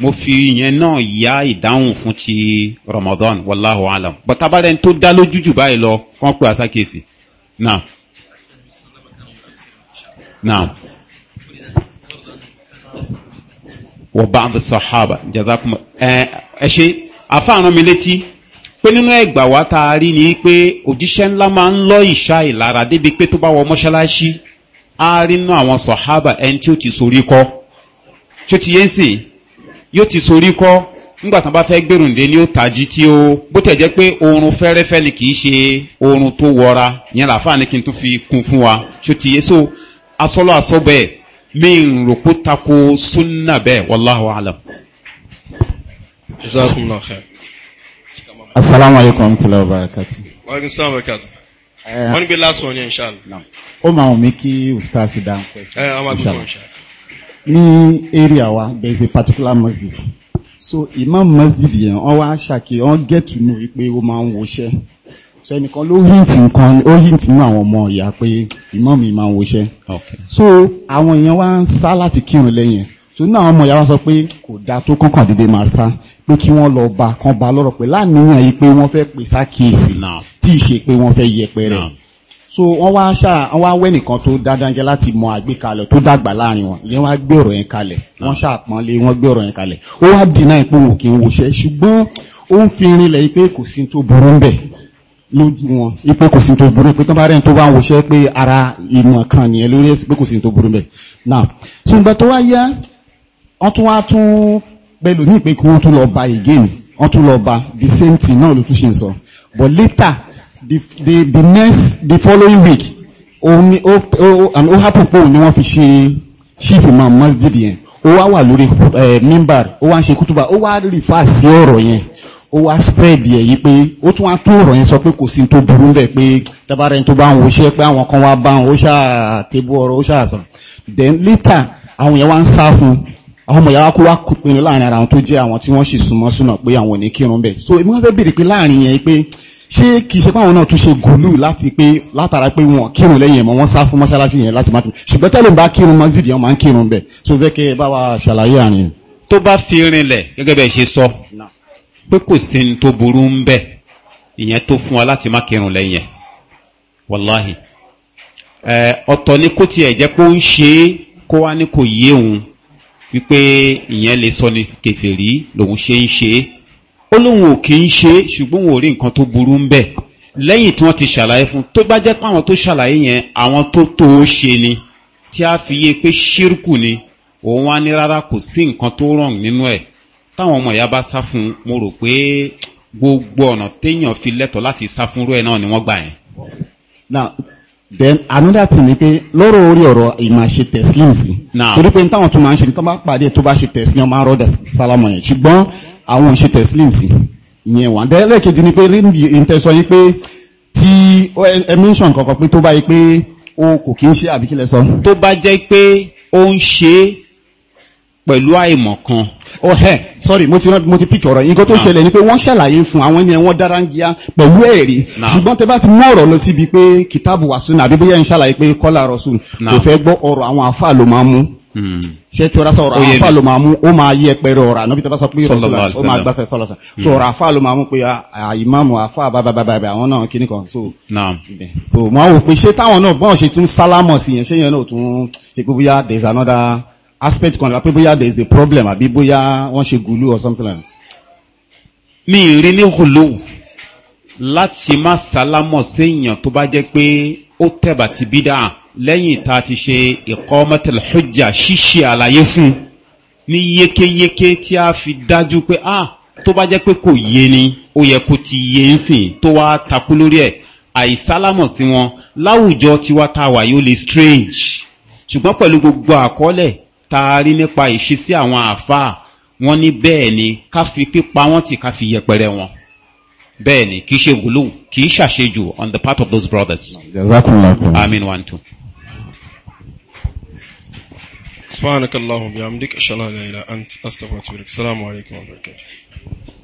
mo fi yẹn náà ya ìdáhùn fún ti ramadan wàláhùn alam bọ̀tá bá rẹ̀ ń tó dá lójú jù báyìí lọ kán pè àsákèsì náà. نعم وبعض الصحابة جزاكم ẹ ṣe afáàrán mi létí pé nínú ẹgbà wa tá a rí ni pé òjíṣẹ́ ńlá máa ń lọ ìṣá ìlara débi pé tó bá wọ mọ́ṣáláṣí a rí nínú àwọn sọ̀hábà ẹni tí ó ti sorí kọ́ tí ó ti yé ń sìn yóò ti sorí kọ́ nígbà tán bá fẹ́ gbèrúndé ni ó tají tí ó bó tẹ̀ jẹ́ pé oorun fẹ́rẹ́fẹ́ ni kì í ṣe oorun tó wọra yẹn làáfàá ni kí n tún fi kún fún wa tí ó ti yé so asọ́lọ́ asọ́bẹ̀ mi ń rò kó tako súnà bẹ́ẹ̀ wallahu alam. asalaamu alaykum tila wa barakatu. wa alaykum salaam wa eh, barakatu. wọ́n ní last one yẹn inshallah. ó máa wọ̀n mi kí ustaz dá n question. Eh, ní area wa there is a particular masjid so imam masjid yẹn wọ́n wá ṣàkíyàn wọ́n get to know wípé ó máa ń wọṣẹ́ ẹnìkan ló hint nǹkan ó hint nínú àwọn ọmọ ìyá pé ìmọ̀ mi máa ń woṣẹ́ so àwọn èèyàn wá ń sá láti kírun lẹ́yìn so nínú àwọn ọmọ ìyá wa sọ pé kò dáa tó kọ́kàn dédé máa sá pé kí wọ́n lọ bá kan bá lọ́rọ̀ pé láníyàn yìí pé wọ́n fẹ́ pè sákìyèsí tí ì ṣe pé wọ́n fẹ́ yẹpẹrẹ so wọ́n wá ṣá wọ́n wá wẹ́nìkan tó dáadáa láti mọ àgbékalẹ̀ tó dàgbà láàrin wọn ìyẹn wá gbé ọ̀rọ̀ yẹn kalẹ̀ wọ́n ṣàpọ́nlé wọ́n gbé ọ̀rọ̀ yẹn kalẹ̀ ó wá dínà ìpò wò kí n wòṣẹ́ ṣùgbọ́n ó ń fi rinlẹ̀ yìí pé kò sí tó burú ń bẹ̀ lójú wọn ipe kò sí tó burú pé tó bá rẹ̀ tó bá ń wòṣẹ́ pé ara ìmọ̀ kan nìyẹn lórí ẹ̀sìn pé kò sí tó burú bẹ̀. now ṣùgbọ́n tó wá yá wọ́n tún wá tún pẹ̀lú ní ìpè kí wọ́n tún lọ ba again wọ́n tún lọ ba the same thing náà ló tún ṣe ń sọ but later the the the next the following week òun ni ó ó happen pé òun ni wọ́n fi ṣe chief imam masjid yẹn ó wá wà lórí eh, mimbar ó wá ń ṣe kútùbà ó wá rìfà sí ọ̀rọ̀ yẹn ó wá spread yẹ yìí pé ó tún wá tún ọ̀rọ̀ yẹn sọ pé kò sí tó burú ń bẹ̀ pé tábàárẹ̀ ẹni tó bá ń woṣẹ́ pé àwọn kan wá bá ń ó ṣáà tébú ọ̀rọ̀ ó ṣáà sọ̀rọ̀ then later àwọn yẹn wá ń sá fún àwọn ọmọ ìyá wa kó wá pinnu láàrin ara àwọn tó jẹ́ àwọn tí wọ́n sì súnmọ́ súnà pé àwọn ò ní kírun bẹ̀ so èmi wọ́n fẹ́ béèrè pé láàrin yẹn pé ṣé kì í ṣe pé àwọn náà tún ṣe gòlù láti pé látara pé wọn kírun lẹ́yìn ẹ̀mọ́ wọn sá fún mọ́ṣáláṣí yẹn láti má kírun ṣùgbọ́n tẹ́lẹ̀ ń bá kírun mọ́sídì wọn máa ń kírun bẹ̀ so bẹ́ẹ̀ kẹ́ ẹ bá wa ṣàlàyé àárín. tó bá fi rinlẹ̀ gẹ́gẹ́ bẹ́ẹ̀ ṣe sọ pé kò sí ní tó burú ń bẹ̀ ìyẹn tó fún wa láti má kírun lẹ́yìn wàláhì ọ̀tọ̀ ni kó tiẹ̀ jẹ́ pé ó ń ṣe é kó wá ní kò yé òun wípé ìyẹn lè sọ ní kẹfẹ́rí lòun ṣe ń ṣe é ó lóun ò kí ń ṣe é ṣùgbọ́n òun ò rí nǹkan tó burú ń bẹ̀ lẹ́yìn tí wọ́n ti ṣàlàyé fún tó bá jẹ́ pé àwọn tó ṣàlàyé yẹn àwọn tó tó o ṣe ni tí a fi yé pé ṣírkù ni òun wá ní rárá kò sí nǹkan tó rọ̀n nínú ẹ̀ táwọn ọmọ ìyá bá sá fún un mo rò pé gbogbo ọ̀nà téèyàn fi lẹ́tọ̀ọ́ láti sá fún irú ẹ̀ náà ni wọ́n gbà yẹn. now then another thing ni pé lọ́rọ̀ orí ọ̀rọ̀ ìmàṣe tẹ̀sílìm sí. torí pé táwọn tún máa ń ṣe ni tó bá pàdé tó bá ṣe tẹ̀sílìm máa ń rọ́ọ̀dà sálámọ̀ yẹn ṣùgbọ́n àwọn ò ṣe tẹ̀sílìm sí ìyẹn wà. then lẹ́ẹ̀kejì ni pé níbi ìtẹ̀sọ yín pé tí ẹ mention kankan pé tó bá yí pé o kò kí ń ṣe àbíkí lẹ sọ. tó bá jẹ́ pé ó ń ṣe é pẹ̀lú àìmọ̀kan. ọ̀hẹ́ oh, sorry mo ti rán mo ti píkì ọ̀rọ̀ yìí nǹkan tó ah. ṣẹlẹ̀ ni pé wọ́n ṣàlàyé fún àwọn ènìyàn wọn dára ń gíá pẹ̀lú ẹ̀rí ṣùgbọ́n tẹ bá ti mú ọ̀rọ̀ lọ síbi pé kìtàbù wàsùn àbí bóyá ń ṣàlàyé pé kọ́là rọ̀sùn kò fẹ́ gbọ́ ọ̀rọ̀ àwọn àfa ló máa mú hmm. ṣé tí ọ̀rá sọ ọ̀rọ̀ àfa ló máa mú ó máa yẹ pẹ̀rẹ̀ ọ̀rọ̀ àná bí tẹ́ bá sọ pé aspect kan lápé bóyá there is a problem àbí bóyá wọ́n ṣe gùlù or something like that. mi ì rí ní hùlù láti má sálámọ̀ séèyàn tó bá jẹ́ pé ó tẹ̀bà ti bí dáa lẹ́yìn tá a ti ṣe ìkọ́ mọ́tẹ̀lẹ́hùjà ṣíṣe àlàyé fún ní yékéyéké tí a fi dájú pé ah tó bá jẹ́ pé kò yé ni ó yẹ kó ti yé ń sìn tó wá takú lórí ẹ̀ àìsálámọ̀ sí wọn láwùjọ tiwa tá a wà yóò lè strange ṣùgbọ́n pẹ̀lú gbogbo àkọọ́lẹ̀ taari nípa ìṣesí àwọn àáfàá wọn ní bẹ́ẹ̀ ni ká fi pípa wọn tì ká fi yẹpẹrẹ wọn bẹ́ẹ̀ ni kì í ṣe gùlù kì í ṣàṣejù on the part of those brothers. amin one two. سبحانك اللهم وبحمدك اشهد ان لا اله الا انت استغفرك السلام عليكم ورحمه الله